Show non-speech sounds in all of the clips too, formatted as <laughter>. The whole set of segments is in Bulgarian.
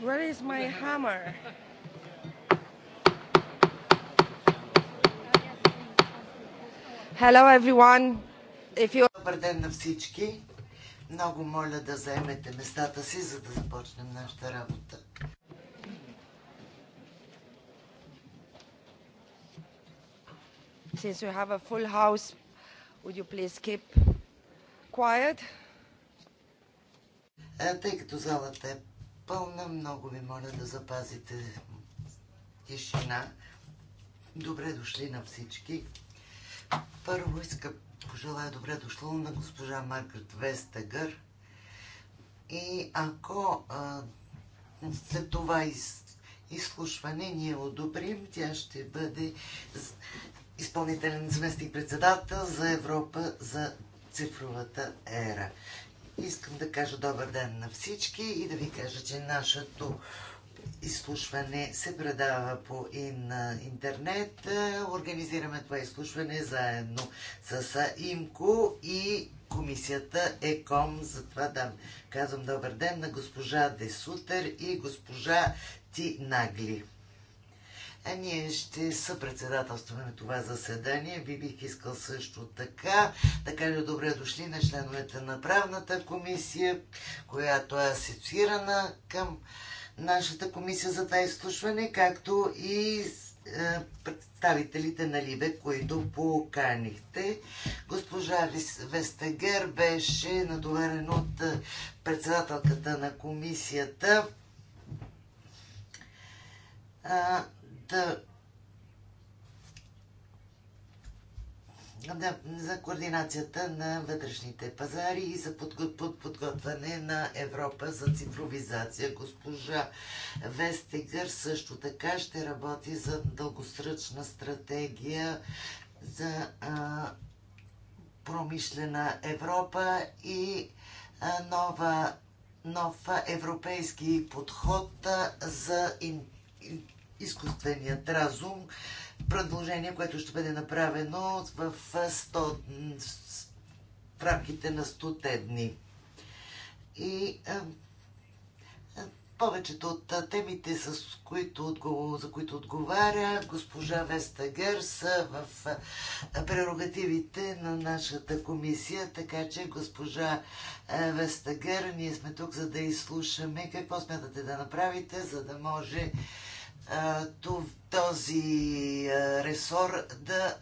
Where is my hammer? Hello everyone. If you... Добър ден на всички. Много моля да заемете местата си, за да започнем нашата работа. Since you have a full house, would you please keep quiet? Е, тъй като залата е пълна. Много ви моля да запазите тишина. Добре дошли на всички. Първо искам пожелая добре дошло на госпожа Маргарет Вестагър. И ако а, след това из, изслушване ние одобрим, тя ще бъде изпълнителен заместник председател за Европа за цифровата ера. Искам да кажа добър ден на всички и да ви кажа, че нашето изслушване се предава по ин, интернет. Организираме това изслушване заедно с ИМКО и комисията ЕКОМ. Затова да казвам добър ден на госпожа Десутер и госпожа Ти Нагли. А ние ще съпредседателстваме това заседание. ви бих искал също така, така ли добре дошли на членовете на правната комисия, която е асоциирана към нашата комисия за това изслушване, както и е, представителите на Либе, които поканихте. Госпожа Вестегер беше натоварена от е, председателката на комисията да да, за координацията на вътрешните пазари и за подго, под, подготвяне на Европа за цифровизация. Госпожа Вестегър също така ще работи за дългосръчна стратегия за а, промишлена Европа и а, нова, нов европейски подход а, за ин, изкуственият разум. Предложение, което ще бъде направено в, 100, в рамките на 100 дни. И повечето от темите, с които, за които отговаря госпожа Веста са в прерогативите на нашата комисия, така че госпожа Вестагер, ние сме тук за да изслушаме какво смятате да направите, за да може този ресор да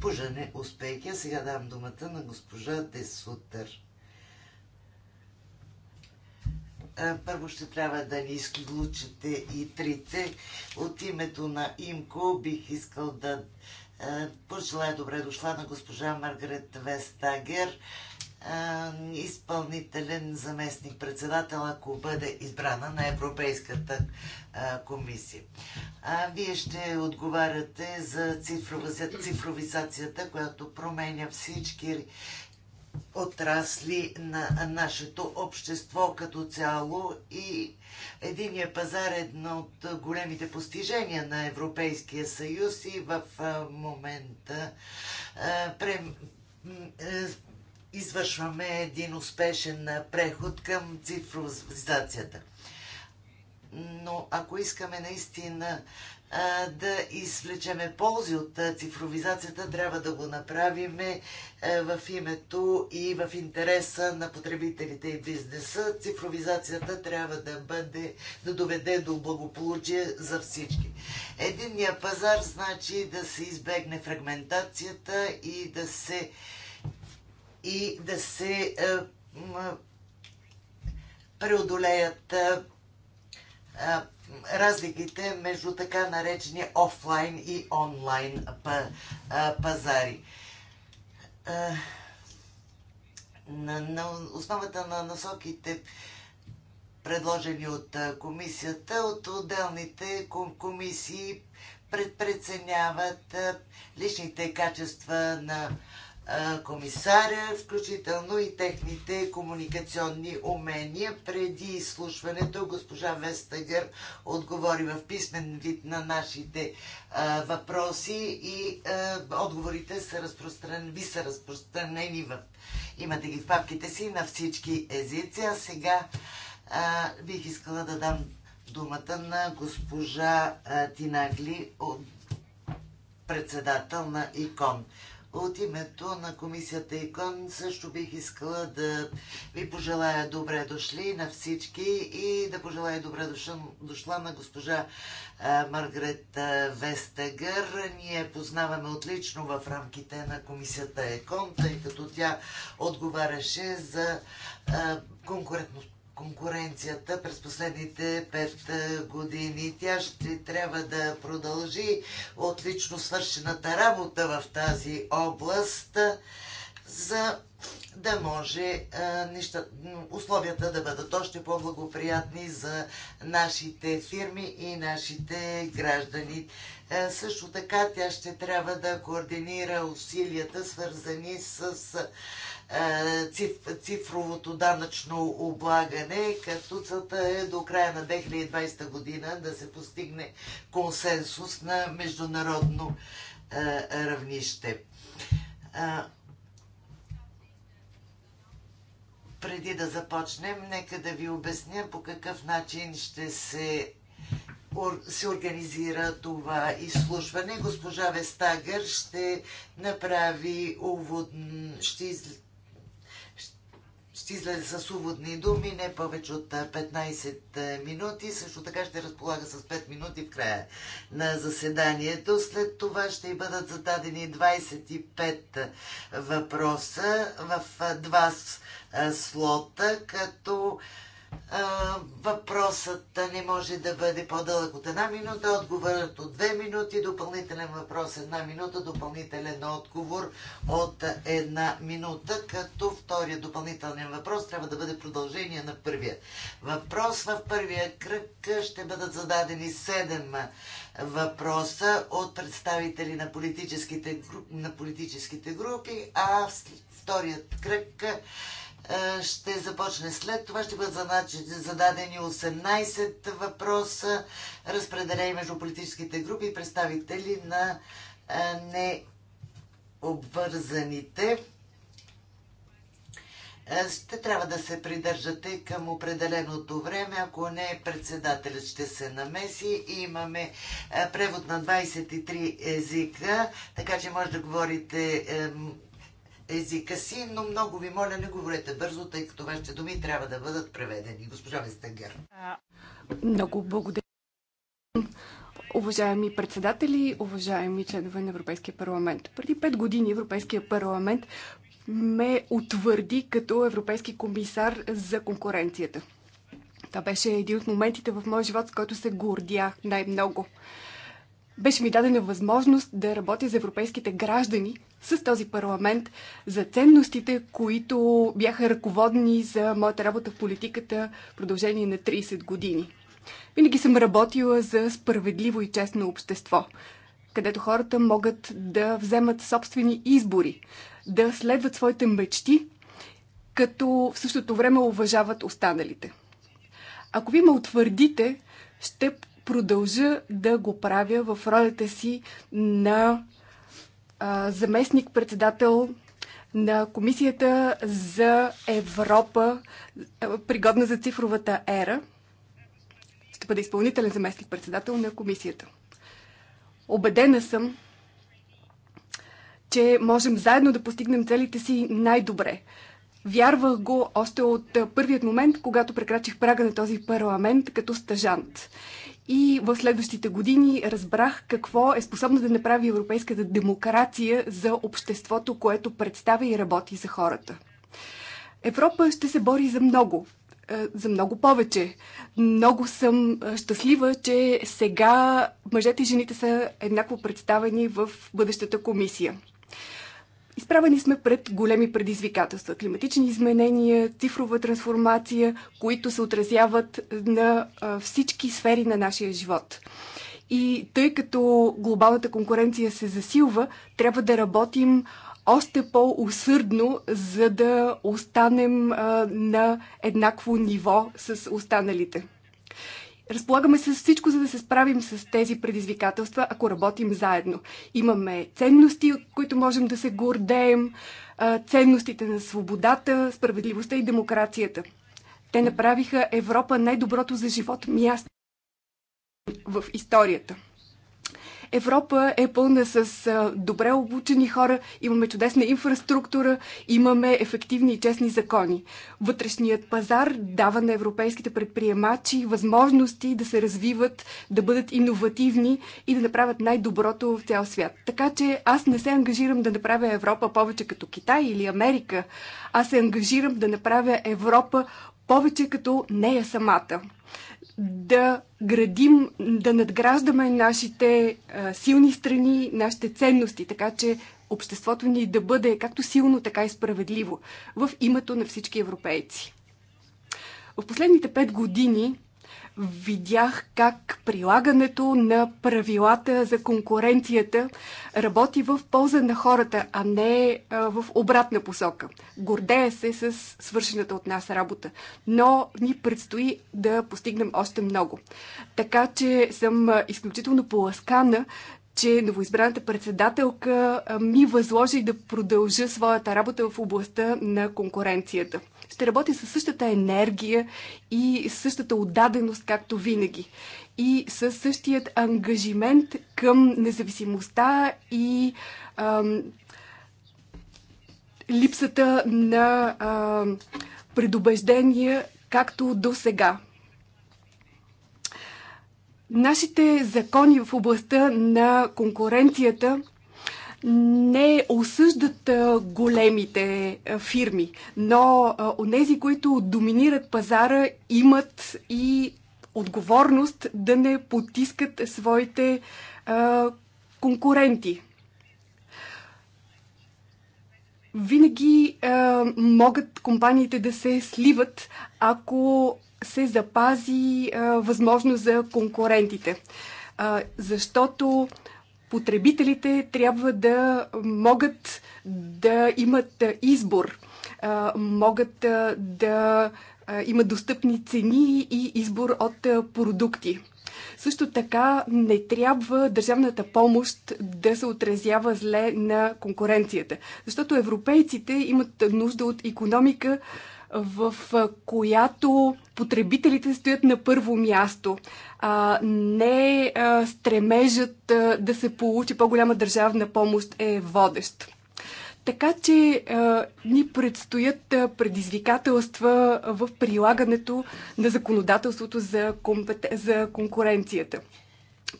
пожене успехи. А сега дам думата на госпожа Десутър. Първо ще трябва да ни изключите и трите. От името на Имко бих искал да пожелая добре дошла на госпожа Маргарет Вестагер изпълнителен заместник председател, ако бъде избрана на Европейската комисия. А вие ще отговаряте за цифровизацията, която променя всички отрасли на нашето общество като цяло и единия пазар е едно от големите постижения на Европейския съюз и в момента е, извършваме един успешен преход към цифровизацията. Но ако искаме наистина да извлечеме ползи от цифровизацията, трябва да го направим е, в името и в интереса на потребителите и бизнеса. Цифровизацията трябва да, бъде, да доведе до благополучие за всички. Единният пазар значи да се избегне фрагментацията и да се и да се е, е, преодолеят е, разликите между така наречени офлайн и онлайн пазари. На, основата на насоките предложени от комисията, от отделните комисии предпреценяват личните качества на комисаря, включително и техните комуникационни умения. Преди изслушването госпожа Вестагър отговори в писмен вид на нашите въпроси и отговорите са разпространени, ви са разпространени в... Имате ги в папките си на всички езици. А сега бих искала да дам думата на госпожа Тинагли, от председател на ИКОН. От името на комисията ИКОН също бих искала да ви пожелая добре дошли на всички и да пожелая добре дошла, на госпожа Маргарет Вестегър. Ние познаваме отлично в рамките на комисията ЕКОН, тъй като тя отговаряше за конкурентно конкуренцията през последните пет е, години. Тя ще трябва да продължи отлично свършената работа в тази област, за да може е, неща, условията да бъдат още по-благоприятни за нашите фирми и нашите граждани. Е, също така тя ще трябва да координира усилията, свързани с е, цифровото данъчно облагане, като целта е до края на 2020 година да се постигне консенсус на международно е, равнище. Е, преди да започнем, нека да ви обясня по какъв начин ще се се организира това изслушване. Госпожа Вестагър ще направи увод, ще, ще излезе с уводни думи, не повече от 15 минути. Също така ще разполага с 5 минути в края на заседанието. След това ще бъдат зададени 25 въпроса в два слота, като въпросът не може да бъде по-дълъг от една минута, отговорът от две минути, допълнителен въпрос една минута, допълнителен отговор от една минута, като втория допълнителен въпрос трябва да бъде продължение на първия въпрос. В първия кръг ще бъдат зададени седем въпроса от представители на политическите, на политическите групи, а вторият кръг е, ще започне след това. Ще бъдат зададени 18 въпроса, разпределени между политическите групи и представители на е, необвързаните. Е, ще трябва да се придържате към определеното време, ако не председателят ще се намеси. Имаме превод на 23 езика, така че може да говорите езика си, но много ви моля, не говорете бързо, тъй като вашите думи трябва да бъдат преведени. Госпожа Вестенгер. Много благодаря. Уважаеми председатели, уважаеми членове на Европейския парламент. Преди пет години Европейския парламент ме утвърди като европейски комисар за конкуренцията. Това беше един от моментите в моя живот, с който се гордях най-много беше ми дадена възможност да работя за европейските граждани с този парламент за ценностите, които бяха ръководни за моята работа в политиката в продължение на 30 години. Винаги съм работила за справедливо и честно общество, където хората могат да вземат собствени избори, да следват своите мечти, като в същото време уважават останалите. Ако ви ме утвърдите, ще продължа да го правя в ролята си на заместник-председател на Комисията за Европа, пригодна за цифровата ера. Ще бъда изпълнителен заместник-председател на Комисията. Обедена съм, че можем заедно да постигнем целите си най-добре. Вярвах го още от първият момент, когато прекрачих прага на този парламент като стажант. И в следващите години разбрах какво е способно да направи европейската демокрация за обществото, което представя и работи за хората. Европа ще се бори за много, е, за много повече. Много съм е, щастлива, че сега мъжете и жените са еднакво представени в бъдещата комисия. Изправени сме пред големи предизвикателства. Климатични изменения, цифрова трансформация, които се отразяват на всички сфери на нашия живот. И тъй като глобалната конкуренция се засилва, трябва да работим още по-усърдно, за да останем на еднакво ниво с останалите. Разполагаме с всичко, за да се справим с тези предизвикателства, ако работим заедно. Имаме ценности, от които можем да се гордеем, ценностите на свободата, справедливостта и демокрацията. Те направиха Европа най-доброто за живот място в историята. Европа е пълна с добре обучени хора, имаме чудесна инфраструктура, имаме ефективни и честни закони. Вътрешният пазар дава на европейските предприемачи възможности да се развиват, да бъдат иновативни и да направят най-доброто в цял свят. Така че аз не се ангажирам да направя Европа повече като Китай или Америка. Аз се ангажирам да направя Европа повече като нея самата да градим, да надграждаме нашите а, силни страни, нашите ценности, така че обществото ни да бъде както силно, така и справедливо в името на всички европейци. В последните пет години видях как прилагането на правилата за конкуренцията работи в полза на хората, а не в обратна посока. Гордея се с свършената от нас работа, но ни предстои да постигнем още много. Така че съм изключително поласкана, че новоизбраната председателка ми възложи да продължа своята работа в областта на конкуренцията ще работи със същата енергия и същата отдаденост, както винаги. И със същият ангажимент към независимостта и ам, липсата на ам, предубеждения, както до сега. Нашите закони в областта на конкуренцията не осъждат големите фирми, но тези, които доминират пазара, имат и отговорност да не потискат своите конкуренти винаги а, могат компаниите да се сливат, ако се запази а, възможност за конкурентите. А, защото потребителите трябва да могат да имат избор, могат да имат достъпни цени и избор от продукти. Също така не трябва държавната помощ да се отразява зле на конкуренцията, защото европейците имат нужда от економика, в която потребителите стоят на първо място. А, не а, стремежът а, да се получи по-голяма държавна помощ е водещ. Така че а, ни предстоят предизвикателства в прилагането на законодателството за, компет... за конкуренцията.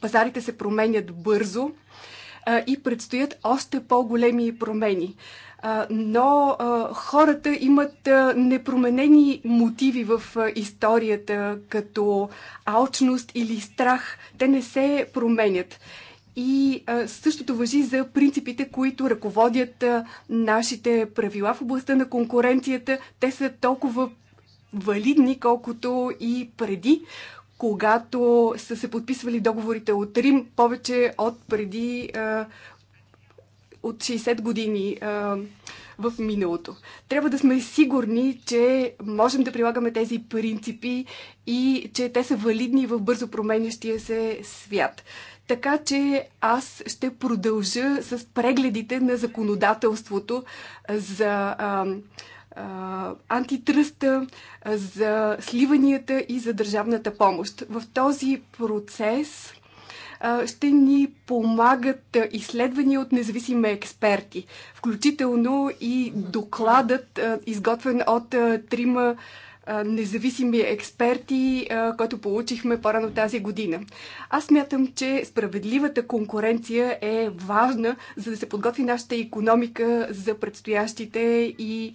Пазарите се променят бързо а, и предстоят още по-големи промени но хората имат непроменени мотиви в историята, като алчност или страх. Те не се променят. И същото въжи за принципите, които ръководят нашите правила в областта на конкуренцията. Те са толкова валидни, колкото и преди, когато са се подписвали договорите от Рим, повече от преди от 60 години а, в миналото. Трябва да сме сигурни, че можем да прилагаме тези принципи и че те са валидни в бързо променящия се свят. Така че аз ще продължа с прегледите на законодателството за а, а, антитръста, за сливанията и за държавната помощ. В този процес ще ни помагат изследвания от независими експерти, включително и докладът, изготвен от трима независими експерти, който получихме по-рано тази година. Аз мятам, че справедливата конкуренция е важна, за да се подготви нашата економика за предстоящите и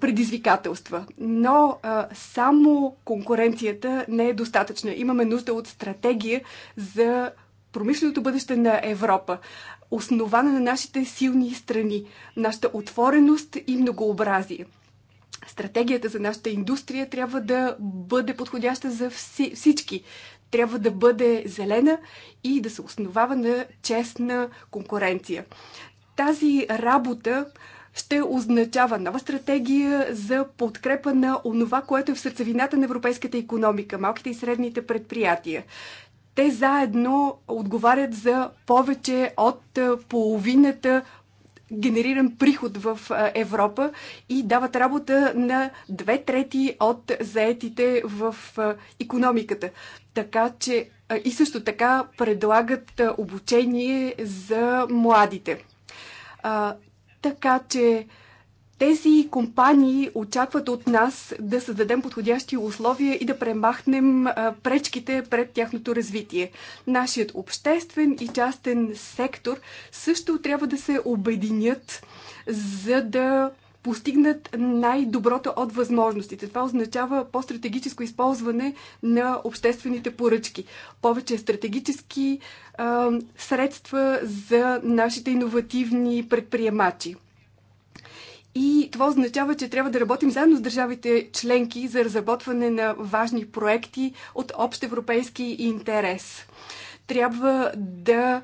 предизвикателства. Но а, само конкуренцията не е достатъчна. Имаме нужда от стратегия за промишленото бъдеще на Европа, основана на нашите силни страни, нашата отвореност и многообразие. Стратегията за нашата индустрия трябва да бъде подходяща за всички. Трябва да бъде зелена и да се основава на честна конкуренция. Тази работа ще означава нова стратегия за подкрепа на онова, което е в сърцевината на европейската економика, малките и средните предприятия. Те заедно отговарят за повече от половината генериран приход в Европа и дават работа на две трети от заетите в економиката. Така че и също така предлагат обучение за младите. Така че тези компании очакват от нас да създадем подходящи условия и да премахнем пречките пред тяхното развитие. Нашият обществен и частен сектор също трябва да се обединят, за да постигнат най-доброто от възможностите. Това означава по-стратегическо използване на обществените поръчки. Повече стратегически а, средства за нашите иновативни предприемачи. И това означава, че трябва да работим заедно с държавите членки за разработване на важни проекти от общ европейски интерес. Трябва да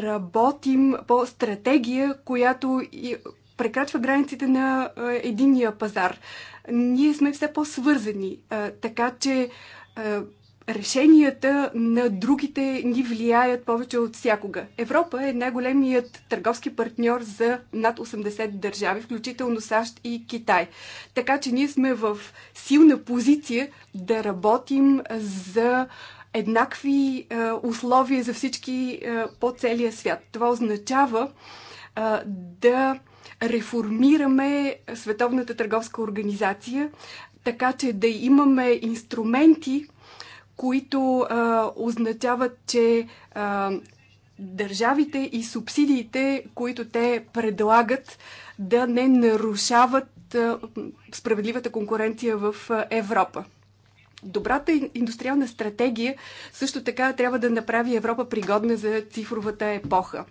работим по стратегия, която прекрачва границите на единия пазар. Ние сме все по-свързани, така че решенията на другите ни влияят повече от всякога. Европа е най-големият търговски партньор за над 80 държави, включително САЩ и Китай. Така че ние сме в силна позиция да работим за еднакви условия за всички по целия свят. Това означава да реформираме Световната търговска организация, така че да имаме инструменти, които а, означават, че а, държавите и субсидиите, които те предлагат, да не нарушават справедливата конкуренция в Европа добрата индустриална стратегия също така трябва да направи Европа пригодна за цифровата епоха.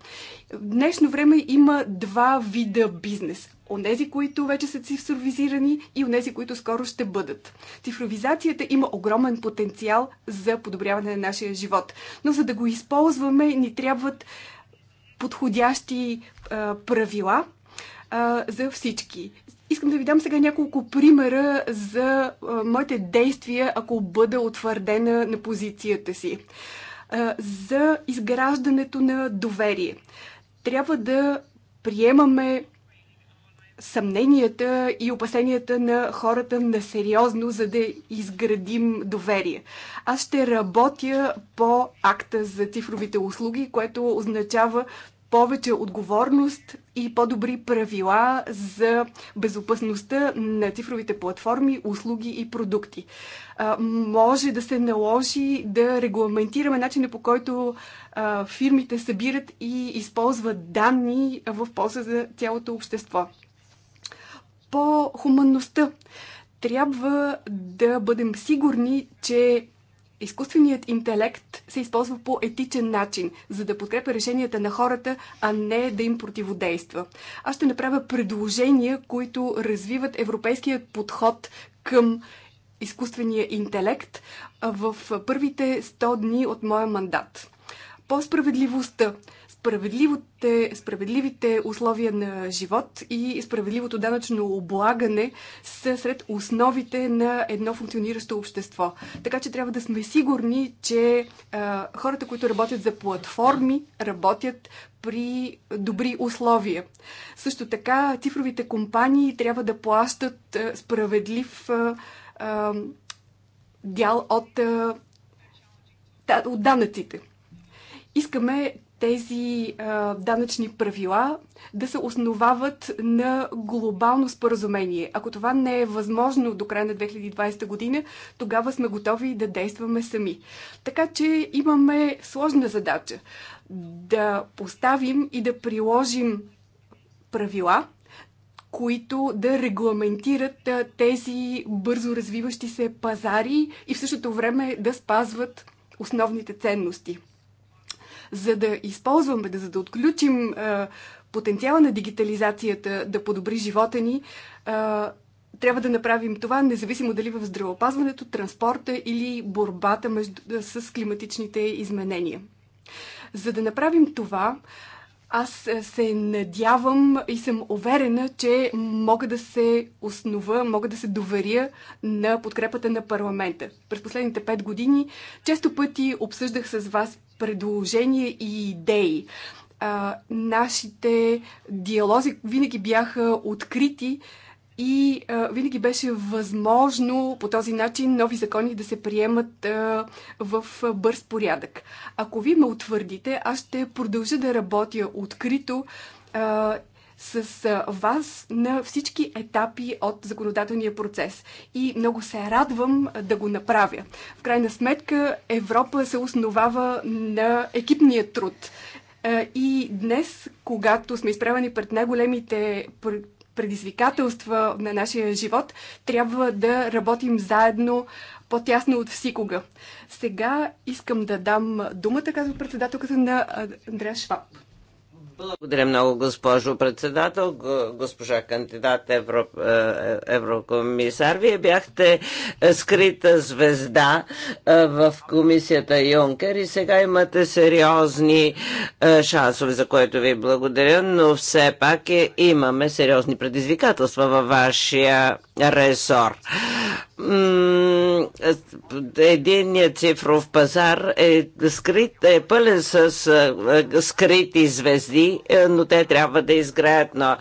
В днешно време има два вида бизнес. Онези, които вече са цифровизирани и онези, които скоро ще бъдат. Цифровизацията има огромен потенциал за подобряване на нашия живот. Но за да го използваме, ни трябват подходящи а, правила, а, за всички. Искам да ви дам сега няколко примера за моите действия, ако бъда утвърдена на позицията си. За изграждането на доверие. Трябва да приемаме съмненията и опасенията на хората на сериозно, за да изградим доверие. Аз ще работя по акта за цифровите услуги, което означава повече отговорност и по-добри правила за безопасността на цифровите платформи, услуги и продукти. А, може да се наложи да регламентираме начина по който а, фирмите събират и използват данни в полза за цялото общество. По хуманността трябва да бъдем сигурни, че изкуственият интелект се използва по етичен начин, за да подкрепя решенията на хората, а не да им противодейства. Аз ще направя предложения, които развиват европейският подход към изкуствения интелект в първите 100 дни от моя мандат. По справедливостта справедливите, справедливите условия на живот и справедливото данъчно облагане са сред основите на едно функциониращо общество. Така че трябва да сме сигурни, че а, хората, които работят за платформи, работят при добри условия. Също така, цифровите компании трябва да плащат а, справедлив а, а, дял от, а, от данъците искаме тези а, данъчни правила да се основават на глобално споразумение. Ако това не е възможно до края на 2020 година, тогава сме готови да действаме сами. Така че имаме сложна задача да поставим и да приложим правила, които да регламентират тези бързо развиващи се пазари и в същото време да спазват основните ценности за да използваме, да, за да отключим а, потенциала на дигитализацията да подобри живота ни, а, трябва да направим това, независимо дали в здравеопазването, транспорта или борбата между, с климатичните изменения. За да направим това, аз се надявам и съм уверена, че мога да се основа, мога да се доверя на подкрепата на парламента. През последните пет години често пъти обсъждах с вас предложения и идеи. А, нашите диалози винаги бяха открити и а, винаги беше възможно по този начин нови закони да се приемат а, в бърз порядък. Ако вие ме утвърдите, аз ще продължа да работя открито а, с вас на всички етапи от законодателния процес. И много се радвам да го направя. В крайна сметка Европа се основава на екипния труд. И днес, когато сме изправени пред най-големите предизвикателства на нашия живот, трябва да работим заедно по-тясно от всикога. Сега искам да дам думата, казва председателката на Андрея Шваб. Благодаря много, госпожо председател, госпожа кандидат евро, е, еврокомисар. Вие бяхте е, скрита звезда е, в комисията Юнкер и сега имате сериозни шансове, за което ви благодаря, но все пак имаме сериозни предизвикателства във вашия ресор. Единният цифров пазар е, скрит, е пълен с е, скрити звезди, е, но те трябва да изграят на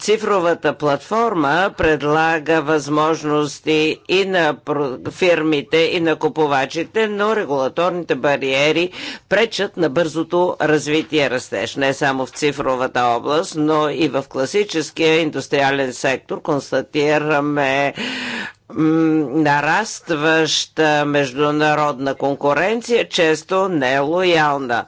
Цифровата платформа предлага възможности и на фирмите, и на купувачите, но регулаторните бариери пречат на бързото развитие растеж. Не само в цифровата област, но и в класическия индустриален сектор констатираме нарастваща международна конкуренция, често нелоялна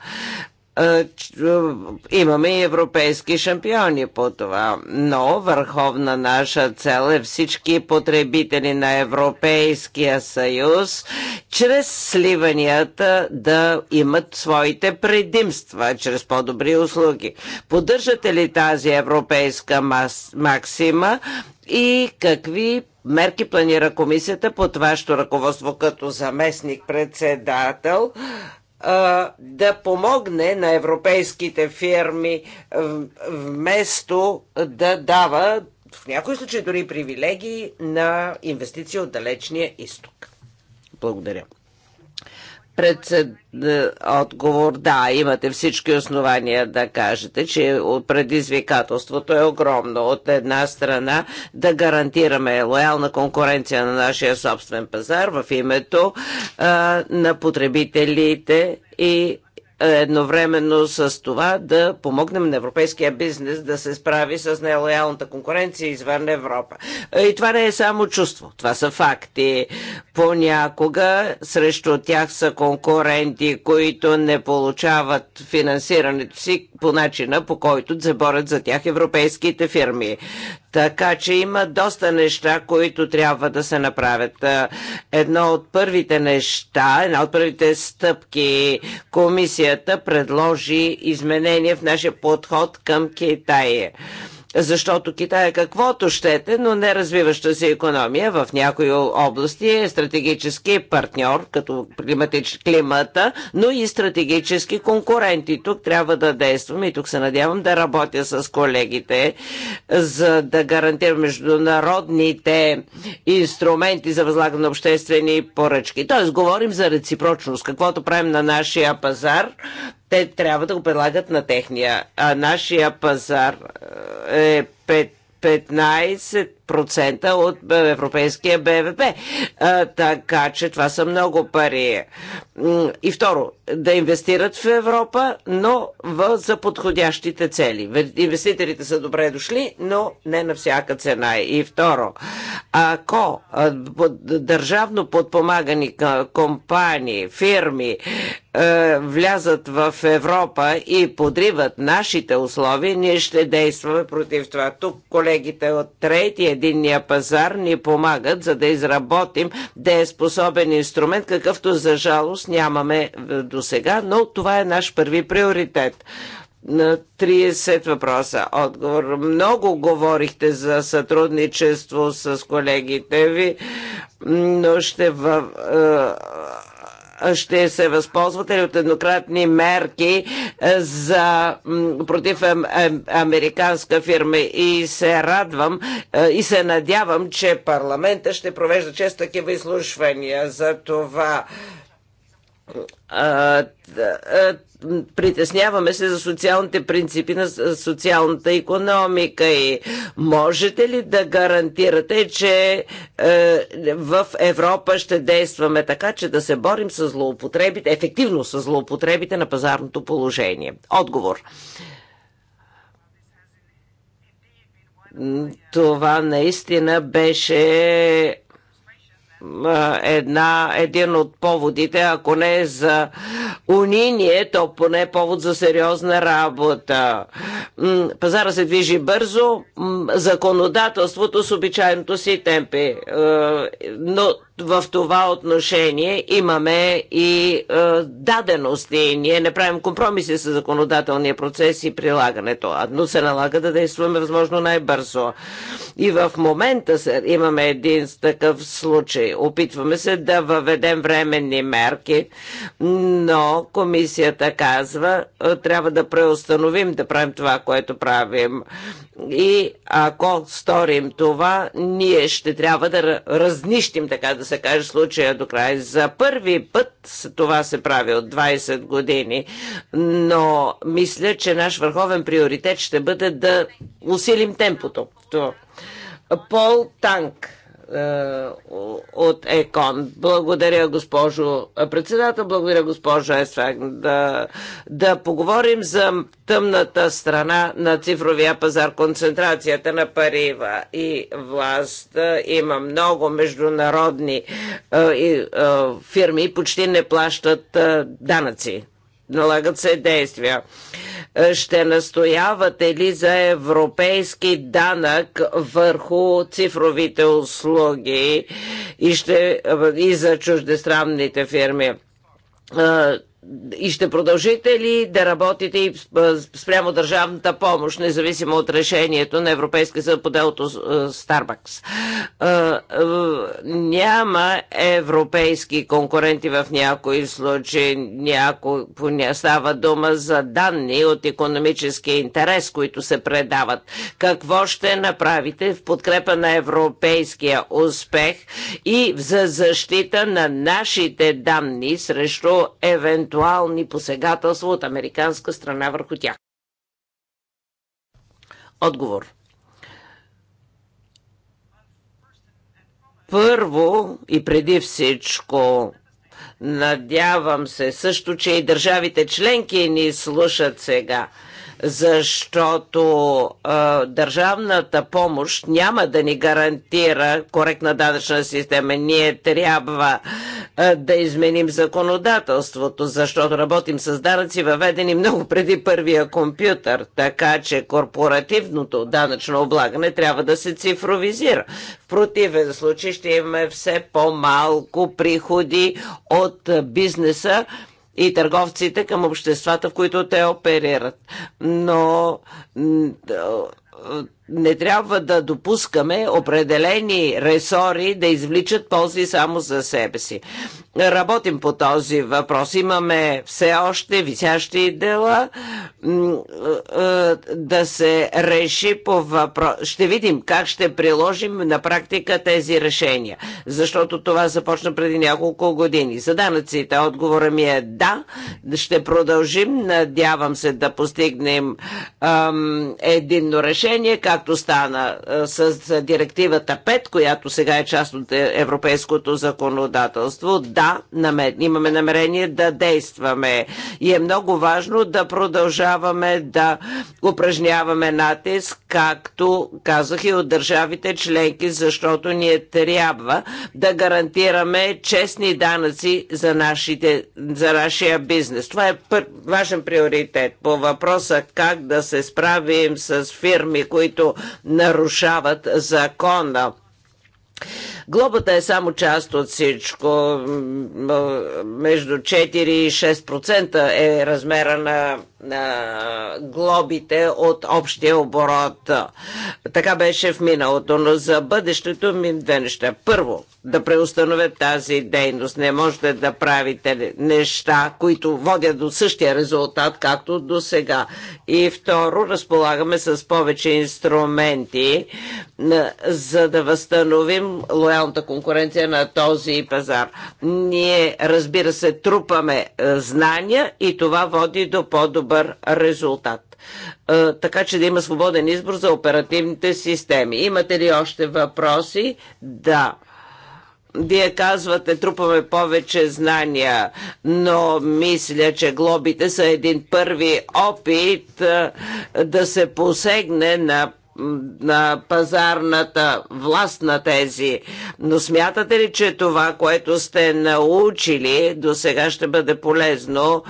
имаме и европейски шампиони по това. Но върховна наша цел е всички потребители на Европейския съюз чрез сливанията да имат своите предимства, чрез по-добри услуги. Поддържате ли тази европейска мас, максима и какви мерки планира комисията под вашето ръководство като заместник председател да помогне на европейските фирми вместо да дава в някои случаи дори привилегии на инвестиции от далечния изток. Благодаря. Председ... Е, отговор да, имате всички основания да кажете, че предизвикателството е огромно. От една страна да гарантираме лоялна конкуренция на нашия собствен пазар в името а, на потребителите и едновременно с това да помогнем на европейския бизнес да се справи с нелоялната конкуренция извън Европа. И това не е само чувство, това са факти. Понякога срещу тях са конкуренти, които не получават финансирането си по начина, по който заборят за тях европейските фирми. Така че има доста неща, които трябва да се направят. Е, едно от първите неща, една от първите стъпки, комисията предложи изменение в нашия подход към Китай. Защото Китай е каквото щете, но не развиваща се економия. В някои области е стратегически партньор, като климатич, климата, но и стратегически конкуренти. Тук трябва да действаме и тук се надявам да работя с колегите, за да гарантирам международните инструменти за възлагане на обществени поръчки. Тоест, говорим за реципрочност. Каквото правим на нашия пазар, те трябва да го предлагат на техния. А нашия пазар е 5 15 процента от европейския БВП. А, така че това са много пари. И второ, да инвестират в Европа, но в, за подходящите цели. Инвеститорите са добре дошли, но не на всяка цена. И второ, ако държавно подпомагани компании, фирми влязат в Европа и подриват нашите условия, ние ще действаме против това. Тук колегите от третия единния пазар ни помагат, за да изработим дееспособен инструмент, какъвто за жалост нямаме е, до сега, но това е наш първи приоритет на 30 въпроса. Отговор. Много говорихте за сътрудничество с колегите ви, но ще в, ще се възползвате ли от еднократни мерки е, за против американска фирма и се радвам е, и се надявам, че парламента ще провежда често такива изслушвания за това притесняваме се за социалните принципи на социалната економика и можете ли да гарантирате, че е, в Европа ще действаме така, че да се борим с злоупотребите, ефективно с злоупотребите на пазарното положение? Отговор. Това наистина беше една, един от поводите, ако не за униние, то поне повод за сериозна работа. Пазара се движи бързо, законодателството с обичайното си темпи. Е, но в това отношение имаме и е, дадености. Ние не правим компромиси с законодателния процес и прилагането, но се налага да действаме възможно най-бързо. И в момента се, имаме един такъв случай. Опитваме се да въведем временни мерки, но комисията казва, е, трябва да преустановим да правим това, което правим. И ако сторим това, ние ще трябва да разнищим, така да се каже случая до край. За първи път това се прави от 20 години, но мисля, че наш върховен приоритет ще бъде да усилим темпото. Пол Танк е, от ЕКОН. Благодаря, госпожо председател, благодаря, госпожо Есфен. Да, да поговорим за тъмната страна на цифровия пазар, концентрацията на парива и власт. Има много международни е, е, фирми, почти не плащат данъци налагат се действия. Е, ще настоявате ли за европейски данък върху цифровите услуги и, ще, е, и за чуждестранните фирми? Е, и ще продължите ли да работите и спрямо държавната помощ, независимо от решението на Европейския съд по делото Старбакс? Няма европейски конкуренти в някои случаи. Няко... Става дума за данни от економическия интерес, които се предават. Какво ще направите в подкрепа на европейския успех и за защита на нашите данни срещу евентуално евентуални посегателства от американска страна върху тях? Отговор. Първо и преди всичко Надявам се също, че и държавите членки ни слушат сега защото а, държавната помощ няма да ни гарантира коректна данъчна система. Ние трябва а, да изменим законодателството, защото работим с данъци въведени много преди първия компютър, така че корпоративното данъчно облагане трябва да се цифровизира. В противен случай ще имаме все по-малко приходи от бизнеса, и търговците към обществата, в които те оперират. Но не трябва да допускаме определени ресори да извличат ползи само за себе си. Работим по този въпрос. Имаме все още висящи дела е, е, да се реши по въпрос. Ще видим как ще приложим на практика тези решения, защото това започна преди няколко години. За данъците отговора ми е да, ще продължим. Надявам се да постигнем ам, единно решение, как както стана с директивата 5, която сега е част от е, европейското законодателство. Да, имаме намерение да действаме и е много важно да продължаваме да упражняваме натиск, както казах и от държавите членки, защото ние трябва да гарантираме честни данъци за, нашите, за нашия бизнес. Това е пър, важен приоритет по въпроса как да се справим с фирми, които нарушават закона. Глобата е само част от всичко. Между 4 и 6% е размера на, глобите от общия оборот. Така беше в миналото, но за бъдещето ми две неща. Първо, да преустановят тази дейност. Не можете да правите неща, които водят до същия резултат, както до сега. И второ, разполагаме с повече инструменти, за да възстановим лоялност нелоялната конкуренция на този пазар. Ние, разбира се, трупаме е, знания и това води до по-добър резултат. Е, така че да има свободен избор за оперативните системи. Имате ли още въпроси? Да. Вие казвате, трупаме повече знания, но мисля, че глобите са един първи опит е, да се посегне на на пазарната власт на тези. Но смятате ли, че това, което сте научили до сега ще бъде полезно,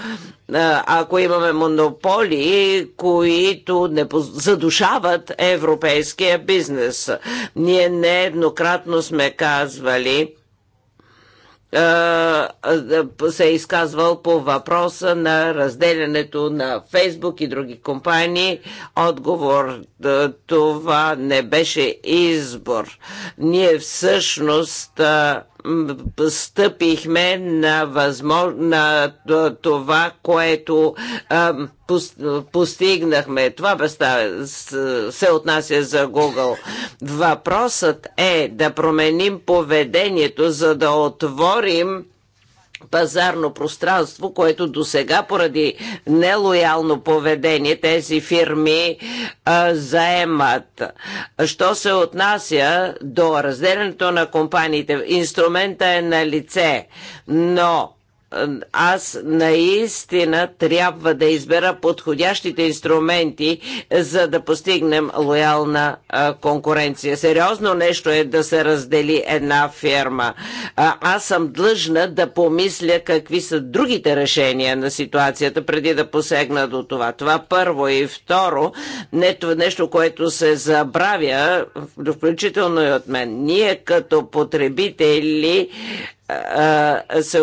ако имаме монополи, които не задушават европейския бизнес? Ние нееднократно сме казвали, се е изказвал по въпроса на разделянето на Фейсбук и други компании. Отговор това не беше избор. Ние всъщност стъпихме на, възмож... на това, което а, постигнахме. Това представя, се отнася за Google. Въпросът е да променим поведението, за да отворим пазарно пространство, което до сега поради нелоялно поведение тези фирми а, заемат. Що се отнася до разделянето на компаниите, инструмента е на лице, но аз наистина трябва да избера подходящите инструменти, за да постигнем лоялна а, конкуренция. Сериозно нещо е да се раздели една фирма. А, аз съм длъжна да помисля какви са другите решения на ситуацията, преди да посегна до това. Това първо и второ, не нещо, което се забравя, включително и от мен. Ние като потребители се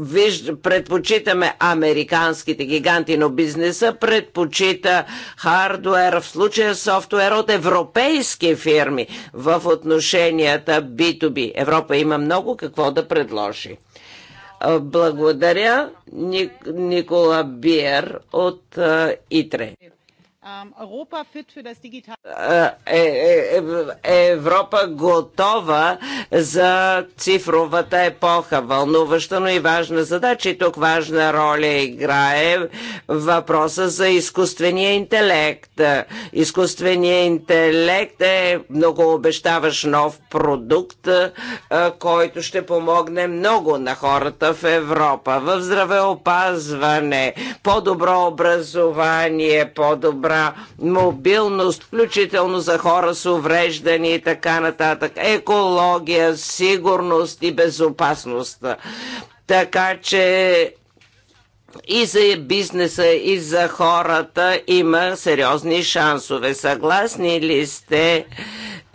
виж, предпочитаме американските гиганти, но бизнеса предпочита хардуер, в случая софтуер от европейски фирми в отношенията B2B. Европа има много какво да предложи. Благодаря Ник, Никола Биер от Итре. Е, е, е, Европа готова за цифровата епоха. Вълнуваща, но и важна задача. И тук важна роля играе въпроса за изкуствения интелект. Изкуственият интелект е много обещаващ нов продукт, който ще помогне много на хората в Европа. В здравеопазване, по-добро образование, по-добра хора, мобилност, включително за хора с увреждани и така нататък, екология, сигурност и безопасност. Така че и за бизнеса, и за хората има сериозни шансове. Съгласни ли сте,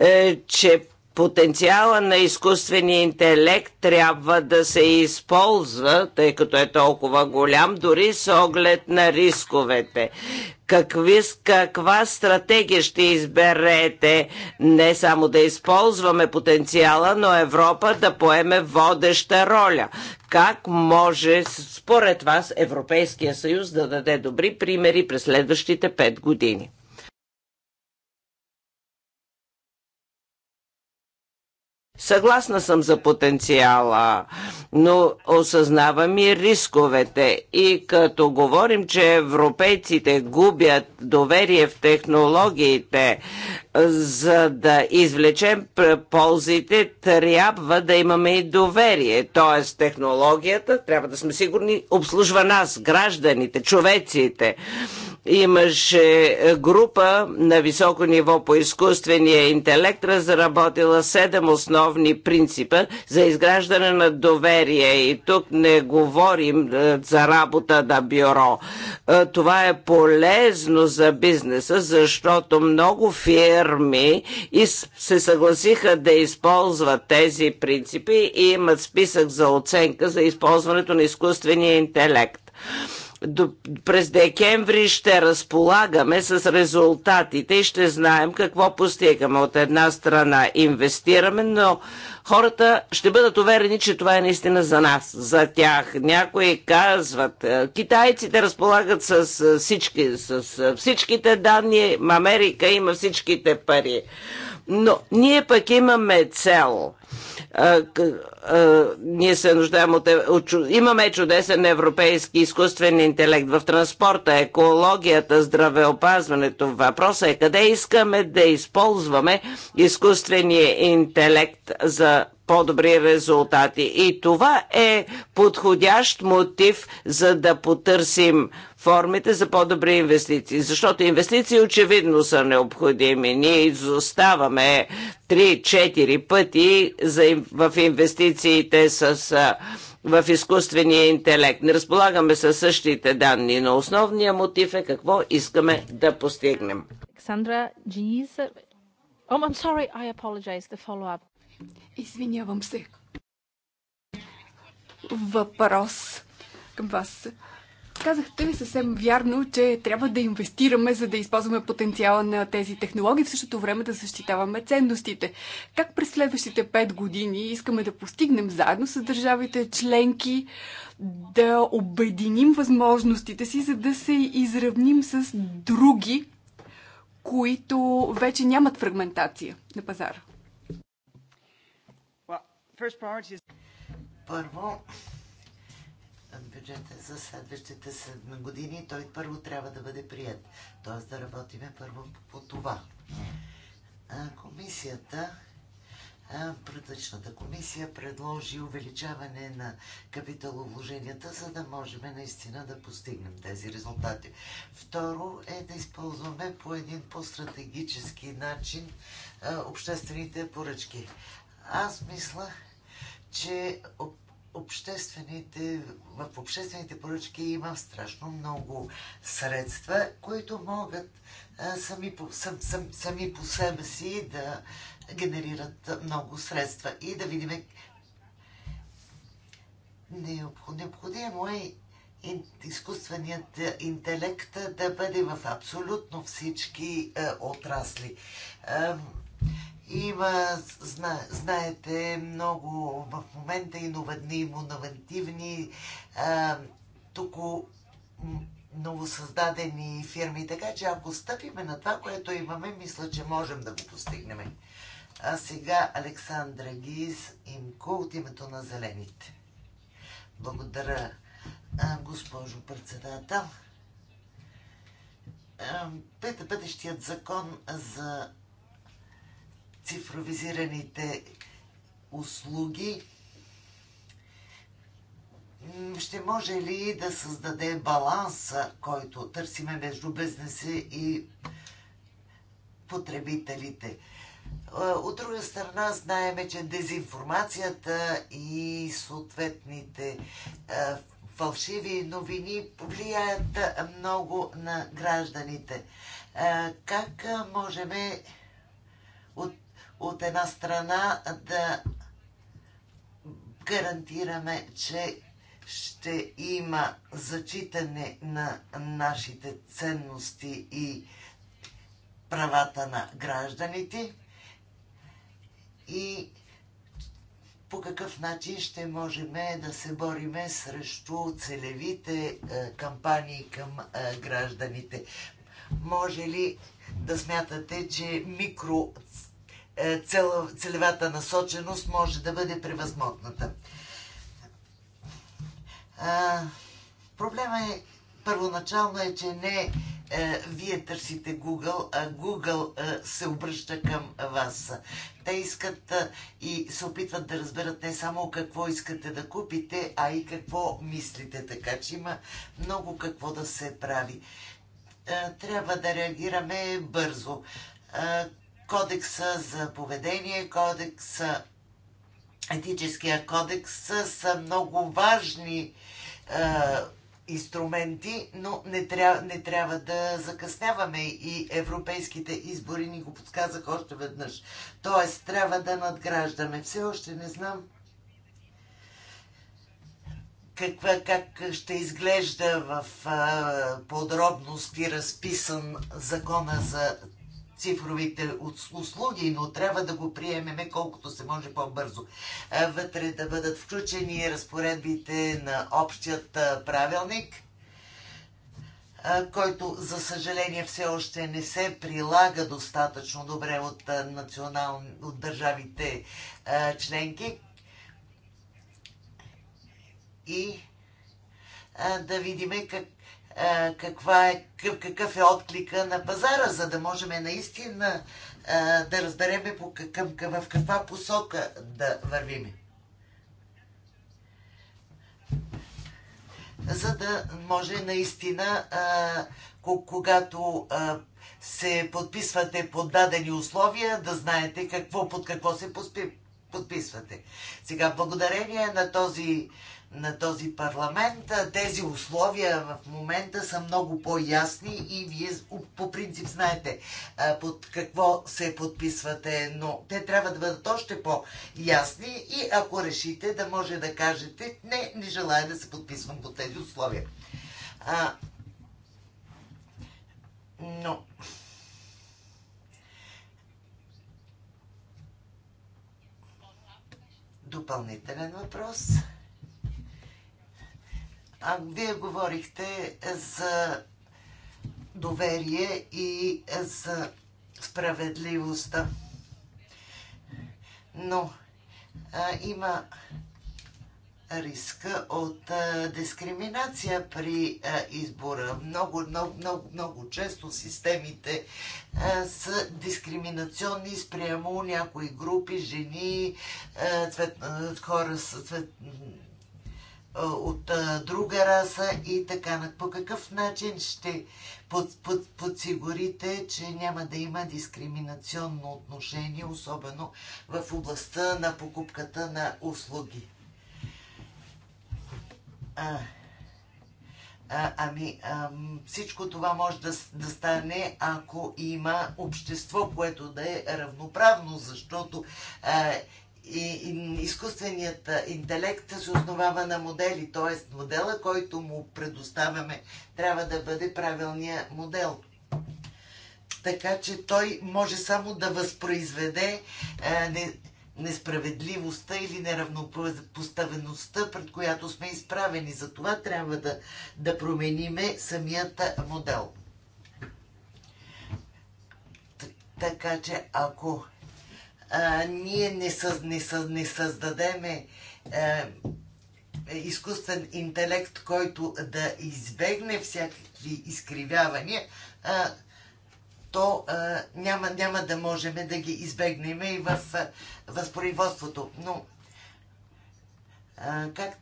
е, че потенциала на изкуствения интелект трябва да се използва, тъй като е толкова голям, дори с оглед на рисковете. Какви, каква стратегия ще изберете? Не само да използваме потенциала, но Европа да поеме водеща роля. Как може, според вас, Европейския съюз да даде добри примери през следващите пет години? Съгласна съм за потенциала, но осъзнавам и рисковете. И като говорим, че европейците губят доверие в технологиите, за да извлечем ползите, трябва да имаме и доверие. Тоест технологията трябва да сме сигурни, обслужва нас, гражданите, човеците. Имаше група на високо ниво по изкуствения интелект, разработила седем основни принципа за изграждане на доверие. И тук не говорим е, за работа на бюро. Е, това е полезно за бизнеса, защото много фирми се съгласиха да използват тези принципи и имат списък за оценка за използването на изкуствения интелект до, през декември ще разполагаме с резултатите и ще знаем какво постигаме. От една страна инвестираме, но хората ще бъдат уверени, че това е наистина за нас, за тях. Някои казват, е, китайците разполагат с, е, всички, с е, всичките данни, Америка има всичките пари. Но ние пък имаме цел ние се нуждаем от, е, от... Имаме чудесен европейски изкуствен интелект в транспорта, екологията, здравеопазването. Въпросът е къде искаме да използваме изкуствения интелект за по-добри резултати. И това е подходящ мотив за да потърсим формите за по-добри инвестиции. Защото инвестиции очевидно са необходими. Ние изоставаме 3-4 пъти за, в инвестициите с в изкуствения интелект. Не разполагаме със същите данни, но основният мотив е какво искаме да постигнем. Александра Джиниз. Oh, I'm sorry, I apologize, the follow-up. Извинявам се. Въпрос към вас. Казахте ли съвсем вярно, че трябва да инвестираме, за да използваме потенциала на тези технологии, в същото време да защитаваме ценностите? Как през следващите 5 години искаме да постигнем заедно с държавите членки да обединим възможностите си, за да се изравним с други, които вече нямат фрагментация на пазара? Първо, бюджета за следващите 7 години, той първо трябва да бъде прият. Тоест да работиме първо по това. Комисията Предъчната комисия предложи увеличаване на капиталовложенията, за да можем наистина да постигнем тези резултати. Второ е да използваме по един по-стратегически начин обществените поръчки. Аз мисля, че обществените, в обществените поръчки има страшно много средства, които могат а, сами, по, сам, сам, сами по себе си да генерират много средства. И да видим. Необходимо е изкуственият интелект да бъде в абсолютно всички а, отрасли. А, има, зна, знаете, много в момента иновативни, тук новосъздадени фирми. Така че ако стъпиме на това, което имаме, мисля, че можем да го постигнем. А сега Александра Гиз Имко от името на Зелените. Благодаря, госпожо председател. Пътещият закон за цифровизираните услуги ще може ли да създаде баланса, който търсиме между бизнеса и потребителите? От друга страна, знаеме, че дезинформацията и съответните фалшиви новини влияят много на гражданите. Как можем от от една страна да гарантираме, че ще има зачитане на нашите ценности и правата на гражданите и по какъв начин ще можем да се бориме срещу целевите е, кампании към е, гражданите. Може ли да смятате, че микро е, цел, целевата насоченост може да бъде превъзмотната. проблема е, първоначално е, че не е, вие търсите Google, а Google е, се обръща към вас. Те искат е, и се опитват да разберат не само какво искате да купите, а и какво мислите. Така че има много какво да се прави. трябва да реагираме бързо кодекса за поведение, кодекса, етическия кодекс са много важни е, инструменти, но не, тря, не трябва да закъсняваме и европейските избори ни го подсказах още веднъж. Тоест, трябва да надграждаме. Все още не знам каква, как ще изглежда в а, е, подробности разписан закона за цифровите услуги, но трябва да го приемеме колкото се може по-бързо. Вътре да бъдат включени разпоредбите на общият правилник, който, за съжаление, все още не се прилага достатъчно добре от, национал... от държавите членки. И да видиме как, каква е, какъв е отклика на пазара, за да можем наистина да разбереме по в каква посока да вървиме. За да може наистина, когато се подписвате под дадени условия, да знаете какво, под какво се подписвате. Сега, благодарение на този на този парламент. Тези условия в момента са много по-ясни и вие по принцип знаете под какво се подписвате, но те трябва да бъдат още по-ясни и ако решите да може да кажете не, не желая да се подписвам по тези условия. А, но... Допълнителен въпрос. А, вие говорихте за доверие и за справедливостта. Но а, има риска от а, дискриминация при а, избора. Много, много, много, много често системите а, са дискриминационни спрямо някои групи, жени, а, цвет, а, хора с цвет, от друга раса и така. По какъв начин ще под, под, подсигурите, че няма да има дискриминационно отношение, особено в областта на покупката на услуги? А, а, ами, а, всичко това може да, да стане, ако има общество, което да е равноправно, защото а, и изкуственият интелект се основава на модели, т.е. модела, който му предоставяме, трябва да бъде правилния модел. Така че той може само да възпроизведе несправедливостта или неравнопоставеността, пред която сме изправени. За това трябва да, да промениме самият модел. Така че ако ние не, съз, не, съз, не създадеме а, е, изкуствен интелект, който да избегне всякакви изкривявания, а, то а, няма, няма да можем да ги избегнем и в а, възпроизводството. Но а, как,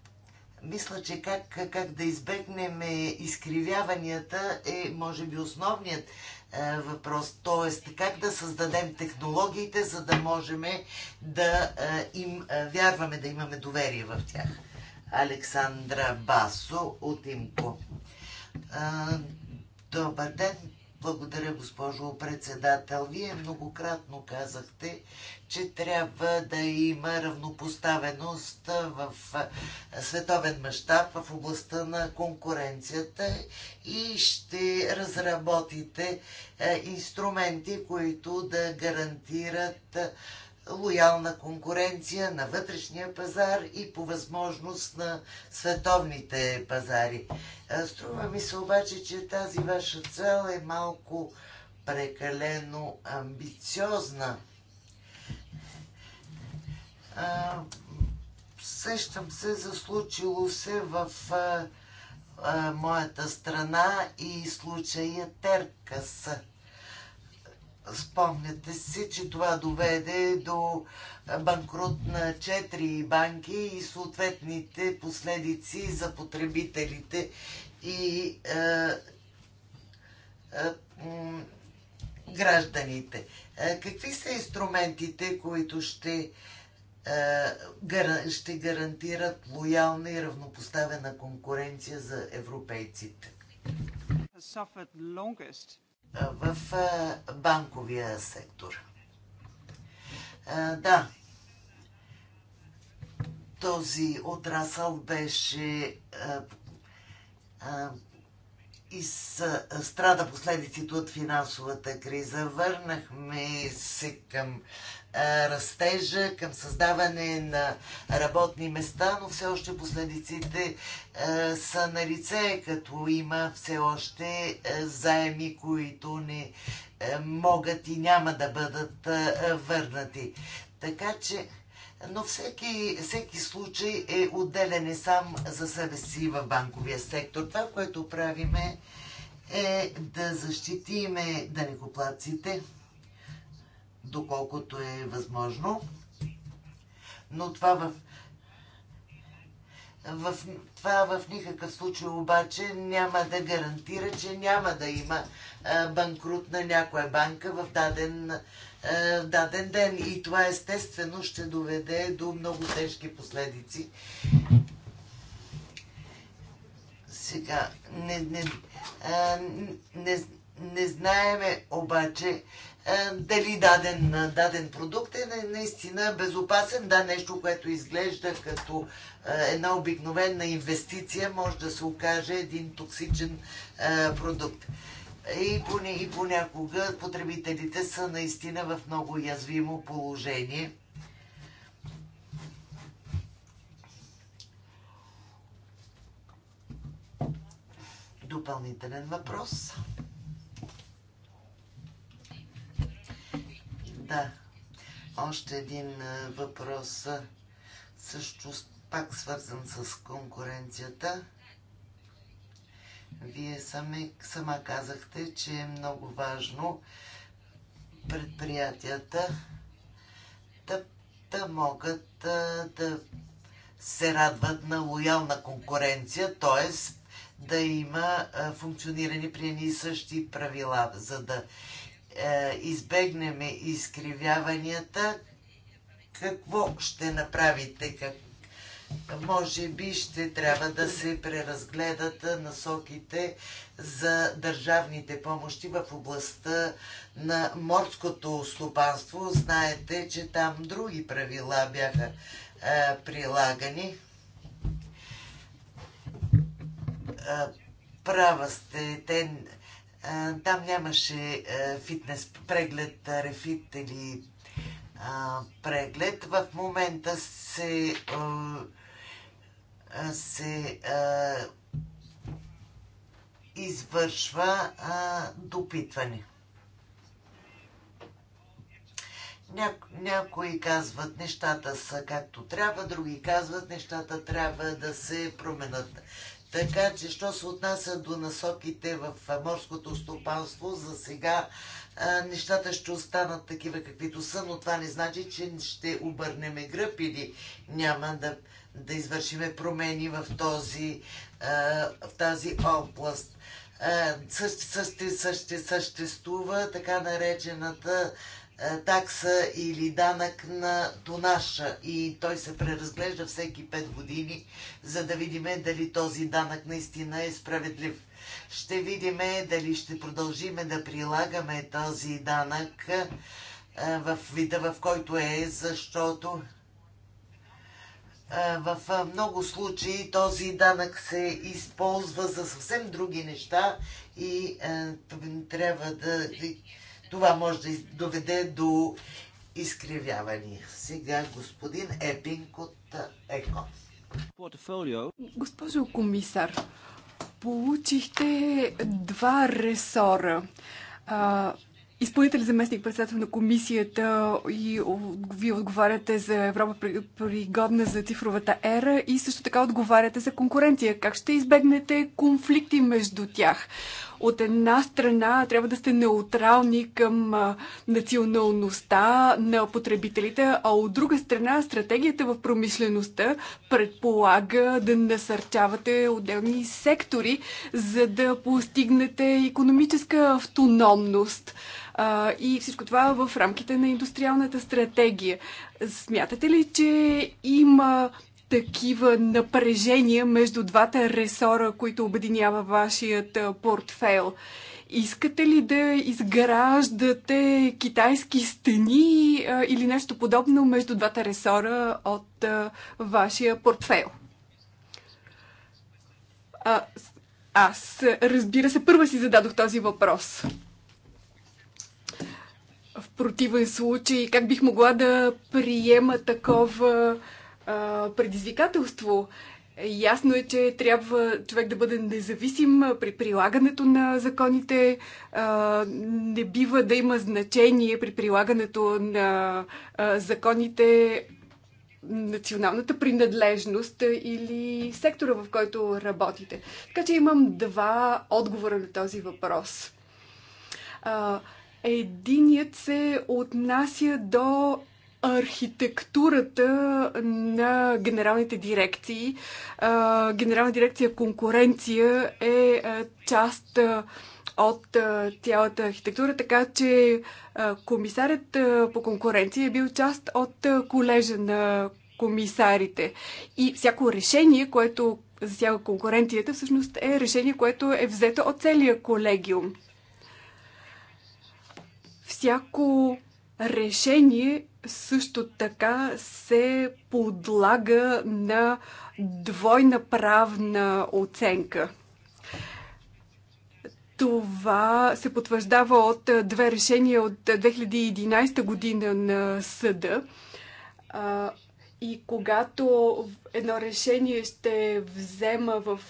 мисля, че как, как да избегнем изкривяванията е, може би, основният е, въпрос. Тоест, как да създадем технологиите, за да можем да е, им е, вярваме, да имаме доверие в тях. Александра Басо от Имко. Добър ден, благодаря, госпожо председател. Вие многократно казахте, че трябва да има равнопоставеност в световен мащаб в областта на конкуренцията и ще разработите инструменти, които да гарантират лоялна конкуренция на вътрешния пазар и по възможност на световните пазари. Струва ми се обаче, че тази ваша цел е малко прекалено амбициозна. Сещам се за случило се в моята страна и случая Теркас Спомняте си, че това доведе до банкрут на четири банки и съответните последици за потребителите и е, е, гражданите. Е, какви са инструментите, които ще, е, ще гарантират лоялна и равнопоставена конкуренция за европейците? в банковия сектор. Да, този отрасъл беше и страда последиците от финансовата криза. Върнахме се към растежа, към създаване на работни места, но все още последиците са на лице, като има все още заеми, които не могат и няма да бъдат върнати. Така че, но всеки, всеки случай е отделен и сам за себе си в банковия сектор. Това, което правиме е да защитиме данекоплаците доколкото е възможно. Но това в, в, това в никакъв случай обаче няма да гарантира, че няма да има а, банкрут на някоя банка в даден, а, даден ден. И това естествено ще доведе до много тежки последици. Сега, не, не, а, не, не знаеме обаче е, дали даден, даден продукт е наистина безопасен. Да, нещо, което изглежда като е, една обикновена инвестиция, може да се окаже един токсичен е, продукт. И, и понякога потребителите са наистина в много язвимо положение. Допълнителен въпрос. Да. Още един въпрос, също пак свързан с конкуренцията. Вие сами, сама казахте, че е много важно предприятията да, да могат да, да се радват на лоялна конкуренция, т.е. да има функциониране при едни и същи правила, за да е, избегнем изкривяванията, какво ще направите? Как... Може би ще трябва да се преразгледат насоките за държавните помощи в областта на морското стопанство. Знаете, че там други правила бяха е, прилагани. А, е, права сте, те там нямаше фитнес преглед, рефит или преглед. В момента се, се извършва допитване. Няко, някои казват нещата са както трябва, други казват нещата трябва да се променят. Така че, що се отнася до насоките в морското стопанство, за сега а, нещата ще останат такива каквито са, но това не значи, че ще обърнеме гръб или няма да, да извършиме промени в, този, а, в тази област. А, съществува така наречената е, такса или данък на тонаша и той се преразглежда всеки 5 години, за да видим дали този данък наистина е справедлив. Ще видим дали ще продължиме да прилагаме този данък е, в вида, в който е, защото е, в много случаи този данък се използва за съвсем други неща и трябва да това може да доведе до изкривявания. Сега господин Епинг от ЕКО. Госпожо комисар, получихте два ресора. А, изпълнител заместник председател на комисията и вие отговаряте за Европа пригодна за цифровата ера и също така отговаряте за конкуренция. Как ще избегнете конфликти между тях? От една страна трябва да сте неутрални към националността на потребителите, а от друга страна стратегията в промишлеността предполага да насърчавате отделни сектори, за да постигнете економическа автономност и всичко това в рамките на индустриалната стратегия. Смятате ли, че има такива напрежения между двата ресора, които обединява вашият портфейл. Искате ли да изграждате китайски стени или нещо подобно между двата ресора от вашия портфейл? А, аз, разбира се, първа си зададох този въпрос. В противен случай, как бих могла да приема такова а, предизвикателство. Ясно е, че трябва човек да бъде независим при прилагането на законите. Не бива да има значение при прилагането на законите националната принадлежност или сектора, в който работите. Така че имам два отговора на този въпрос. Единият се отнася до архитектурата на генералните дирекции. Генерална дирекция конкуренция е част от цялата архитектура, така че комисарят по конкуренция е бил част от колежа на комисарите. И всяко решение, което засяга конкуренцията, всъщност е решение, което е взето от целия колегиум. Всяко решение също така се подлага на двойна правна оценка. Това се потвърждава от две решения от 2011 година на съда и когато едно решение ще взема в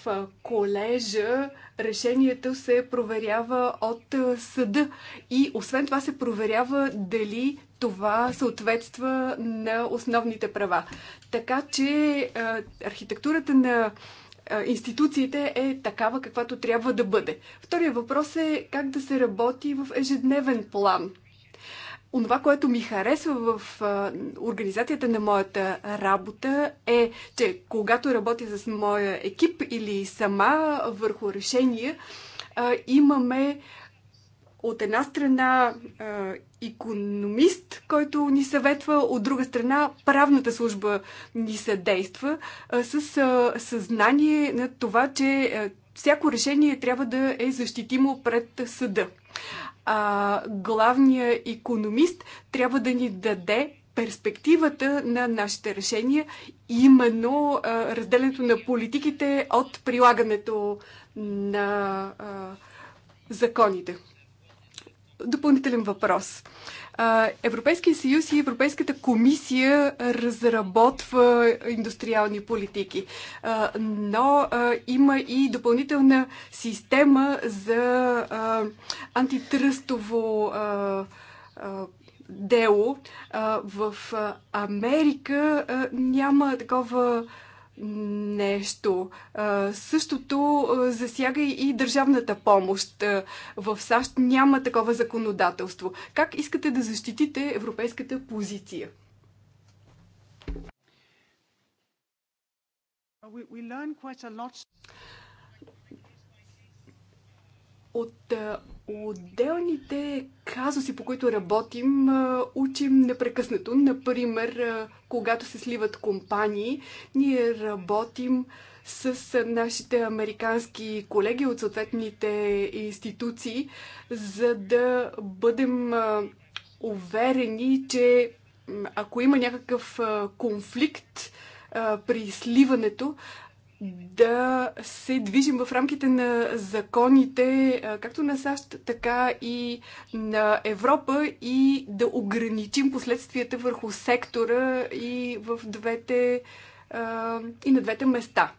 колежа, решението се проверява от съда. И освен това се проверява дали това съответства на основните права. Така че архитектурата на институциите е такава, каквато трябва да бъде. Втория въпрос е как да се работи в ежедневен план – Онова, което ми харесва в а, организацията на моята работа е, че когато работя с моя екип или сама върху решения, а, имаме от една страна а, економист, който ни съветва, от друга страна правната служба ни съдейства а, с съзнание на това, че а, всяко решение трябва да е защитимо пред съда а, главният економист трябва да ни даде перспективата на нашите решения, именно а, разделянето на политиките от прилагането на а, законите допълнителен въпрос. Европейския съюз и Европейската комисия разработва индустриални политики, но има и допълнителна система за антитръстово дело. В Америка няма такова нещо. Същото засяга и държавната помощ. В САЩ няма такова законодателство. Как искате да защитите европейската позиция? От Отделните казуси, по които работим, учим непрекъснато. Например, когато се сливат компании, ние работим с нашите американски колеги от съответните институции, за да бъдем уверени, че ако има някакъв конфликт при сливането, да се движим в рамките на законите, както на САЩ, така и на Европа и да ограничим последствията върху сектора и в двете и на двете места.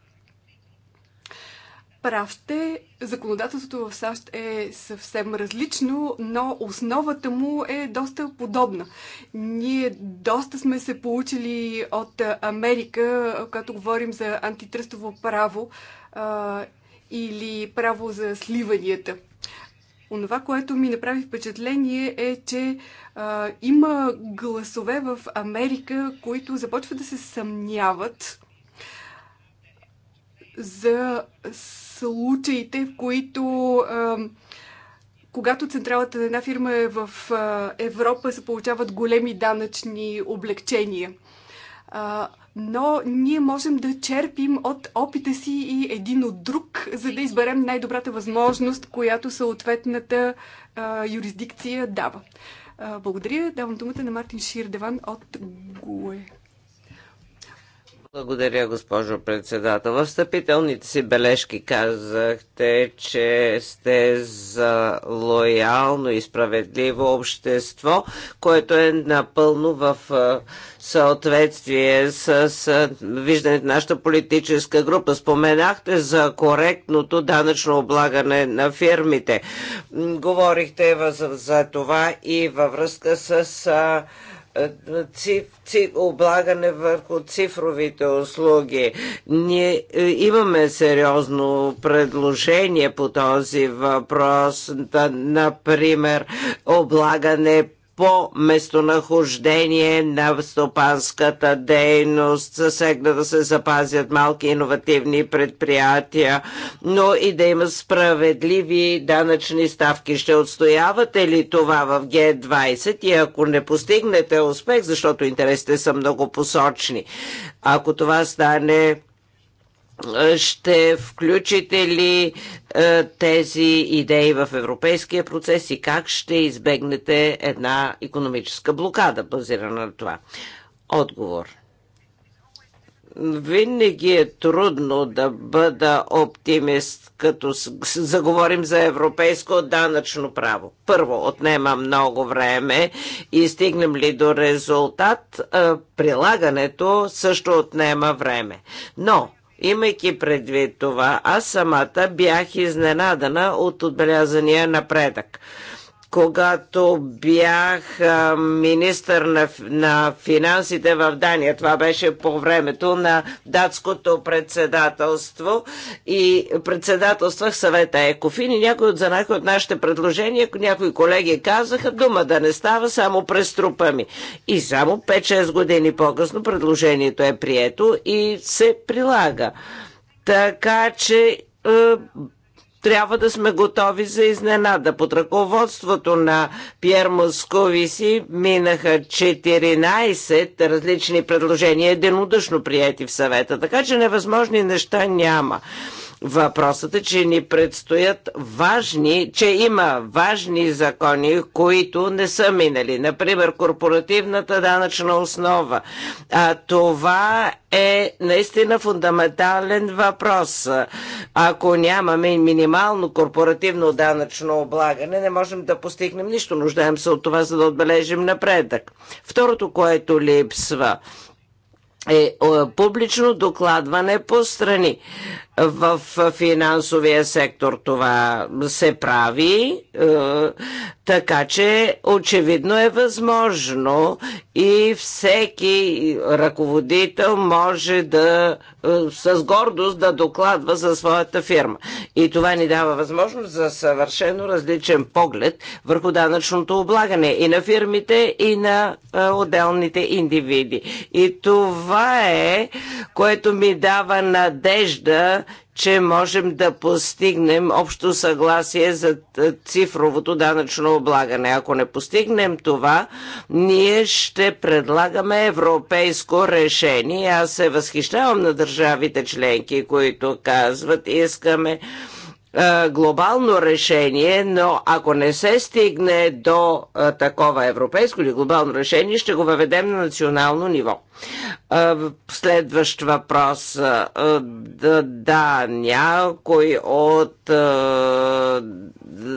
Прав сте, законодателството в САЩ е съвсем различно, но основата му е доста подобна. Ние доста сме се получили от Америка, когато говорим за антитръстово право а, или право за сливанията. Онова, което ми направи впечатление е, че а, има гласове в Америка, които започват да се съмняват за случаите, в които когато централата на една фирма е в Европа, се получават големи данъчни облегчения. но ние можем да черпим от опита си и един от друг, за да изберем най-добрата възможност, която съответната а, юрисдикция дава. А, благодаря. Давам думата на Мартин Ширдеван от ГУЕ. Благодаря, госпожо председател. В встъпителните си бележки казахте, че сте за лоялно и справедливо общество, което е напълно в съответствие с виждането на нашата политическа група. Споменахте за коректното данъчно облагане на фирмите. Говорихте за това и във връзка с е, циф, циф, облагане върху цифровите услуги. Ние е, имаме сериозно предложение по този въпрос, да, например, облагане по местонахождение на стопанската дейност. Засегна да се запазят малки иновативни предприятия, но и да има справедливи данъчни ставки. Ще отстоявате ли това в Г20 и ако не постигнете успех, защото интересите са много посочни, ако това стане ще включите ли е, тези идеи в европейския процес и как ще избегнете една економическа блокада, базирана на това? Отговор – винаги е трудно да бъда оптимист, като заговорим за европейско данъчно право. Първо, отнема много време и стигнем ли до резултат, е, прилагането също отнема време. Но Имайки предвид това, аз самата бях изненадана от отбелязания напредък когато бях министър на, на финансите в Дания. Това беше по времето на датското председателство и председателствах съвета Екофин и някои от за от нашите предложения, някои колеги казаха дума да не става само през трупа ми. И само 5-6 години по-късно предложението е прието и се прилага. Така че е, трябва да сме готови за изненада. Под ръководството на Пьер Московиси минаха 14 различни предложения, единодушно прияти в съвета, така че невъзможни неща няма. Въпросът е, че ни предстоят важни, че има важни закони, които не са минали. Например, корпоративната данъчна основа. А, това е наистина фундаментален въпрос. Ако нямаме минимално корпоративно данъчно облагане, не можем да постигнем нищо. Нуждаем се от това, за да отбележим напредък. Второто, което липсва е, е публично докладване по страни в финансовия сектор това се прави, е, така че очевидно е възможно и всеки ръководител може да е, с гордост да докладва за своята фирма. И това ни дава възможност за съвършено различен поглед върху данъчното облагане и на фирмите, и на е, отделните индивиди. И това е, което ми дава надежда че можем да постигнем общо съгласие за е, цифровото данъчно облагане. Ако не постигнем това, ние ще предлагаме европейско решение. Аз се възхищавам на държавите членки, които казват, искаме е, глобално решение, но ако не се стигне до а, е, такова европейско или глобално решение, ще го въведем на национално ниво. А, е, следващ въпрос. А, да, някой от а,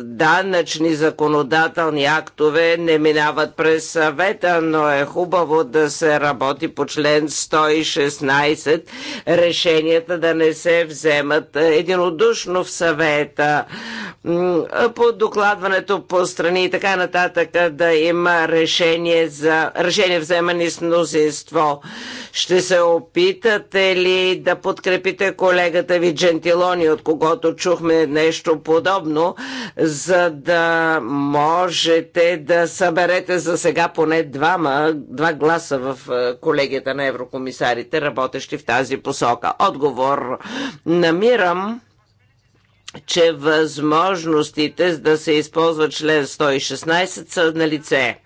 данъчни законодателни актове не минават през съвета, но е хубаво да се работи по член 116, решенията да не се вземат единодушно в съвета, по докладването по страни и така нататък да има решение за решение вземани с мнозинство. Ще се опитате ли да подкрепите колегата ви Джентилони, от когото чухме нещо подобно, за да можете да съберете за сега поне двама, два гласа в е, колегията на еврокомисарите, работещи в тази посока. Отговор намирам че възможностите да се използва член 116 са на лице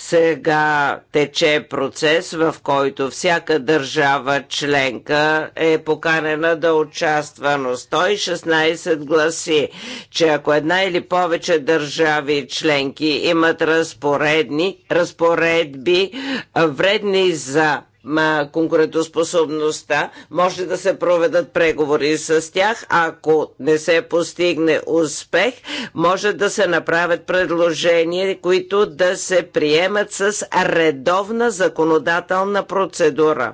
сега тече процес, в който всяка държава членка е поканена да участва, но 116 гласи, че ако една или повече държави членки имат разпоредни, разпоредби вредни за конкурентоспособността, може да се проведат преговори с тях. Ако не се постигне успех, може да се направят предложения, които да се приемат с редовна законодателна процедура.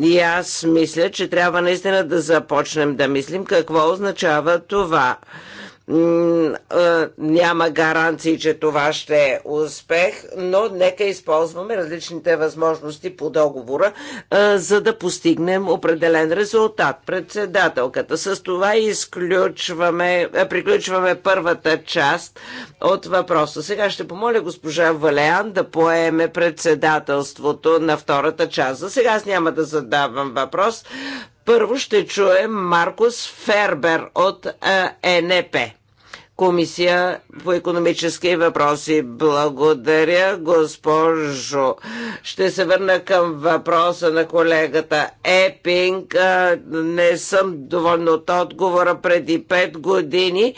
И аз мисля, че трябва наистина да започнем да мислим какво означава това няма гаранции, че това ще е успех, но нека използваме различните възможности по договора, за да постигнем определен резултат. Председателката. С това изключваме, приключваме първата част от въпроса. Сега ще помоля госпожа Валеан да поеме председателството на втората част. За сега аз няма да задавам въпрос. Първо ще чуем Маркус Фербер от ЕНЕПЕ комисия по економически въпроси. Благодаря, госпожо. Ще се върна към въпроса на колегата Епинг. Не съм доволен от отговора преди 5 години.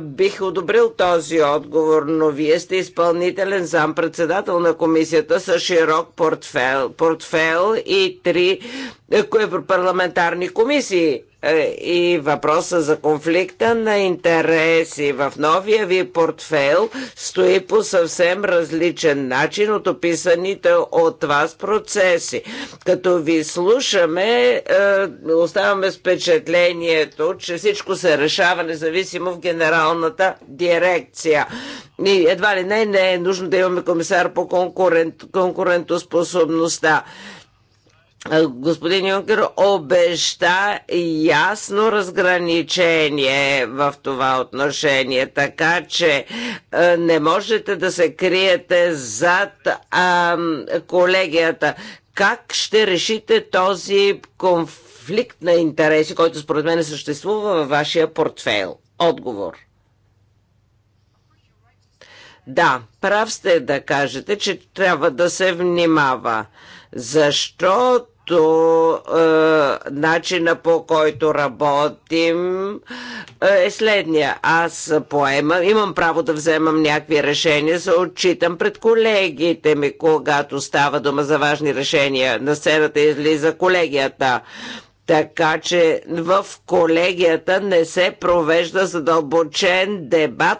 Бих одобрил този отговор, но вие сте изпълнителен зам-председател на комисията с широк портфел, портфел и три е, парламентарни комисии. Е, и въпроса за конфликта на интереси в новия ви портфел, стои по съвсем различен начин от описаните от вас процеси. Като ви слушаме, е, оставаме с впечатлението, че всичко се решава независимо в генералната дирекция. И едва ли не, не е нужно да имаме комисар по конкурент, конкурентоспособността. Е, господин Юнкер обеща ясно разграничение в това отношение, така че е, не можете да се криете зад а, колегията. Как ще решите този конфликт на интереси, който според мен съществува във вашия портфейл? Отговор. Да, прав сте да кажете, че трябва да се внимава защото е, начина по който работим е, е следния. Аз поемам, имам право да вземам някакви решения, се отчитам пред колегите ми, когато става дума за важни решения. На сцената излиза колегията така че в колегията не се провежда задълбочен дебат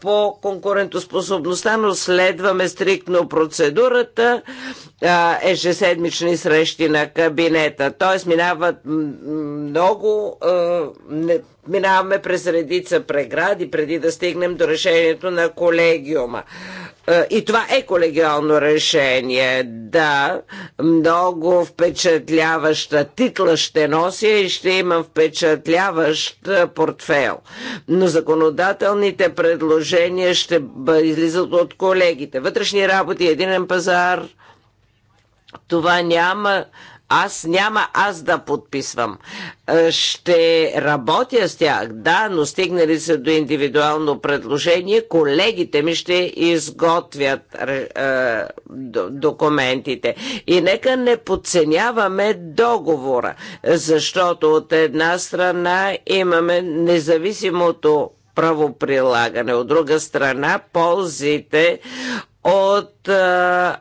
по конкурентоспособността, но следваме стриктно процедурата ежеседмични срещи на кабинета. Т.е. минават много, минаваме през редица прегради преди да стигнем до решението на колегиума. Е, и това е колегиално решение. Да, много впечатляваща титла ще нося и ще имам впечатляващ е, портфел. Но законодателните предложения ще излизат от колегите. Вътрешни работи, единен пазар, това няма аз няма аз да подписвам. Е, ще работя с тях, да, но стигнали се до индивидуално предложение, колегите ми ще изготвят е, е документите. И нека не подценяваме договора, защото от една страна имаме независимото правоприлагане, от друга страна ползите от е,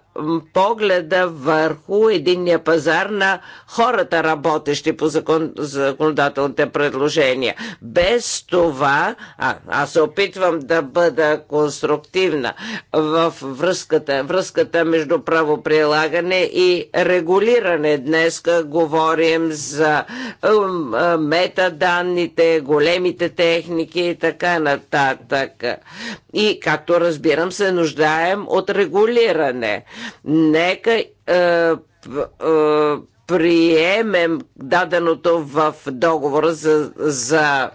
погледа върху единния пазар на хората, работещи по закон, законодателните предложения. Без това, а, аз се опитвам да бъда конструктивна в връзката, връзката между правоприлагане и регулиране. Днес говорим за метаданните, големите техники и така нататък. И, както разбирам, се нуждаем от регулиране. Нека е, е, приемем даденото в договора за, за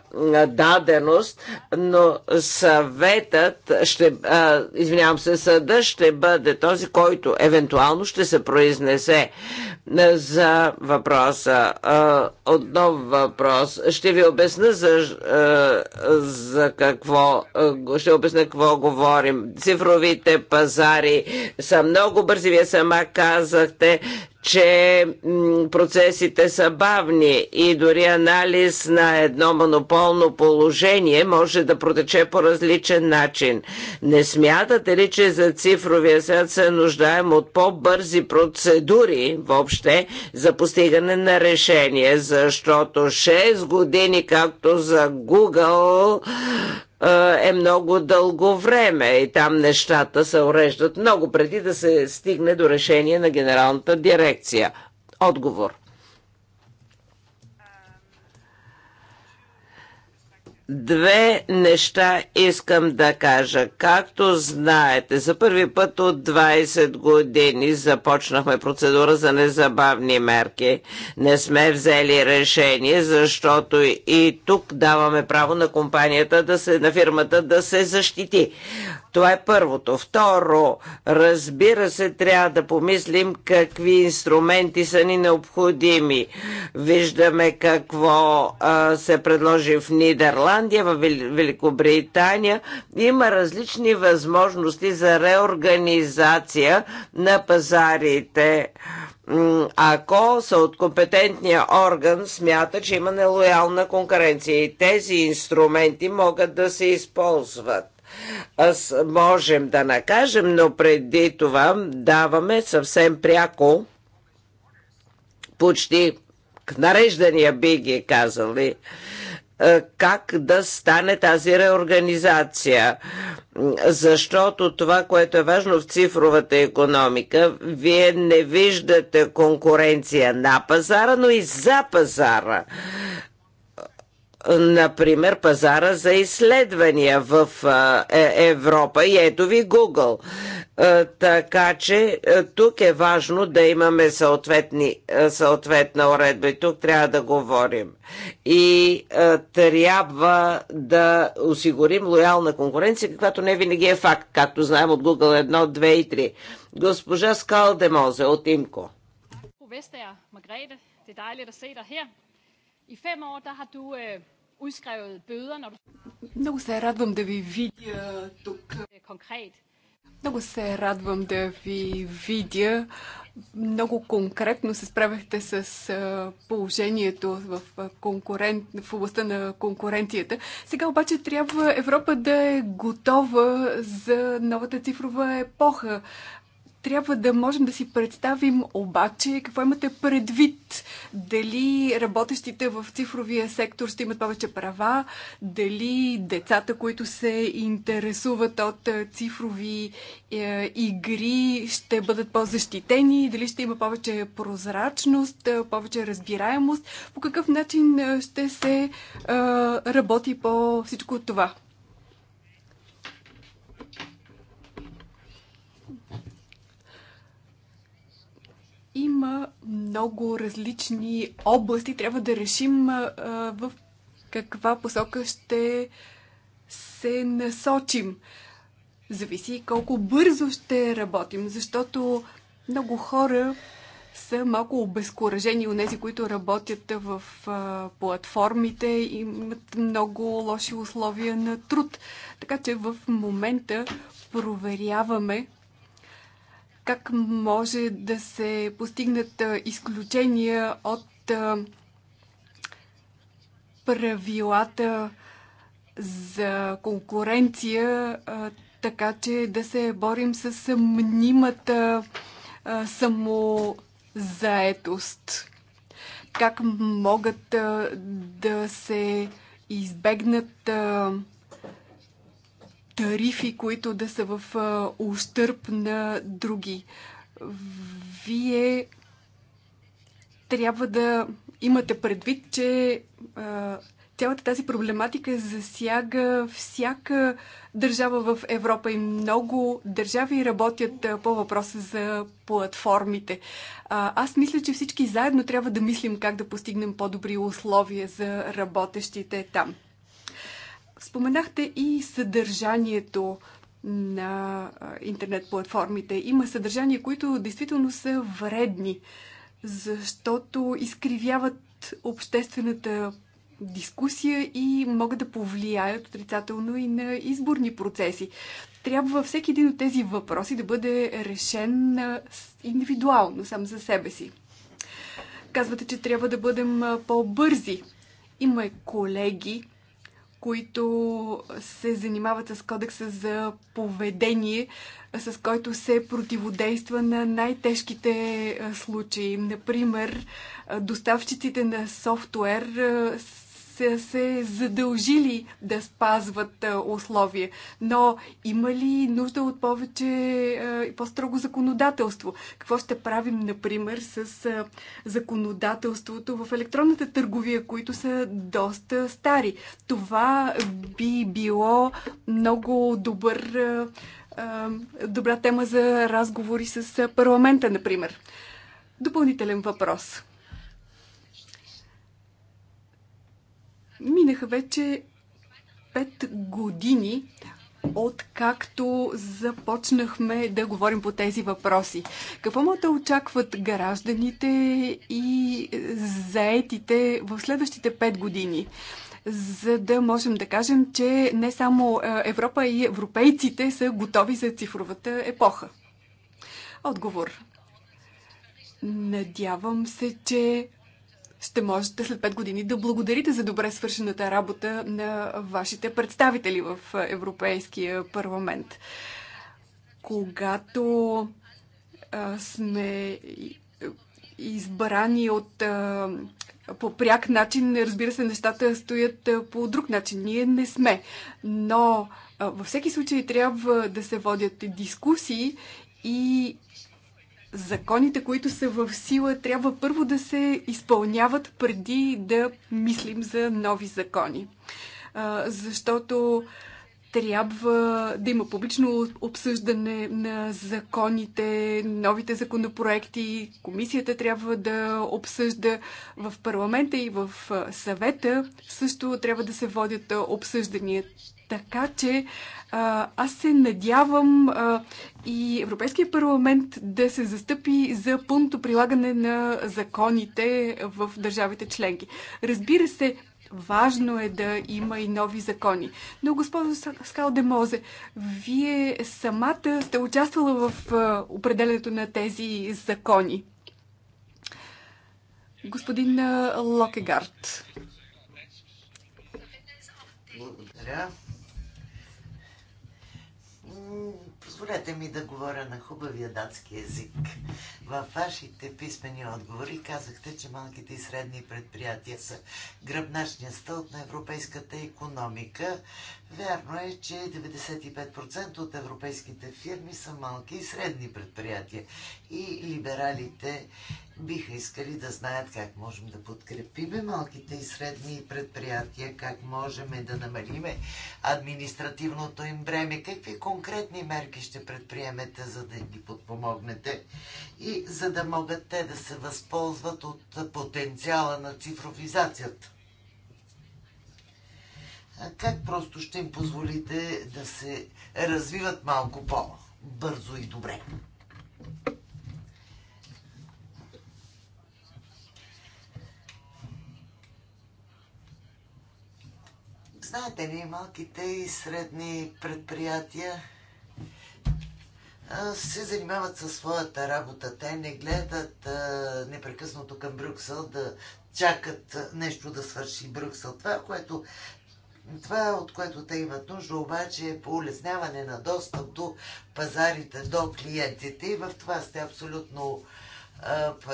даденост, но съветът ще, а, извинявам се, съда ще бъде този, който евентуално ще се произнесе за въпроса. А, отново въпрос. Ще ви обясна за, а, за какво, а, ще обясна какво говорим. Цифровите пазари са много бързи. Вие сама казахте, че процесите са бавни и дори анализ на едно монополно положение може да протече по различен начин. Не смятате ли, че за цифровия свят се нуждаем от по-бързи процедури въобще за постигане на решение, защото 6 години, както за Google, е много дълго време и там нещата се уреждат много преди да се стигне до решение на генералната дирекция. Отговор. Две неща искам да кажа. Както знаете, за първи път от 20 години започнахме процедура за незабавни мерки. Не сме взели решение, защото и тук даваме право на компанията да се, на фирмата да се защити. Това е първото. Второ, разбира се, трябва да помислим какви инструменти са ни необходими. Виждаме какво а, се предложи в Нидерландия, в Великобритания. Има различни възможности за реорганизация на пазарите ако са от компетентния орган смята, че има нелоялна конкуренция и тези инструменти могат да се използват. Аз можем да накажем, но преди това даваме съвсем пряко почти нареждания би ги казали как да стане тази реорганизация. Защото това, което е важно в цифровата економика, вие не виждате конкуренция на пазара, но и за пазара например, пазара за изследвания в е, Европа и ето ви Google. Така че тук е важно да имаме съответна уредба и тук трябва да говорим. И трябва да осигурим лоялна конкуренция, каквато не винаги е факт, както знаем от Google 1, 2 и 3. Госпожа Скалдемозе от Имко. Vestager, Margrethe, det er dejligt at se dig her. I fem år, der har du øh, udskrevet bøder, når du... Много се радвам да ви видя тук. Е, конкрет. Много се радвам да ви видя. Много конкретно се справяхте с положението в, конкурент, в областта на конкуренцията. Сега обаче трябва Европа да е готова за новата цифрова епоха. Трябва да можем да си представим обаче какво имате предвид. Дали работещите в цифровия сектор ще имат повече права, дали децата, които се интересуват от е, цифрови е, игри, ще бъдат по-защитени, дали ще има повече прозрачност, е, повече разбираемост. По какъв начин е, ще се е, работи по всичко това? Има много различни области. Трябва да решим в каква посока ще се насочим. Зависи колко бързо ще работим, защото много хора са малко обезкуражени от тези, които работят в а, платформите, имат много лоши условия на труд. Така че в момента проверяваме как може да се постигнат изключения от правилата за конкуренция, така че да се борим с мнимата самозаетост? Как могат да се избегнат тарифи, които да са в ущърп на други. Вие трябва да имате предвид, че а, цялата тази проблематика засяга всяка държава в Европа и много държави работят а, по въпроса за платформите. А, аз мисля, че всички заедно трябва да мислим как да постигнем по-добри условия за работещите там. Споменахте и съдържанието на интернет платформите. Има съдържания, които действително са вредни, защото изкривяват обществената дискусия и могат да повлияят отрицателно и на изборни процеси. Трябва всеки един от тези въпроси да бъде решен индивидуално, сам за себе си. Казвате, че трябва да бъдем по-бързи. Има колеги, които се занимават с кодекса за поведение, с който се противодейства на най-тежките е, случаи. Например, е, доставчиците на софтуер е, са се задължили да спазват условия. Но има ли нужда от повече и по-строго законодателство? Какво ще правим, например, с законодателството в електронната търговия, които са доста стари? Това би било много добър, добра тема за разговори с парламента, например. Допълнителен въпрос Минаха вече пет години откакто започнахме да говорим по тези въпроси. Какво му да очакват гражданите и заетите в следващите пет години? за да можем да кажем, че не само е, Европа и европейците са готови за цифровата епоха. Отговор. Надявам се, че ще можете след 5 години да благодарите за добре свършената работа на вашите представители в Европейския парламент. Когато а, сме избрани от а, по пряк начин, разбира се, нещата стоят по друг начин. Ние не сме. Но във всеки случай трябва да се водят дискусии и законите, които са в сила, трябва първо да се изпълняват преди да мислим за нови закони. Защото трябва да има публично обсъждане на законите, новите законопроекти. Комисията трябва да обсъжда в парламента и в съвета. Също трябва да се водят обсъждания. Така че а, аз се надявам а, и Европейския парламент да се застъпи за пълното прилагане на законите в държавите членки. Разбира се, важно е да има и нови закони. Но, госпожо Скалдемозе, вие самата сте участвала в а, определенето на тези закони. Господин Локегард. Благодаря. Позволете ми да говоря на хубавия датски язик. Във вашите писмени отговори казахте, че малките и средни предприятия са гръбначния стълб на европейската економика. Вярно е, че 95% от европейските фирми са малки и средни предприятия. И либералите биха искали да знаят как можем да подкрепиме малките и средни предприятия, как можем да намалиме административното им бреме, какви конкретни мерки ще предприемете, за да ги подпомогнете и за да могат те да се възползват от потенциала на цифровизацията. Как просто ще им позволите да се развиват малко по-бързо и добре? Знаете ли, малките и средни предприятия се занимават със своята работа. Те не гледат непрекъснато към Брюксел да чакат нещо да свърши Брюксел. Това, което, това от което те имат нужда, обаче е по улесняване на достъп до пазарите, до клиентите. И в това сте абсолютно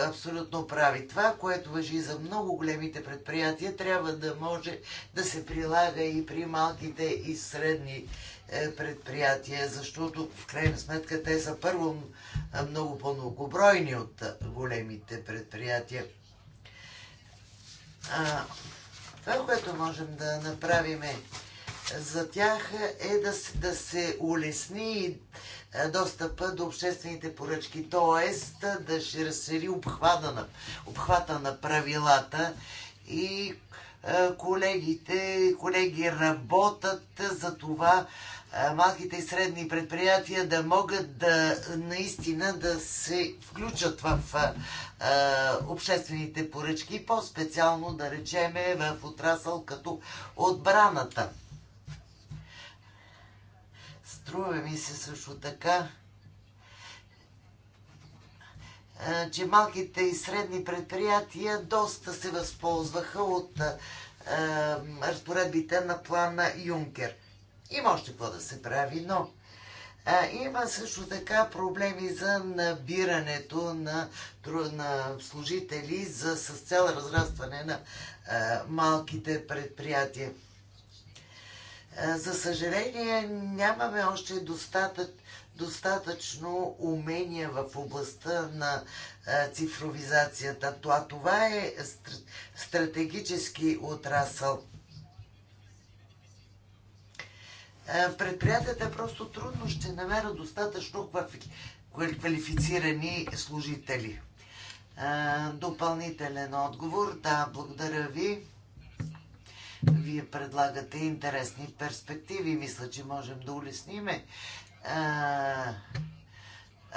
абсолютно прави. Това, което въжи за много големите предприятия, трябва да може да се прилага и при малките и средни е, предприятия, защото в крайна сметка те са първо много по-многобройни от големите предприятия. това, което можем да направим е, за тях е да, да се улесни и е, достъпа до обществените поръчки, т.е. да ще разшири обхвата на, обхвата на правилата и е, колегите, колеги работят за това е, малките и средни предприятия да могат да наистина да се включат в а, обществените поръчки, по-специално да речеме в отрасъл като отбраната. Струва ми се също така, че малките и средни предприятия доста се възползваха от разпоредбите на плана Юнкер. Има още какво да се прави, но има също така проблеми за набирането на, на служители за, с цел разрастване на а, малките предприятия. Е, за съжаление, нямаме още достатък, достатъчно умения в областта на е, цифровизацията. А това е стратегически отрасъл. Е, предприятията просто трудно ще намерят достатъчно квалифицирани служители. Допълнителен отговор. Да, благодаря ви. Вие предлагате интересни перспективи. Мисля, че можем да улесниме а,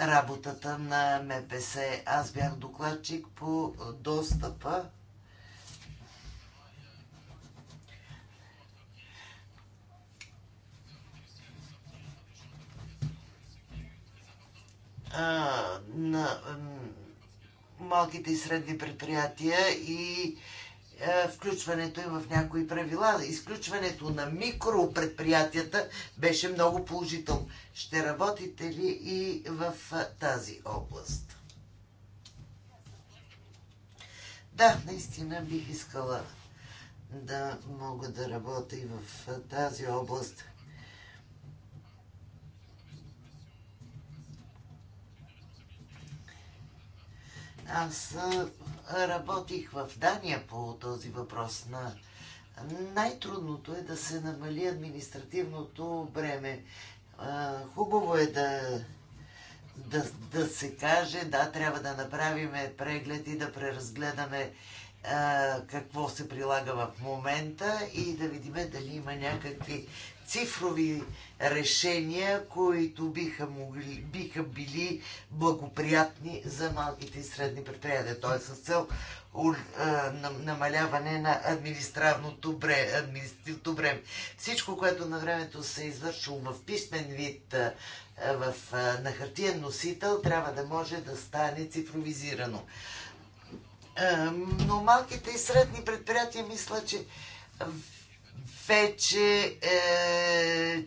работата на МПС. Аз бях докладчик по достъпа на малките и средни предприятия и е, включването им в някои правила. Изключването на микропредприятията беше много положително. Ще работите ли и в тази област? Да, наистина бих искала да мога да работя и в тази област. Аз работих в Дания по този въпрос на най-трудното е да се намали административното бреме. Хубаво е да, да, да се каже, да, трябва да направиме преглед и да преразгледаме какво се прилага в момента и да видим дали има някакви цифрови решения, които биха, могли, биха били благоприятни за малките и средни предприятия, т.е. с цел намаляване на административното време. Административното Всичко, което на времето се е извършило в писмен вид в, на хартиен носител, трябва да може да стане цифровизирано. Но малките и средни предприятия мисля, че вече е,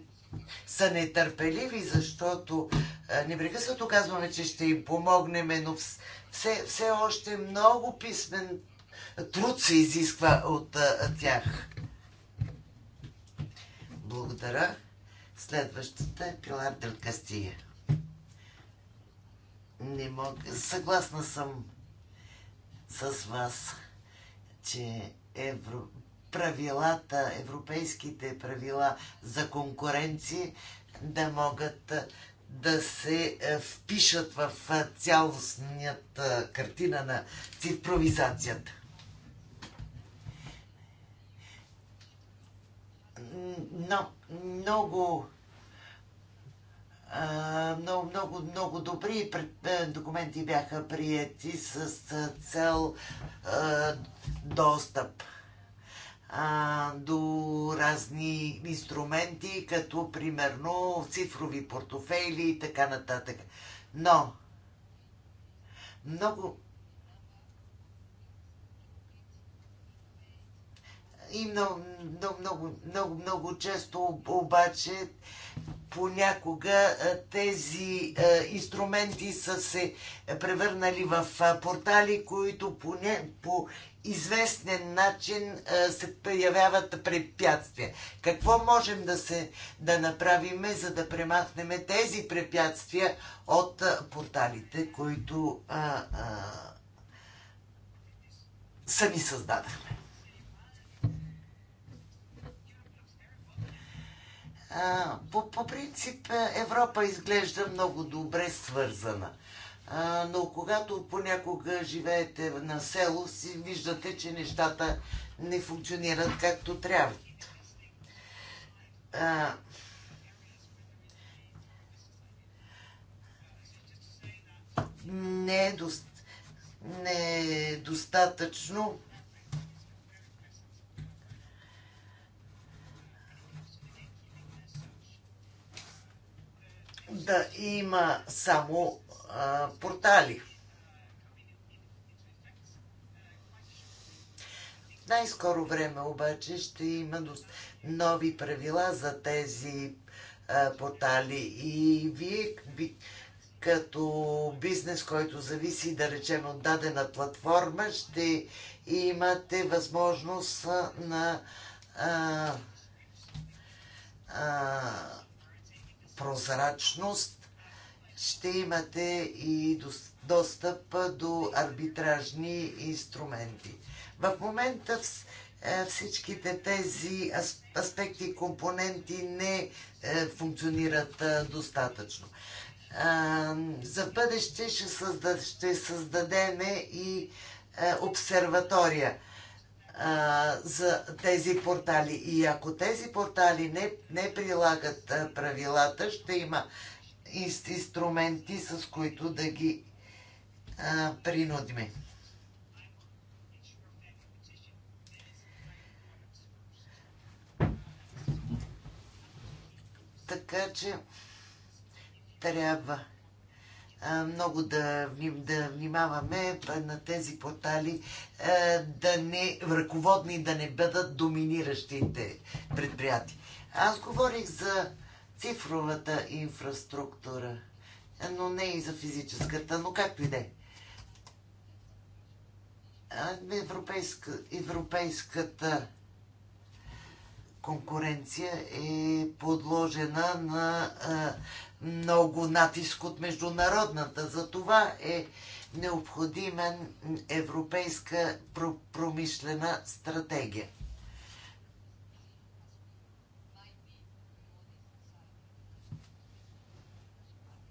са нетърпеливи, защото е, непрекъснато казваме, че ще им помогнем, но все, все още много писмен труд се изисква от е, тях. Благодаря. Следващата е Пилар Дел Не мог... Съгласна съм с вас, че Евро правилата, европейските правила за конкуренция да могат да се впишат в цялостният картина на цифровизацията. Но много много, много, много добри документи бяха приети с цел достъп до разни инструменти, като примерно цифрови портофейли и така нататък. Но много и много, много, много, много, често обаче понякога тези инструменти са се превърнали в портали, които по, не, по известен начин се появяват препятствия. Какво можем да, се, да направим, за да премахнем тези препятствия от порталите, които а, а, сами създадахме? А, по, по принцип Европа изглежда много добре свързана – а, но когато понякога живеете на село, си виждате, че нещата не функционират както трябва. не е, до, не е достатъчно да има само а, портали. Най-скоро време обаче ще има нови правила за тези а, портали и вие би, като бизнес, който зависи, да речем, от дадена платформа, ще имате възможност на а, а, прозрачност ще имате и достъп до арбитражни инструменти. В момента е, всичките тези аспекти и компоненти не е, функционират е, достатъчно. За бъдеще ще, създад, ще създадеме и обсерватория за тези портали. И ако тези портали не, не прилагат правилата, ще има инструменти, с които да ги а, принудиме. Така че трябва много да, да внимаваме на тези портали да не ръководни, да не бъдат доминиращите предприятия. Аз говорих за цифровата инфраструктура, но не и за физическата, но както и да е. Европейска, европейската конкуренция е подложена на а, много натиск от международната. Затова е необходима европейска промишлена стратегия.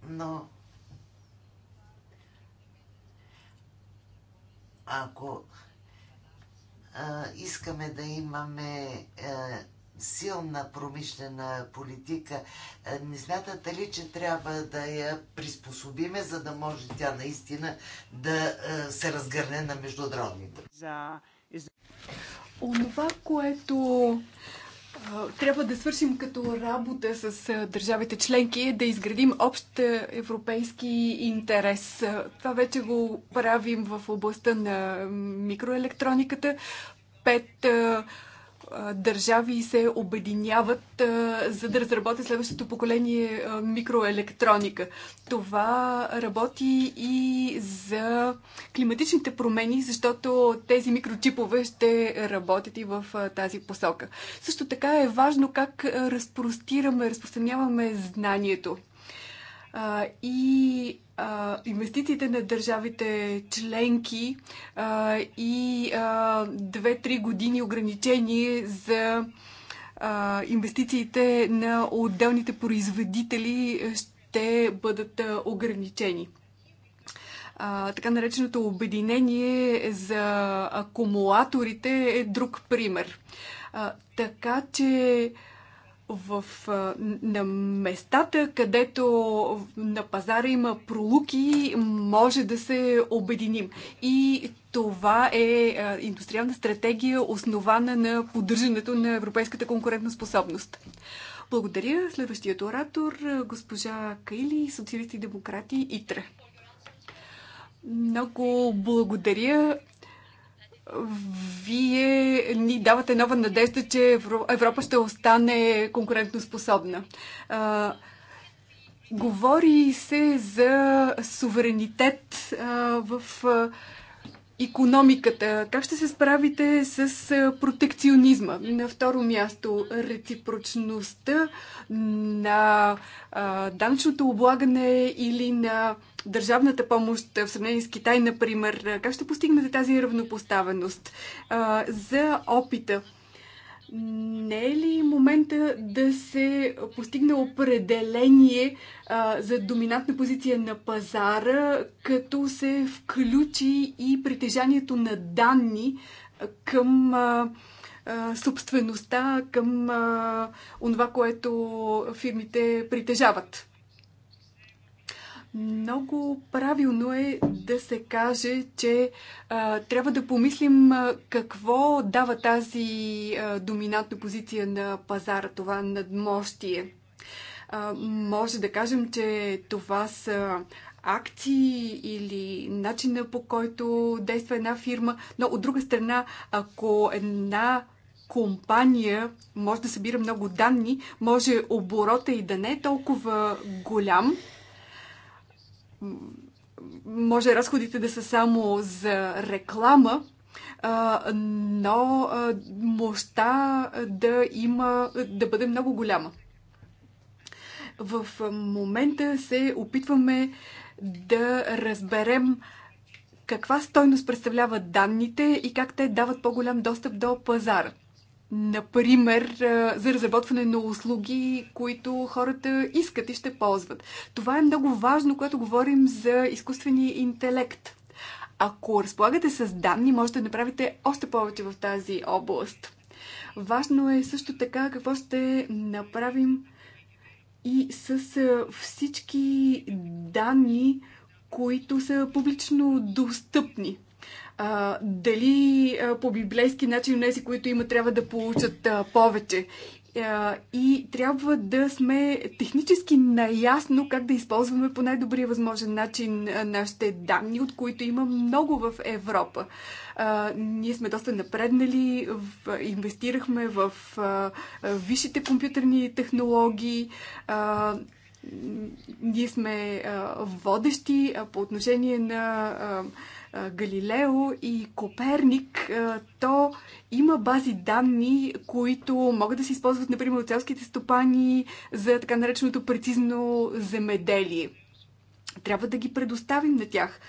Но ако а, искаме да имаме а, силна промишлена политика, а, не смятате ли, че трябва да я приспособиме, за да може тя наистина да а, се разгърне на междудровните? Онова, което трябва да свършим като работа с държавите членки е да изградим общ европейски интерес. Това вече го правим в областта на микроелектрониката. Пет държави се обединяват, за да разработят следващото поколение микроелектроника. Това работи и за климатичните промени, защото тези микрочипове ще работят и в тази посока. Също така е важно как разпростираме, разпространяваме знанието а, и а, инвестициите на държавите членки а, и 2-3 години ограничение за а, инвестициите на отделните производители ще бъдат ограничени. А, така нареченото обединение за акумулаторите е друг пример. А, така че а, в, на местата, където на пазара има пролуки, може да се обединим. И това е индустриална стратегия, основана на поддържането на европейската конкурентоспособност. Благодаря. Следващият оратор, госпожа Кайли, социалисти и демократи, ИТРА. Много благодаря вие ни давате нова надежда, че Европа ще остане конкурентоспособна. Говори се за суверенитет в економиката. Как ще се справите с протекционизма? На второ място, реципрочността на данъчното облагане или на държавната помощ в сравнение с Китай, например. Как ще постигнете тази равнопоставеност? За опита не е ли момента да се постигне определение а, за доминантна позиция на пазара, като се включи и притежанието на данни към а, а, собствеността, към а, онова, което фирмите притежават? Много правилно е да се каже, че а, трябва да помислим а, какво дава тази а, доминантна позиция на пазара, това надмощие. А, може да кажем, че това са акции или начина по който действа една фирма, но от друга страна, ако една компания може да събира много данни, може оборота и да не е толкова голям, може разходите да са само за реклама, но мощта да има, да бъде много голяма. В момента се опитваме да разберем каква стойност представляват данните и как те дават по-голям достъп до пазара. Например, за разработване на услуги, които хората искат и ще ползват. Това е много важно, когато говорим за изкуствения интелект. Ако разполагате с данни, можете да направите още повече в тази област. Важно е също така какво ще направим и с всички данни, които са публично достъпни а, дали а, по библейски начин тези, които имат, трябва да получат а, повече. А, и трябва да сме технически наясно как да използваме по най-добрия възможен начин нашите данни, от които има много в Европа. А, ние сме доста напреднали, в, инвестирахме в а, висшите компютърни технологии. А, ние сме а, водещи а, по отношение на а, Галилео и Коперник, то има бази данни, които могат да се използват, например, от селските стопани за така нареченото прецизно земеделие. Трябва да ги предоставим на тях.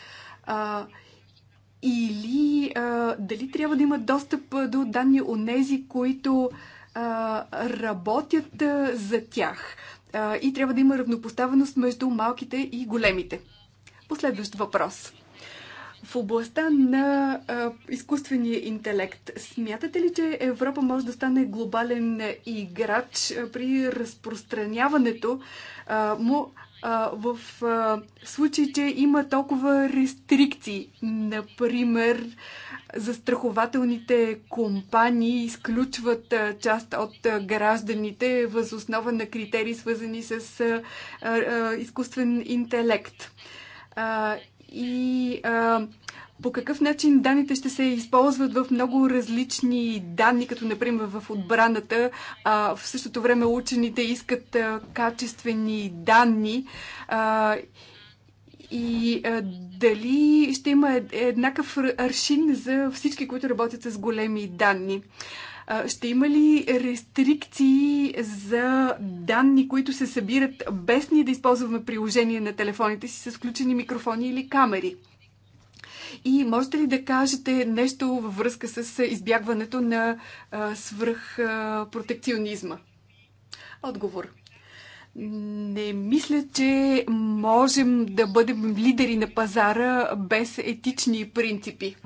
Или дали трябва да имат достъп до данни от нези, които работят за тях. И трябва да има равнопоставеност между малките и големите. Последващ въпрос – в областта на а, изкуствения интелект, смятате ли, че Европа може да стане глобален играч при разпространяването а, му а, в а, случай, че има толкова рестрикции? Например, застрахователните компании изключват а, част от а, гражданите възоснова на критерии, свързани с а, а, изкуствен интелект. А, и а, по какъв начин данните ще се използват в много различни данни, като например в отбраната. А, в същото време учените искат а, качествени данни. А, и а, дали ще има еднакъв аршин за всички, които работят с големи данни. А, ще има ли рестрикции за данни, които се събират без ние да използваме приложение на телефоните си с включени микрофони или камери? И можете ли да кажете нещо във връзка с избягването на свръхпротекционизма? Отговор. Не мисля, че можем да бъдем лидери на пазара без етични принципи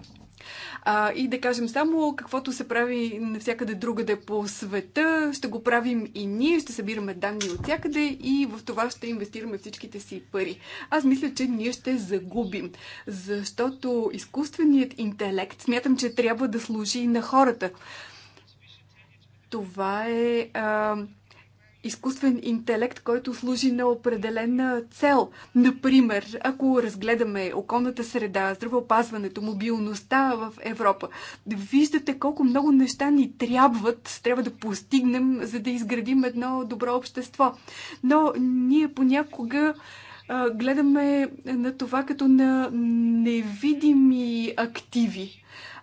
а, и да кажем само каквото се прави навсякъде другаде по света, ще го правим и ние, ще събираме данни от всякъде и в това ще инвестираме всичките си пари. Аз мисля, че ние ще загубим, защото изкуственият интелект смятам, че трябва да служи на хората. Това е. А, изкуствен интелект, който служи на определена цел. Например, ако разгледаме околната среда, здравеопазването, мобилността в Европа, виждате колко много неща ни трябват, трябва да постигнем, за да изградим едно добро общество. Но ние понякога гледаме на това като на невидими активи.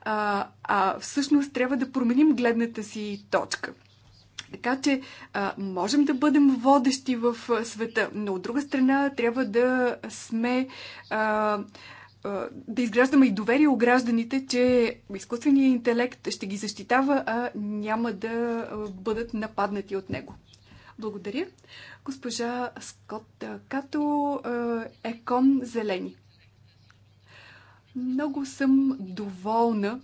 А, а всъщност трябва да променим гледната си точка. Така че а, можем да бъдем водещи в света, но от друга страна трябва да сме. А, да изграждаме и доверие у гражданите, че изкуственият интелект ще ги защитава, а няма да бъдат нападнати от него. Благодаря. Госпожа Скот Като, Екон Зелени. Много съм доволна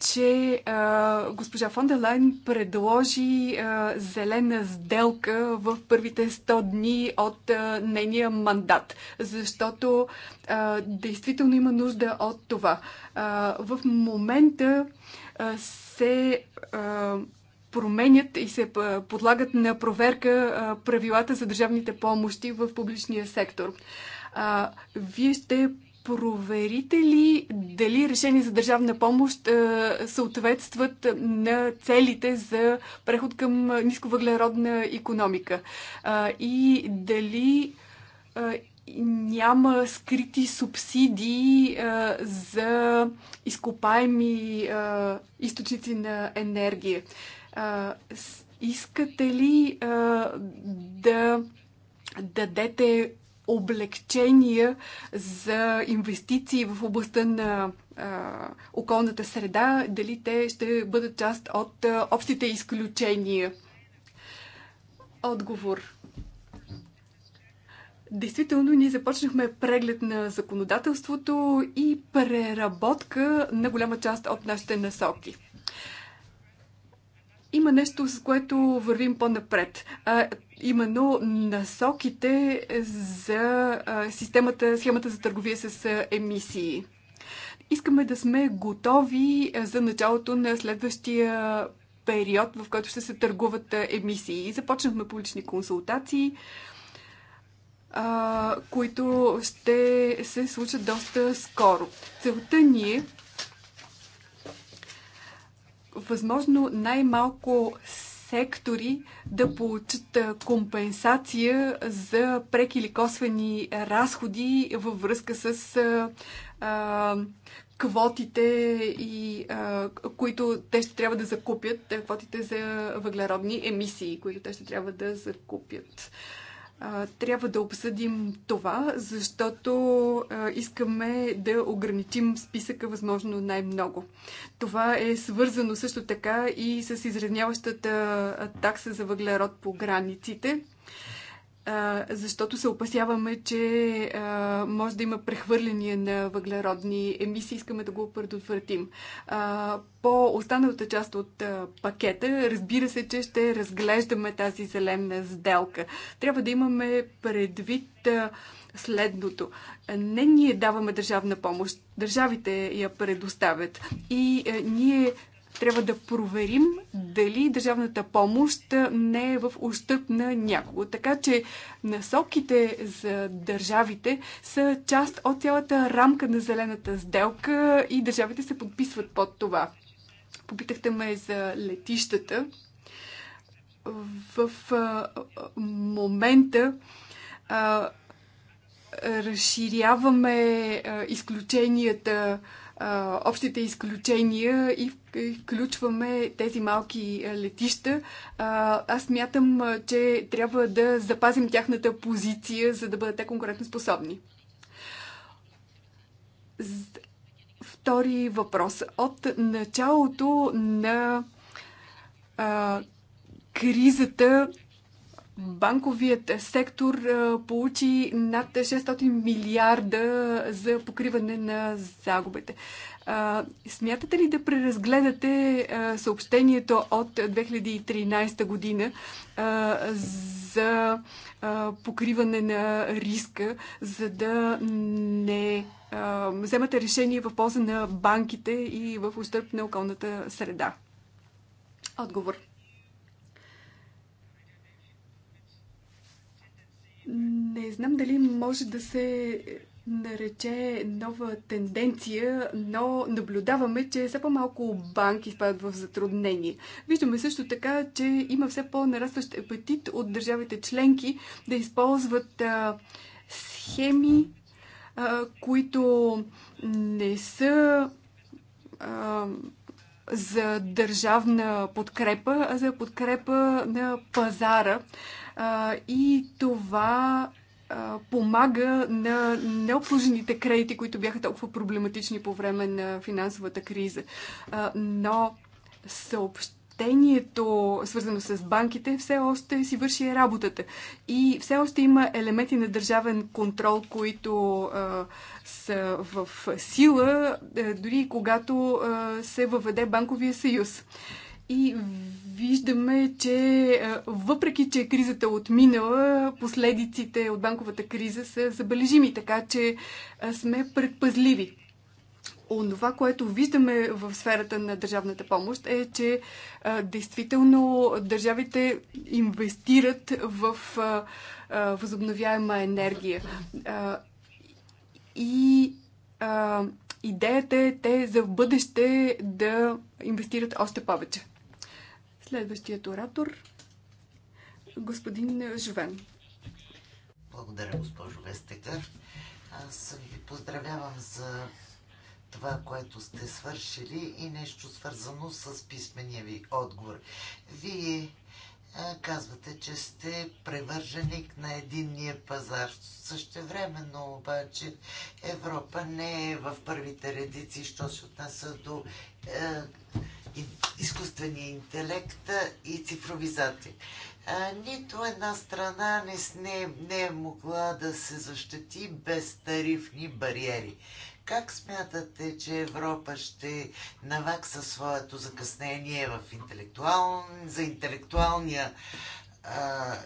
че а, госпожа Фондерлайн предложи а, зелена сделка в първите 100 дни от а, нейния мандат, защото а, действително има нужда от това. А, в момента а, се а, променят и се подлагат на проверка а, правилата за държавните помощи в публичния сектор. А, вие ще проверите ли дали решения за държавна помощ е, съответстват на целите за преход към нисковъглеродна економика? Е, и дали е, няма скрити субсидии за изкопаеми източници на енергия. искате ли да дадете облегчения за инвестиции в областта на а, околната среда, дали те ще бъдат част от а, общите изключения? Отговор. Действително, ние започнахме преглед на законодателството и преработка на голяма част от нашите насоки има нещо, с което вървим по-напред именно насоките за системата, схемата за търговия с емисии. Искаме да сме готови за началото на следващия период, в който ще се търгуват емисии. Започнахме публични консултации, които ще се случат доста скоро. Целта ни е възможно най-малко сектори да получат компенсация за преки или косвени разходи във връзка с а, квотите, и, а, които те ще трябва да закупят, квотите за въглеродни емисии, които те ще трябва да закупят. А, трябва да обсъдим това, защото искаме да ограничим списъка възможно най-много. Това е свързано също така и с изравняващата такса за въглерод по границите защото се опасяваме, че може да има прехвърляне на въглеродни емисии. Искаме да го предотвратим. По останалата част от пакета, разбира се, че ще разглеждаме тази зелена сделка. Трябва да имаме предвид следното. Не ние даваме държавна помощ, държавите я предоставят. И ние трябва да проверим дали държавната помощ не е в ущъп на някого. Така че насоките за държавите са част от цялата рамка на зелената сделка и държавите се подписват под това. Попитахте ме за летищата. В момента разширяваме изключенията а, общите изключения и включваме тези малки летища. А, аз мятам, че трябва да запазим тяхната позиция, за да бъдат те конкурентно способни. Втори въпрос. От началото на а, кризата банковият сектор получи над 600 милиарда за покриване на загубите. Смятате ли да преразгледате съобщението от 2013 година за покриване на риска, за да не вземате решение в полза на банките и в ущърп на околната среда? Отговор. Не знам дали може да се нарече нова тенденция, но наблюдаваме, че все по-малко банки спадат в затруднение. Виждаме също така, че има все по-нарастващ апетит от държавите членки да използват а, схеми, а, които не са а, за държавна подкрепа, а за подкрепа на пазара и това помага на необслужените кредити, които бяха толкова проблематични по време на финансовата криза. Но съобщението, свързано с банките, все още си върши работата. И все още има елементи на държавен контрол, които са в сила, дори когато се въведе банковия съюз. И виждаме, че въпреки, че кризата е отминала, последиците от банковата криза са забележими, така че сме предпазливи. Онова, което виждаме в сферата на държавната помощ е, че а, действително държавите инвестират в а, а, възобновяема енергия. А, и а, идеята е те за в бъдеще да инвестират още повече. Следващият оратор господин Жвен. Благодаря, госпожо Вестега. Аз ви поздравявам за това, което сте свършили и нещо свързано с писмения ви отговор. Вие казвате, че сте превърженик на единния пазар. но обаче Европа не е в първите редици, що се отнася до е, изкуствения интелект и цифровизация. Нито една страна не, не, не е могла да се защити без тарифни бариери. Как смятате, че Европа ще навакса своето закъснение в интелектуал... за интелектуалния а,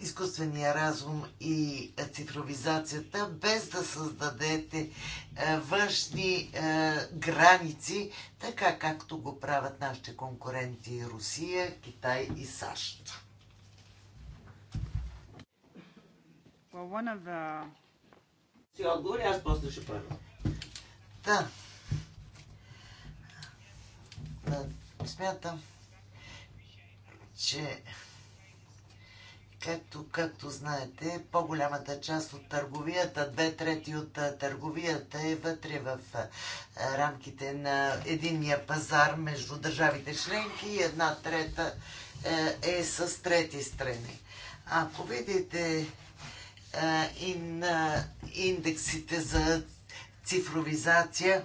изкуствения разум и цифровизацията, без да създадете е, външни е, граници, така както го правят нашите конкуренти Русия, Китай и САЩ. Ти отговори, аз после ще правя. да. Смятам, че Както, както знаете, по-голямата част от търговията, две трети от търговията е вътре в рамките на единния пазар между държавите членки и една трета е, е с трети страни. Ако видите и на индексите за цифровизация,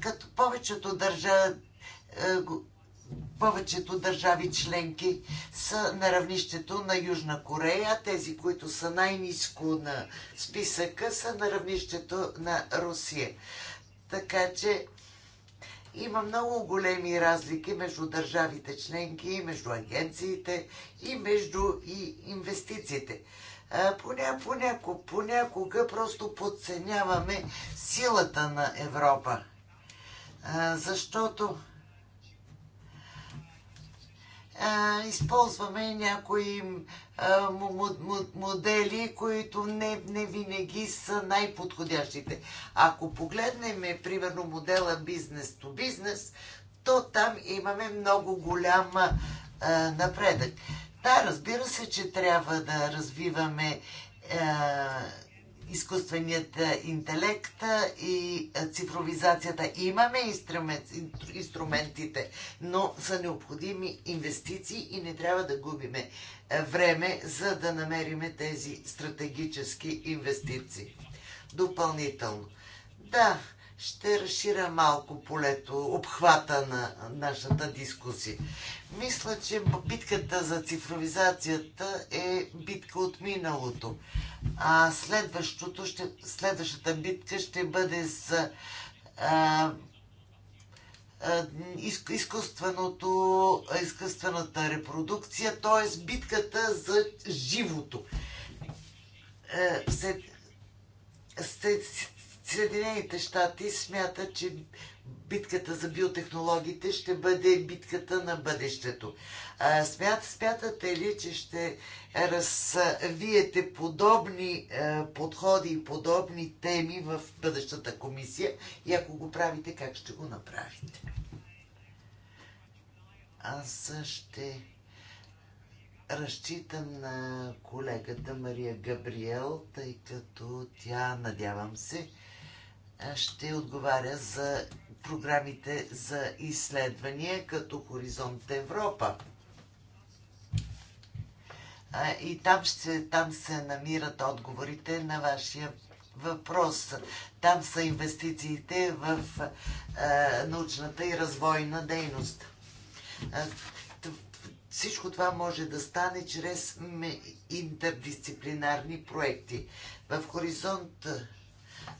като повечето държави повечето държави членки са на равнището на Южна Корея. Тези, които са най-низко на списъка, са на равнището на Русия. Така че има много големи разлики между държавите членки, между агенциите и между и инвестициите. Поня, понякога просто подценяваме силата на Европа. Защото а, използваме някои модели, които не, не винаги са най-подходящите. Ако погледнем, примерно, модела бизнес то бизнес, то там имаме много голям а, напредък. Да, разбира се, че трябва да развиваме а, изкуственият интелект и цифровизацията. Имаме инструментите, но са необходими инвестиции и не трябва да губиме време, за да намериме тези стратегически инвестиции. Допълнително. Да, ще разширя малко полето, обхвата на нашата дискусия. Мисля, че битката за цифровизацията е битка от миналото, а следващото ще, следващата битка ще бъде с а, а, из, изкуственото, изкуствената репродукция, т.е. битката за живото. А, е, след, Съединените щати смятат, че битката за биотехнологиите ще бъде битката на бъдещето. смят, смятате ли, че ще развиете подобни е, подходи и подобни теми в бъдещата комисия? И ако го правите, как ще го направите? Аз ще разчитам на колегата Мария Габриел, тъй като тя, надявам се, ще отговаря за програмите за изследвания като Хоризонт Европа. И там, ще, там се намират отговорите на вашия въпрос. Там са инвестициите в а, научната и развойна дейност. А, всичко това може да стане чрез интердисциплинарни проекти. В Хоризонт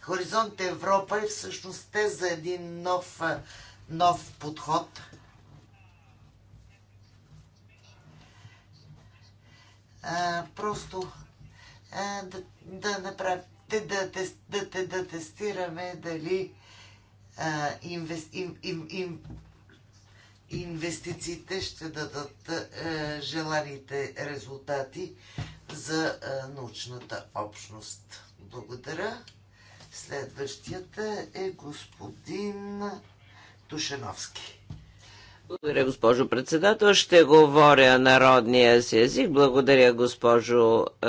Хоризонт Европа е всъщност те за един нов, е, нов подход. А, е, просто а, е, да, да направите, да, да, да, да тестираме дали а, инвес... им, им, им, инвестициите ще дадат а, желаните резултати за а, научната общност. Благодаря. Следващията е господин Тушеновски. Благодаря, госпожо председател. Ще говоря народния си език. Благодаря, госпожо е,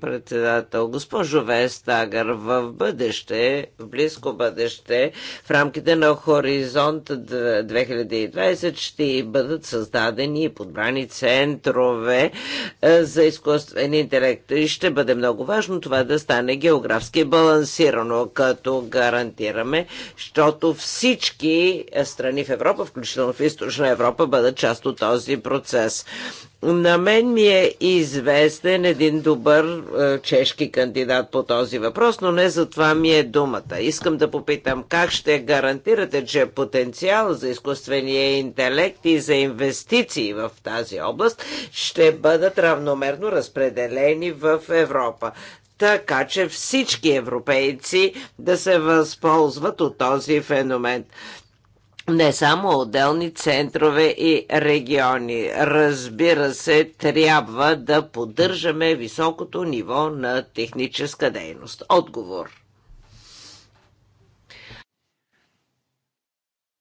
председател. Госпожо Вестагър, в бъдеще, в близко бъдеще, в рамките на Хоризонт 2020 ще бъдат създадени и подбрани центрове е, за изкуствен интелект. И ще бъде много важно това да стане географски балансирано, като гарантираме, защото всички страни в Европа, включително в източната Източна Европа бъдат част от този процес. На мен ми е известен един добър е, чешки кандидат по този въпрос, но не за това ми е думата. Искам да попитам как ще гарантирате, че потенциал за изкуствения интелект и за инвестиции в тази област ще бъдат равномерно разпределени в Европа така че всички европейци да се възползват от този феномен не само отделни центрове и региони. Разбира се, трябва да поддържаме високото ниво на техническа дейност. Отговор.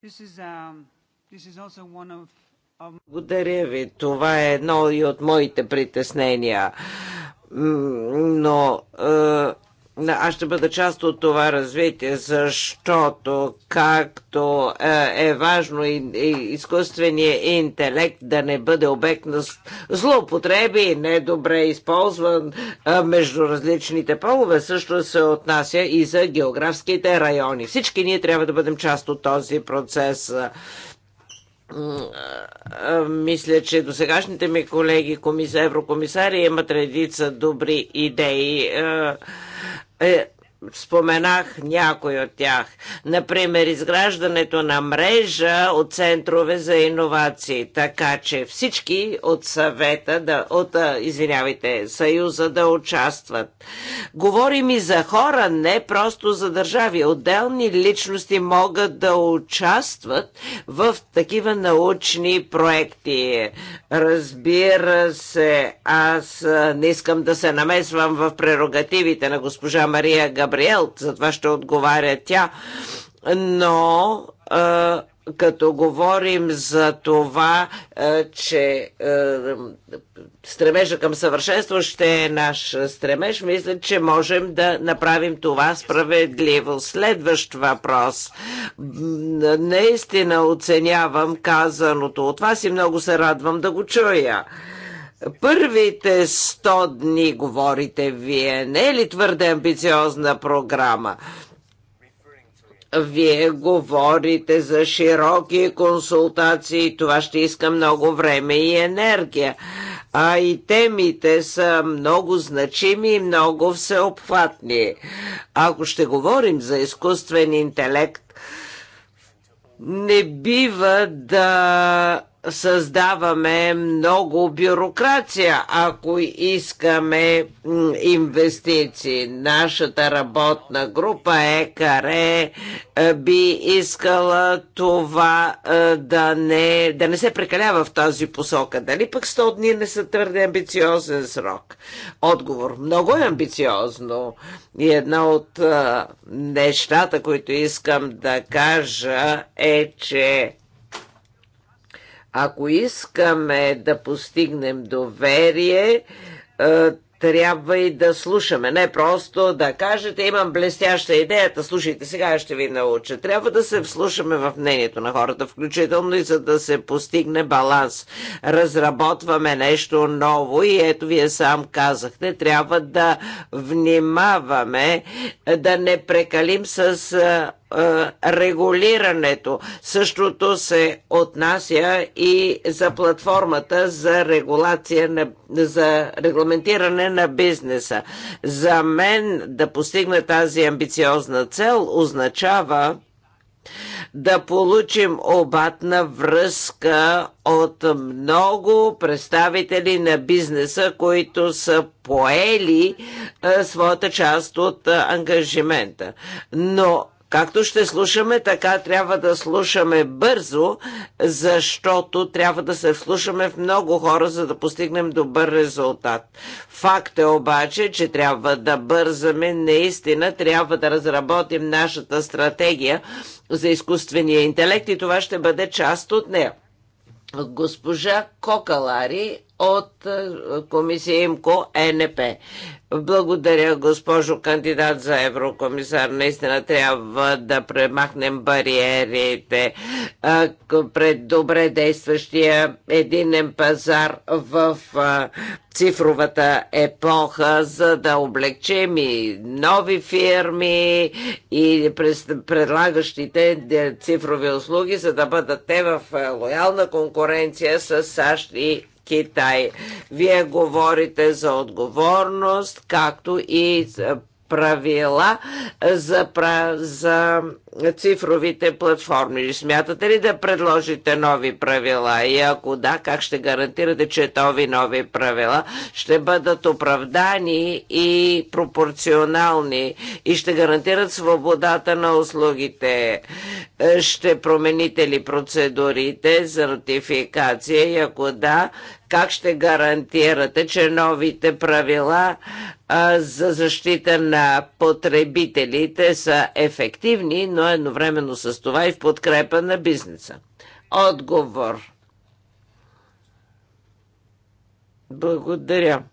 This is, um, this is also one of благодаря ви. Това е едно и от моите притеснения. Но е, аз ще бъда част от това развитие, защото както е, е важно и, и изкуственият интелект да не бъде обект на злоупотреби и недобре използван е, между различните полове, също се отнася и за географските райони. Всички ние трябва да бъдем част от този процес е, мисля, че до сегашните ми колеги, комисари, еврокомисари, имат редица добри идеи е Споменах някой от тях. Например, изграждането на мрежа от центрове за иновации, така че всички от съвета, да, от, извинявайте, съюза да участват. Говорим и за хора, не просто за държави. Отделни личности могат да участват в такива научни проекти. Разбира се, аз не искам да се намесвам в прерогативите на госпожа Мария Габриел, Габриел, затова ще отговаря тя. Но като говорим за това, че стремежа към съвършенство ще е наш стремеж, мисля, че можем да направим това справедливо. Следващ въпрос. Наистина оценявам казаното от вас и много се радвам да го чуя. Първите 100 дни говорите вие. Не е ли твърде амбициозна програма? Вие говорите за широки консултации, това ще иска много време и енергия. А и темите са много значими и много всеобхватни. Ако ще говорим за изкуствен интелект, не бива да създаваме много бюрокрация, ако искаме инвестиции. Нашата работна група ЕКАРЕ е, би искала това е, да не, да не се прекалява в тази посока. Дали пък 100 дни не са твърде амбициозен срок? Отговор. Много е амбициозно. И една от е, нещата, които искам да кажа е, че ако искаме да постигнем доверие, е, трябва и да слушаме. Не просто да кажете, имам блестяща идеята, слушайте, сега ще ви науча. Трябва да се вслушаме в мнението на хората, включително и за да се постигне баланс. Разработваме нещо ново и ето вие сам казахте, трябва да внимаваме, да не прекалим с е, е, регулирането. Същото се отнася и за платформата за регулация на, за регламентиране на бизнеса. За мен да постигна тази амбициозна цел означава да получим обратна връзка от много представители на бизнеса, които са поели а, е, своята част от а, е, ангажимента. Но Както ще слушаме, така трябва да слушаме бързо, защото трябва да се вслушаме в много хора, за да постигнем добър резултат. Факт е обаче, че трябва да бързаме, наистина трябва да разработим нашата стратегия за изкуствения интелект и това ще бъде част от нея. Госпожа Кокалари от е, комисия ИМКО е НП. Благодаря, госпожо кандидат за еврокомисар. Наистина трябва да премахнем бариерите е, пред добре действащия единен пазар в цифровата епоха, за да облегчим и нови фирми и предлагащите цифрови услуги, за да бъдат те в лоялна конкуренция с САЩ и Китай. Вие говорите за отговорност, както и правила за, за цифровите платформи. Смятате ли да предложите нови правила и ако да, как ще гарантирате, че тови нови правила ще бъдат оправдани и пропорционални и ще гарантират свободата на услугите? Е, ще промените ли процедурите за ратификация и ако да, как ще гарантирате, че новите правила а, е, за защита на потребителите са ефективни, но но едновременно с това и в подкрепа на бизнеса. Отговор. Благодаря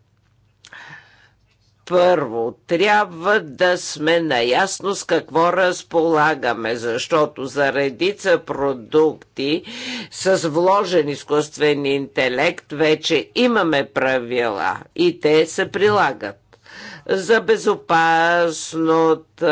първо, трябва да сме наясно с какво разполагаме, защото за редица продукти с вложен изкуствен интелект вече имаме правила и те се прилагат. За безопасност,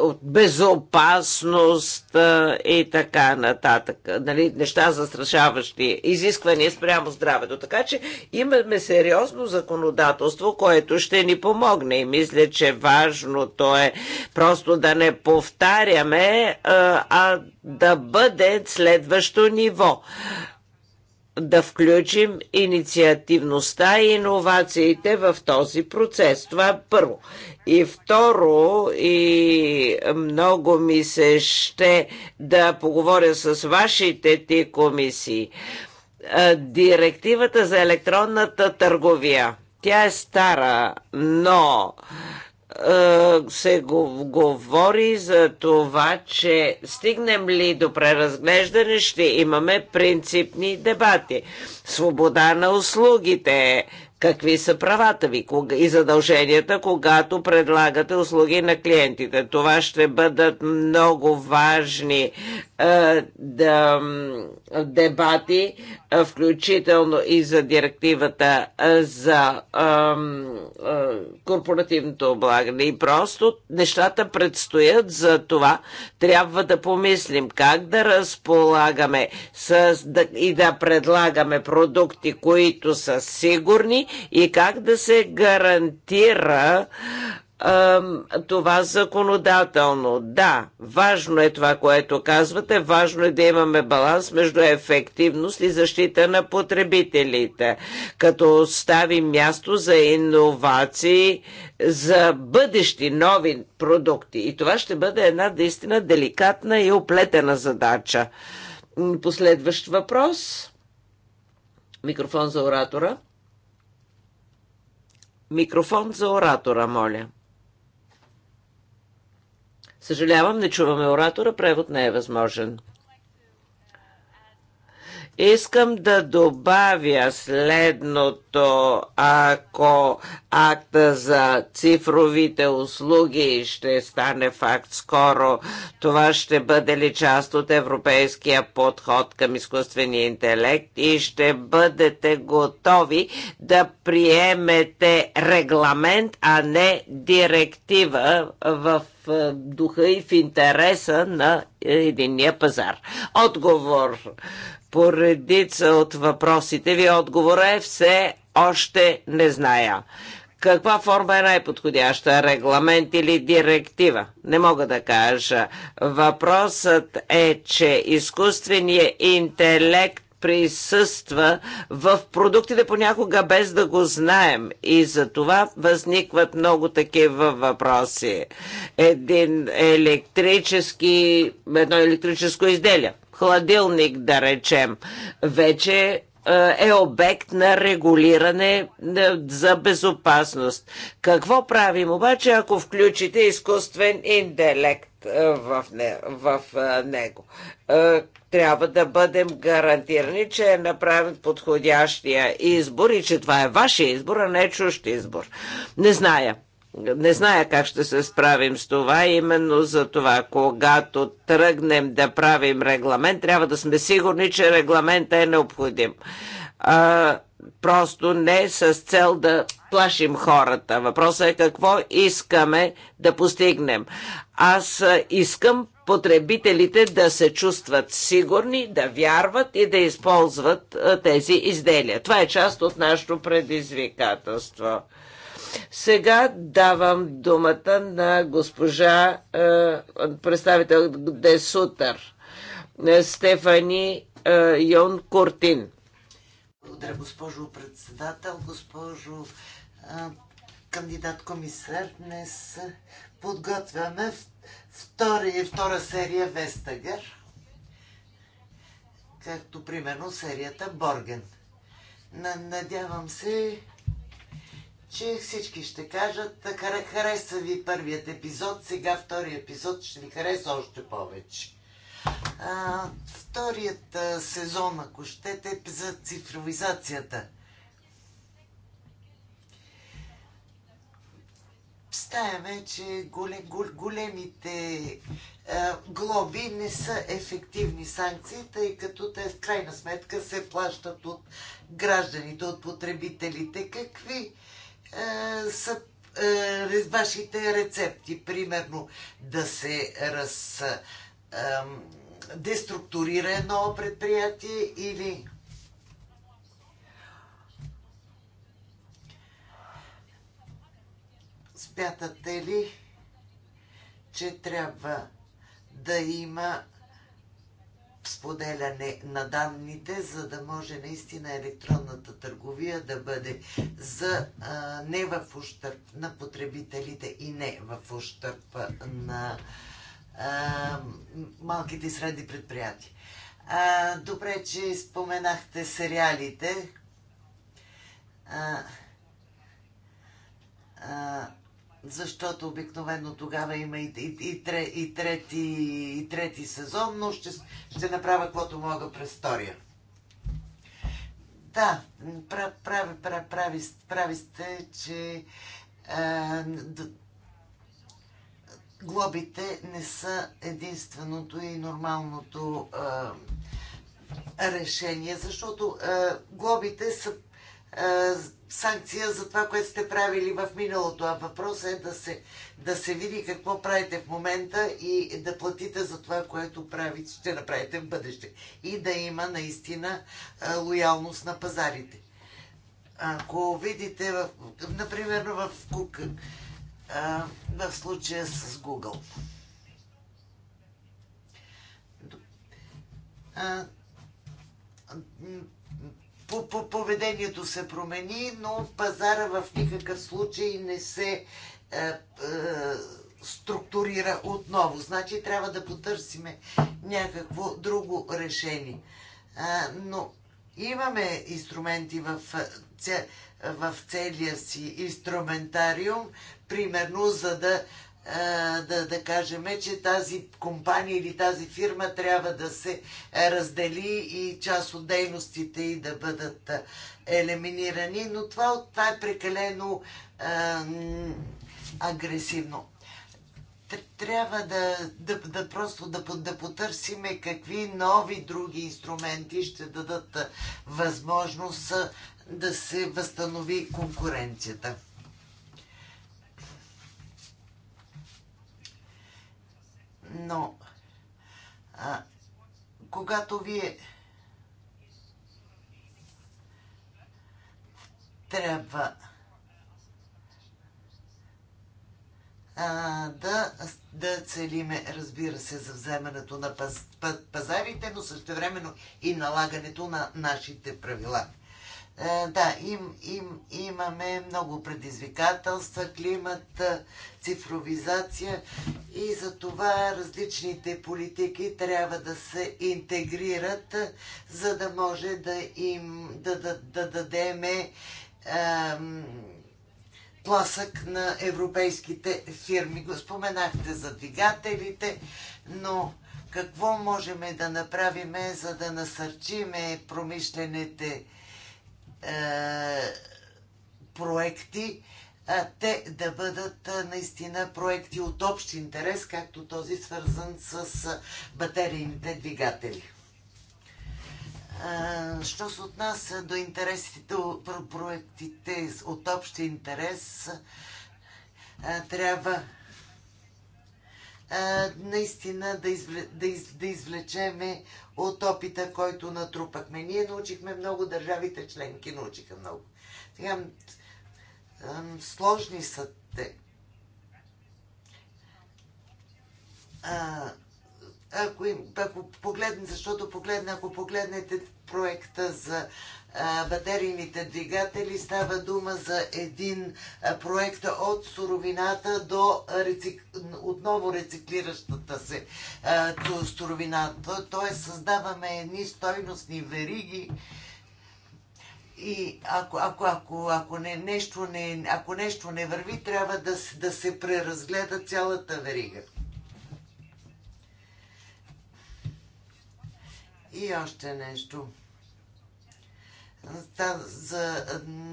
от безопасност и така нататък. Нали, неща застрашаващи изисквания спрямо здравето. Така че имаме сериозно законодателство, което ще ни помогне. И мисля, че важното е просто да не повтаряме, а да бъде следващо ниво да включим инициативността и иновациите в този процес. Това е първо. И второ, и много ми се ще да поговоря с вашите ти комисии. Директивата за електронната търговия. Тя е стара, но се говори за това, че стигнем ли до преразглеждане, ще имаме принципни дебати. Свобода на услугите, какви са правата ви и задълженията, когато предлагате услуги на клиентите. Това ще бъдат много важни а, е, да, дебати, е, включително и за директивата е, за а, а, корпоративното облагане. И просто нещата предстоят за това. Трябва да помислим как да разполагаме с, да, и да предлагаме продукти, които са сигурни, и как да се гарантира това законодателно. Да, важно е това, което казвате, важно е да имаме баланс между ефективност и защита на потребителите, като оставим място за иновации, за бъдещи нови продукти. И това ще бъде една наистина деликатна и оплетена задача. Последващ въпрос. Микрофон за оратора. Микрофон за оратора, моля. Съжалявам, не чуваме оратора, превод не е възможен. Искам да добавя следното, ако акта за цифровите услуги ще стане факт скоро, това ще бъде ли част от европейския подход към изкуствения интелект и ще бъдете готови да приемете регламент, а не директива в духа и в интереса на е, единния пазар. Отговор по редица от въпросите ви отговора е все още не зная. Каква форма е най-подходяща? Регламент или директива? Не мога да кажа. Въпросът е, че изкуственият интелект присъства в продуктите понякога без да го знаем. И за това възникват много такива въпроси. Един електрически, едно електрическо изделие, хладилник да речем, вече е, е обект на регулиране е, за безопасност. Какво правим обаче, ако включите изкуствен интелект е, в, не, в него? Трябва да бъдем гарантирани, че е направен подходящия избор и че това е вашия избор, а не чущ избор. Не зная не зная как ще се справим с това. Именно за това, когато тръгнем да правим регламент, трябва да сме сигурни, че регламентът е необходим. А, просто не с цел да плашим хората. Въпросът е какво искаме да постигнем. Аз искам потребителите да се чувстват сигурни, да вярват и да използват тези изделия. Това е част от нашето предизвикателство. Сега давам думата на госпожа е, представител Десутър е, Стефани е, Йон Куртин. Благодаря, госпожо председател, госпожо е, кандидат комисар. Днес подготвяме втори, втора серия Вестагер, както примерно серията Борген. Надявам се че всички ще кажат, хареса ви първият епизод, сега вторият епизод ще ви хареса още повече. А, вторият а, сезон, ако щете, е за цифровизацията. Представяме, че голем, големите а, глоби не са ефективни санкции, тъй като те в крайна сметка се плащат от гражданите, от потребителите. Какви е, са е, вашите рецепти. Примерно да се раз, е, деструктурира едно предприятие или смятате ли, че трябва да има споделяне на данните, за да може наистина електронната търговия да бъде за, а, не в ущърп на потребителите и не в ущърп на а, малките и средни предприятия. А, добре, че споменахте сериалите. А, а, защото обикновено тогава има и, и, и, тре, и, трети, и трети сезон, но ще, ще направя каквото мога през втория. Да, прави, прави, прави, прави, прави сте, че а, глобите не са единственото и нормалното а, решение, защото а, глобите са санкция за това, което сте правили в миналото, а въпросът е да се, да се види какво правите в момента и да платите за това, което правите, ще направите в бъдеще. И да има наистина лоялност на пазарите. Ако видите, в, например, в, в случая с Google по, по, поведението се промени, но пазара в никакъв случай не се е, е, структурира отново. Значи трябва да потърсиме някакво друго решение. Е, но имаме инструменти в, в целия си инструментариум, примерно за да да, да кажем, че тази компания или тази фирма трябва да се е, раздели и част от дейностите и да бъдат елиминирани, но това, това е прекалено а, агресивно. Трябва да, да, да просто да, да потърсиме какви нови други инструменти ще дадат възможност да се възстанови конкуренцията. но а, когато вие трябва а, да, да целиме, разбира се, за вземането на паз, паз, пазарите, но същевременно и налагането на нашите правила. Е, да, им, им, имаме много предизвикателства, климат, е, цифровизация и за това различните политики трябва да се интегрират, за да може да им да, да, да дадеме пласък на европейските фирми. Го споменахте за двигателите, но какво можем да направим, за да насърчиме промишлените е, проекти, а те да бъдат наистина проекти от общ интерес, както този свързан с батерийните двигатели. Що се отнася до интересите, проектите от общ интерес, трябва наистина да, извле, да, из, да извлечеме от опита, който натрупахме. Ние научихме много, държавите членки научиха много. Сега, сложни са те. А, ако, им, ако погледнете, защото погледна, ако погледнете проекта за батерийните двигатели става дума за един проект от суровината до рецик... отново рециклиращата се суровина. Т.е. създаваме едни стойностни вериги, и ако, ако, ако, ако, не, нещо, не, ако нещо не върви, трябва да, да се преразгледа цялата верига. И още нещо за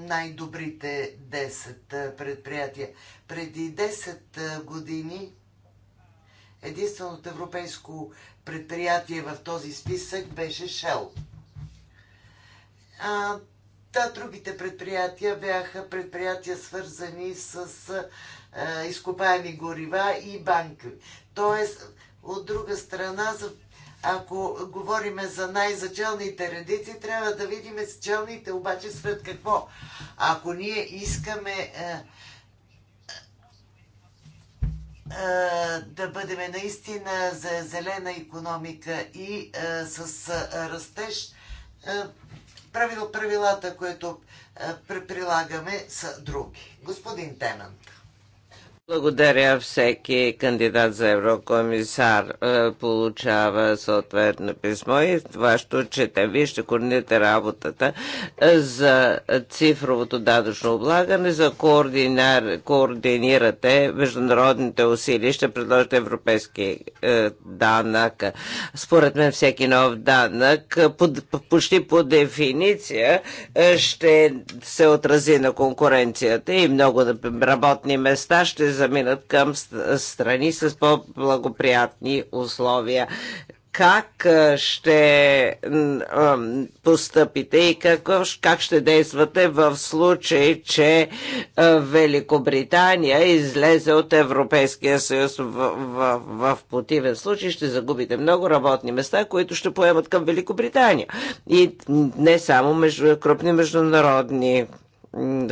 най-добрите 10 предприятия. Преди 10 години единственото европейско предприятие в този списък беше Shell. А, да, другите предприятия бяха предприятия свързани с а, изкопаеми горива и банки. Тоест, от друга страна, за ако говорим за най-зачелните редици, трябва да видим зачелните обаче сред какво. Ако ние искаме е, е, да бъдем наистина за зелена економика и е, с растеж. правилата, които прилагаме, са други. Господин Тенант. Благодаря. Всеки кандидат за еврокомисар е, получава съответно писмо и това ще чете. Вие ще корните работата е, за цифровото дадъчно облагане, за координар, координирате международните усилия, ще предложите европейски е, данък. Според мен всеки нов данък под, почти по дефиниция е, ще се отрази на конкуренцията и много работни места ще заминат към страни с по-благоприятни условия как ще постъпите и как, как ще действате в случай, че Великобритания излезе от Европейския съюз. В, в, в противен случай ще загубите много работни места, които ще поемат към Великобритания. И не само между, крупни международни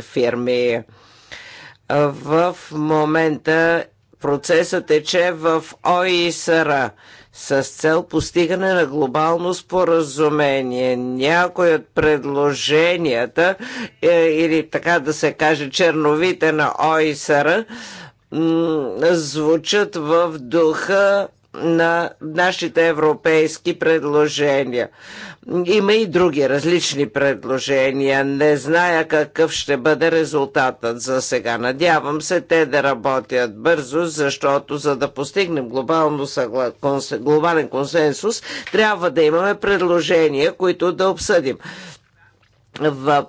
фирми. В момента процесът тече в ОИСР с цел постигане на глобално споразумение. Някои от предложенията е, или така да се каже черновите на ОИСР звучат в духа на нашите европейски предложения. Има и други различни предложения. Не зная какъв ще бъде резултатът за сега. Надявам се те да работят бързо, защото за да постигнем глобално съгла... конс... глобален консенсус, трябва да имаме предложения, които да обсъдим. В,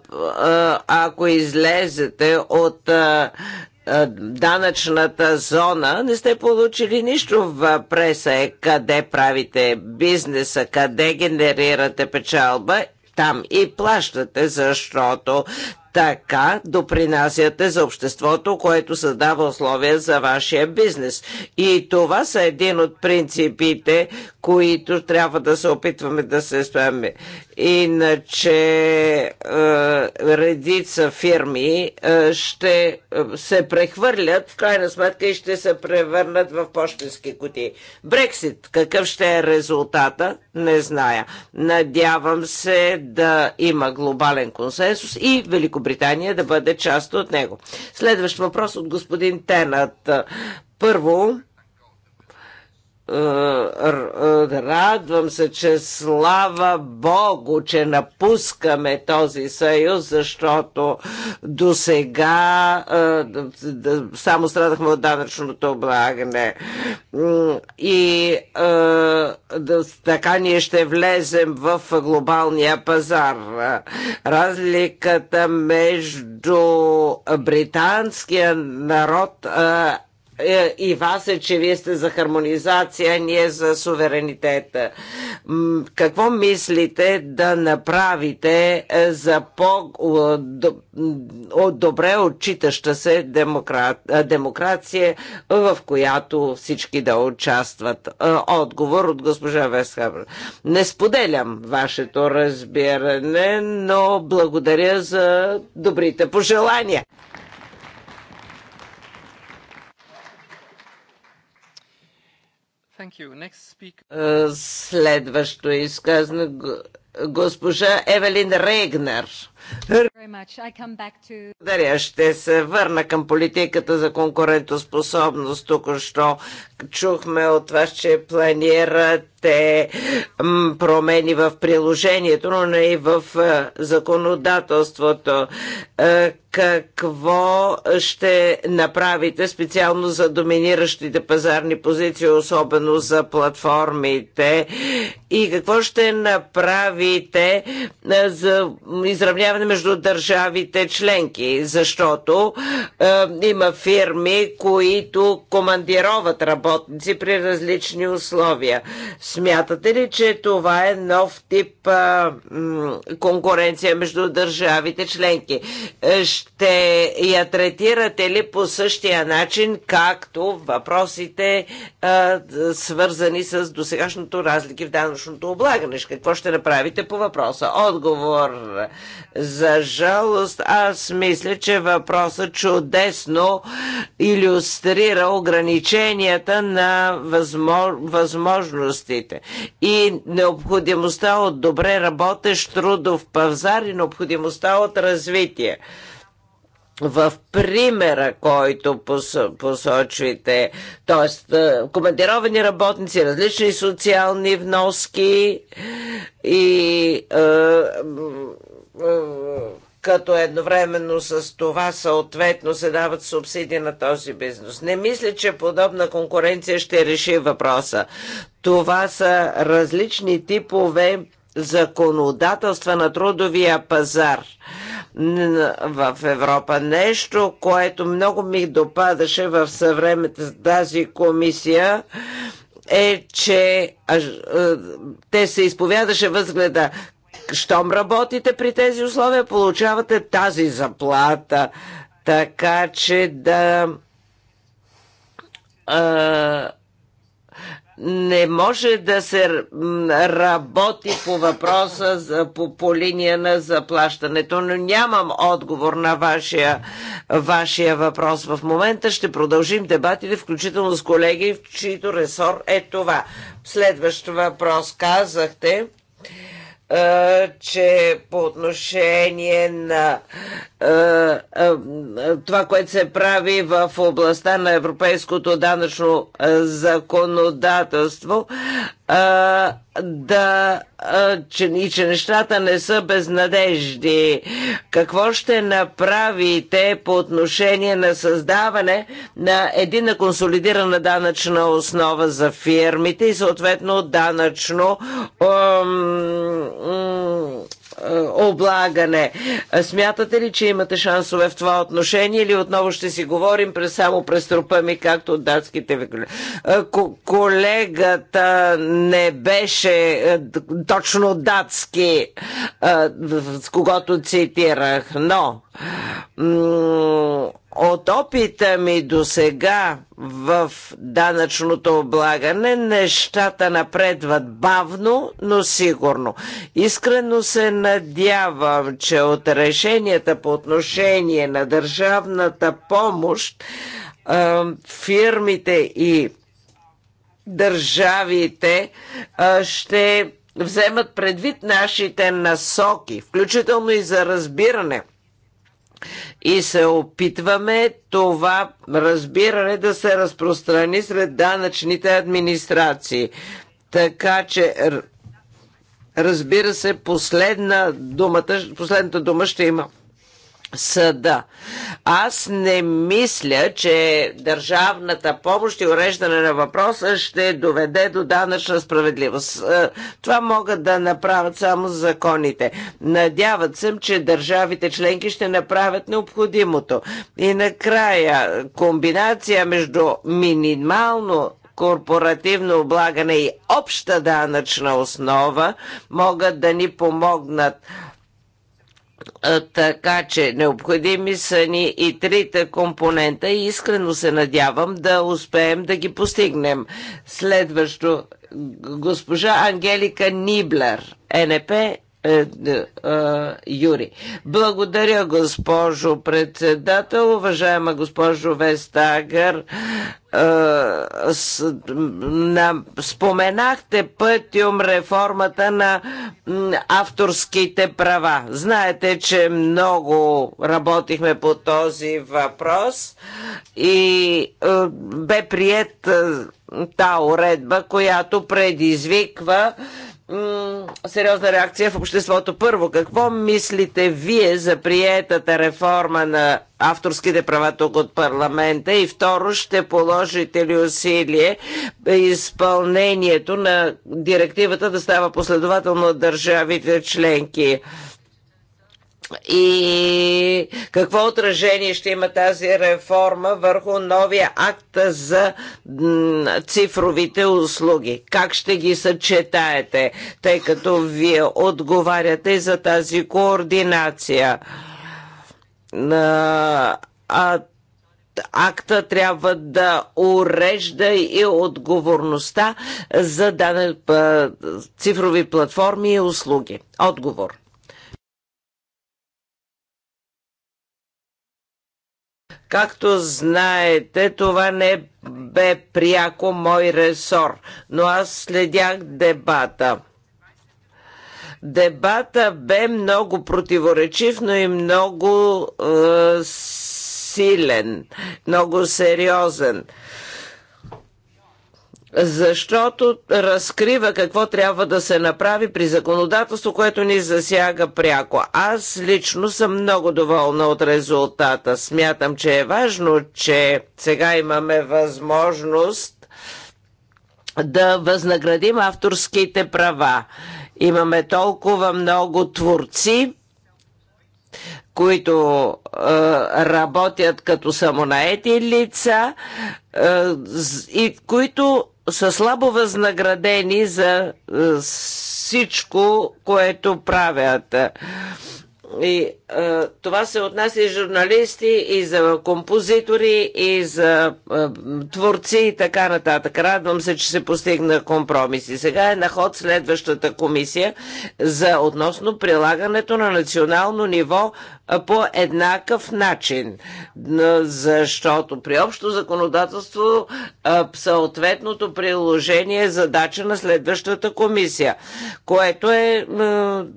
ако излезете от а, е, данъчната зона, не сте получили нищо в преса. Е, къде правите бизнеса, къде генерирате печалба там и плащате, защото така допринасяте за обществото, което създава условия за вашия бизнес. И това са един от принципите, които трябва да се опитваме да се стояме. Иначе е, редица фирми е, ще се прехвърлят в крайна сметка и ще се превърнат в почтенски кутии. Брексит, какъв ще е резултата, не зная. Надявам се да има глобален консенсус и Великобритания Великобритания да бъде част от него. Следващ въпрос от господин Тенът Първо, е, е, радвам се, че слава Богу, че напускаме този съюз, защото до сега е, само страдахме от данъчното облагане. И така ние ще влезем в глобалния пазар. Разликата между британския народ е, и вас е, че вие сте за хармонизация, ние за суверенитета. Какво мислите да направите е, за по-добре отчитаща се демокра... Е, демокрация, в която всички да участват? Отговор от госпожа Весхабр. Не споделям вашето разбиране, но благодаря за добрите пожелания. Е, следващо изказна госпожа Евелин Регнер. Благодаря. Ще се върна към политиката за конкурентоспособност. Тук що чухме от вас, че планирате промени в приложението, но не и в е, законодателството. Е, какво ще направите специално за доминиращите пазарни позиции, особено за платформите? И какво ще направите е, за изравняване сближаване между държавите членки, защото е, има фирми, които командироват работници при различни условия. Смятате ли, че това е нов тип е, конкуренция между държавите членки? Е, ще я третирате ли по същия начин, както въпросите е, свързани с досегашното разлики в данъчното облагане? Какво ще направите по въпроса? Отговор за жалост, аз мисля, че въпросът чудесно иллюстрира ограниченията на възмо... възможностите и необходимостта от добре работещ трудов пазар и необходимостта от развитие в примера, който посочвате, т.е. командировани работници, различни социални вноски и е, е, като едновременно с това съответно се дават субсидии на този бизнес. Не мисля, че подобна конкуренция ще реши въпроса. Това са различни типове законодателства на трудовия пазар в Европа. Нещо, което много ми допадаше в с тази комисия, е, че а, те се изповядаше възгледа щом работите при тези условия, получавате тази заплата. Така че да... А, не може да се работи по въпроса за, по, по линия на заплащането, но нямам отговор на вашия, вашия въпрос. В момента ще продължим дебатите, включително с колеги, в чието ресор е това. Следващ въпрос казахте че по отношение на това, което се прави в областта на европейското данъчно законодателство, да, че, и че нещата не са безнадежди. Какво ще направите по отношение на създаване на едина консолидирана данъчна основа за фирмите и съответно данъчно облагане. Смятате ли, че имате шансове в това отношение или отново ще си говорим през, само през трупа ми, както от датските Колегата не беше точно датски, с когото цитирах, но от опита ми до сега в данъчното облагане нещата напредват бавно, но сигурно. Искрено се надявам, че от решенията по отношение на държавната помощ фирмите и държавите ще вземат предвид нашите насоки, включително и за разбиране – и се опитваме това разбиране да се разпространи сред данъчните администрации. Така че разбира се, последна думата, последната дума ще има съда. Аз не мисля, че държавната помощ и уреждане на въпроса ще доведе до данъчна справедливост. Е, това могат да направят само законите. Надяват съм, че държавите членки ще направят необходимото. И накрая, комбинация между минимално корпоративно облагане и обща данъчна основа могат да ни помогнат така че необходими са ни и трите компонента и искрено се надявам да успеем да ги постигнем. Следващо госпожа Ангелика Ниблер, НП, е, е, е, Юри. Благодаря, госпожо председател, уважаема госпожо Вестагър. споменахте пътиум реформата на авторските права. Знаете, че много работихме по този въпрос и бе прият та уредба, която предизвиква сериозна реакция в обществото. Първо, какво мислите вие за приетата реформа на авторските права тук от парламента? И второ, ще положите ли усилие изпълнението на директивата да става последователно от държавите членки? и какво отражение ще има тази реформа върху новия акт за цифровите услуги? Как ще ги съчетаете, тъй като вие отговаряте за тази координация? А акта трябва да урежда и отговорността за данни цифрови платформи и услуги. Отговор. Както знаете, това не бе пряко мой ресор, но аз следях дебата. Дебата бе много противоречив, но и много е, силен, много сериозен защото разкрива какво трябва да се направи при законодателство, което ни засяга пряко. Аз лично съм много доволна от резултата. Смятам, че е важно, че сега имаме възможност да възнаградим авторските права. Имаме толкова много творци, които е, работят като самонаети лица е, и които са слабо възнаградени за е, всичко, което правят. И е, това се отнася и журналисти, и за композитори, и за е, творци и така нататък. Радвам се, че се постигна компромис. И сега е на ход следващата комисия за относно прилагането на национално ниво е, по еднакъв начин. Защото при общо законодателство съответното приложение е задача на следващата комисия, което е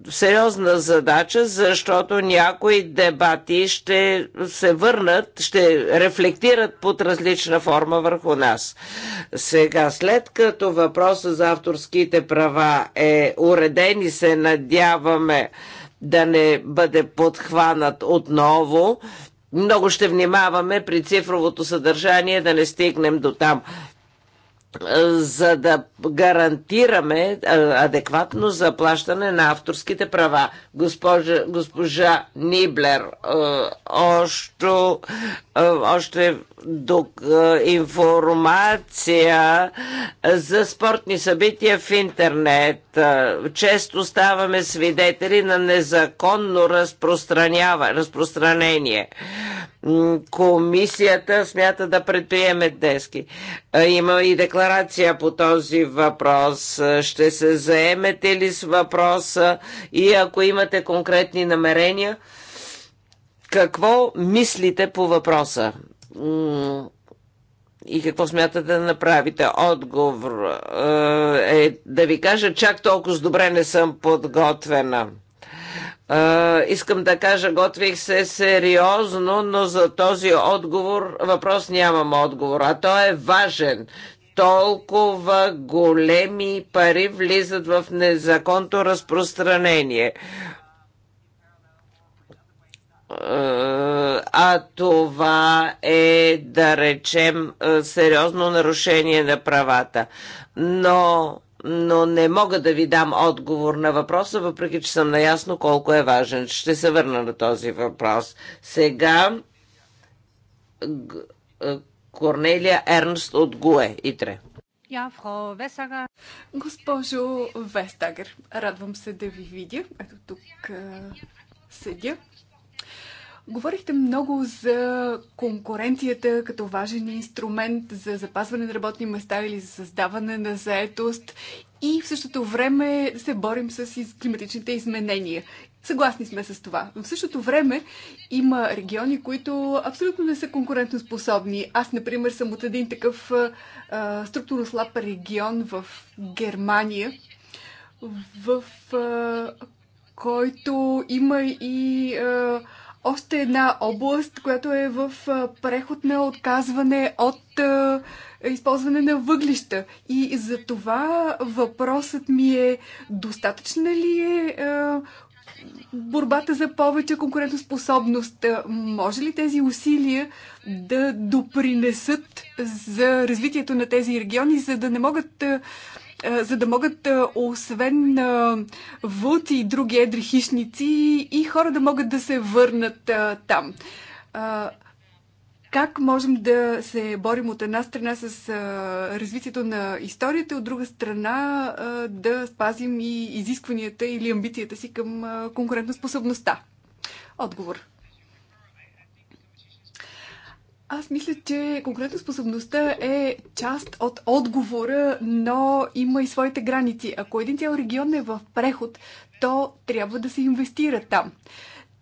сериозна задача, защото ние някои дебати ще се върнат, ще рефлектират под различна форма върху нас. Сега, след като въпросът за авторските права е уреден и се надяваме да не бъде подхванат отново, много ще внимаваме при цифровото съдържание да не стигнем до там за да гарантираме адекватно заплащане на авторските права. Госпожа, госпожа Ниблер е, е, още, още док, информация за спортни събития в интернет. Е, често ставаме свидетели на незаконно разпространение комисията смята да предприеме днески. Има и декларация по този въпрос. Ще се заемете ли с въпроса и ако имате конкретни намерения, какво мислите по въпроса? и какво смятате да направите? Отговор е да ви кажа, чак толкова добре не съм подготвена. А, искам да кажа, готвих се сериозно, но за този отговор, въпрос нямам отговор, а той е важен толкова големи пари влизат в незаконното разпространение. А това е, да речем, сериозно нарушение на правата. Но но не мога да ви дам отговор на въпроса, въпреки че съм наясно колко е важен. Ще се върна на този въпрос. Сега Корнелия Ернст от ГУЕ, Итре. Я, фрау Весага. Госпожо Вестагер, радвам се да ви видя. Ето тук седя. Говорихте много за конкуренцията като важен инструмент за запазване на работни места или за създаване на заетост и в същото време се борим с климатичните изменения. Съгласни сме с това. В същото време има региони, които абсолютно не са конкурентоспособни. Аз, например, съм от един такъв а, структурно слаб регион в Германия, в а, който има и а, още една област, която е в преход на отказване от използване на въглища. И за това въпросът ми е достатъчна ли е борбата за повече конкурентоспособност. Може ли тези усилия да допринесат за развитието на тези региони, за да не могат е, за да могат е, освен е, вълци и други едри хищници и хора да могат да се върнат там. Как можем да се борим от една страна с развитието на историята, от друга страна да спазим и изискванията или амбицията си към конкурентоспособността? Отговор. Аз мисля, че конкретно способността е част от отговора, но има и своите граници. Ако един цял регион е в преход, то трябва да се инвестира там.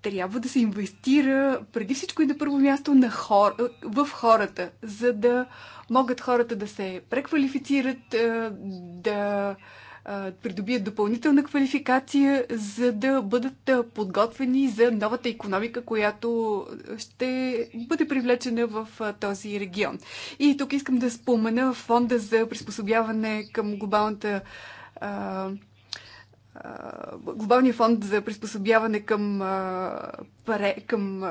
Трябва да се инвестира преди всичко и на първо място на хор... в хората, за да могат хората да се преквалифицират, е, да придобият допълнителна квалификация, за да бъдат подготвени за новата економика, която ще бъде привлечена в този регион. И тук искам да спомена фонда за приспособяване към глобалната Глобалния фонд за приспособяване към, към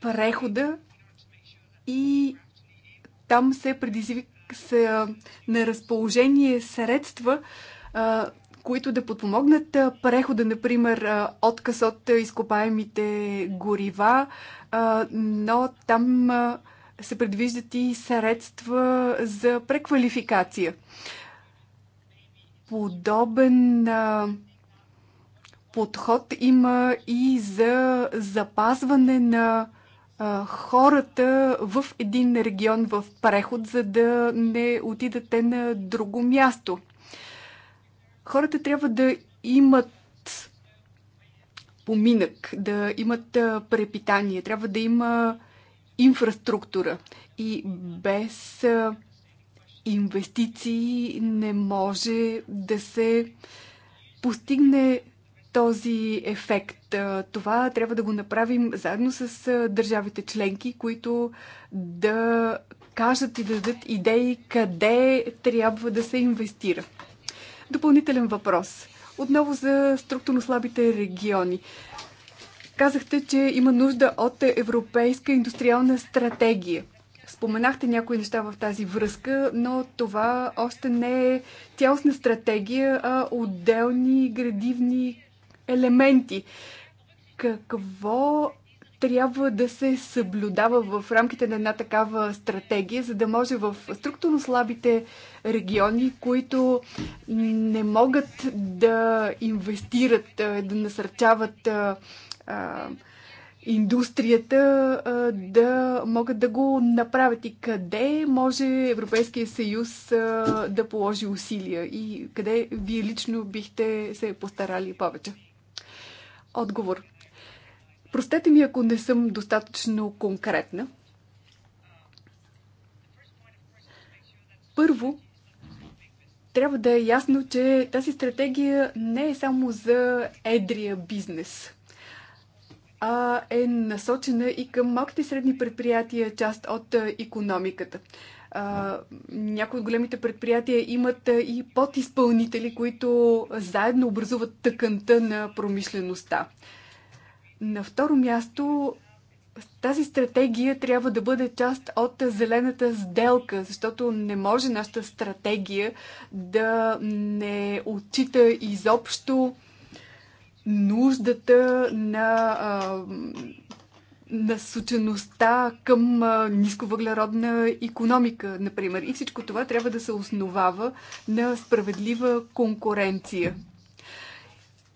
прехода и там се предизвик, са на разположение средства, които да подпомогнат прехода, например, отказ от изкопаемите горива, но там се предвиждат и средства за преквалификация. Подобен подход има и за запазване на хората в един регион в преход, за да не отидат те на друго място. Хората трябва да имат поминък, да имат препитание, трябва да има инфраструктура. И без инвестиции не може да се постигне този ефект. Това трябва да го направим заедно с държавите членки, които да кажат и да дадат идеи къде трябва да се инвестира. Допълнителен въпрос. Отново за структурно слабите региони. Казахте, че има нужда от европейска индустриална стратегия. Споменахте някои неща в тази връзка, но това още не е цялостна стратегия, а отделни градивни елементи. Какво трябва да се съблюдава в рамките на една такава стратегия, за да може в структурно слабите региони, които не могат да инвестират, да насърчават а, индустрията, а, да могат да го направят и къде може Европейския съюз а, да положи усилия и къде вие лично бихте се постарали повече? Отговор. Простете ми, ако не съм достатъчно конкретна. Първо, трябва да е ясно, че тази стратегия не е само за едрия бизнес, а е насочена и към малките и средни предприятия, част от економиката. А, някои от големите предприятия имат и подизпълнители, които заедно образуват тъканта на промишлеността. На второ място, тази стратегия трябва да бъде част от зелената сделка, защото не може нашата стратегия да не отчита изобщо нуждата на а, насочеността към нисковъглеродна економика, например. И всичко това трябва да се основава на справедлива конкуренция.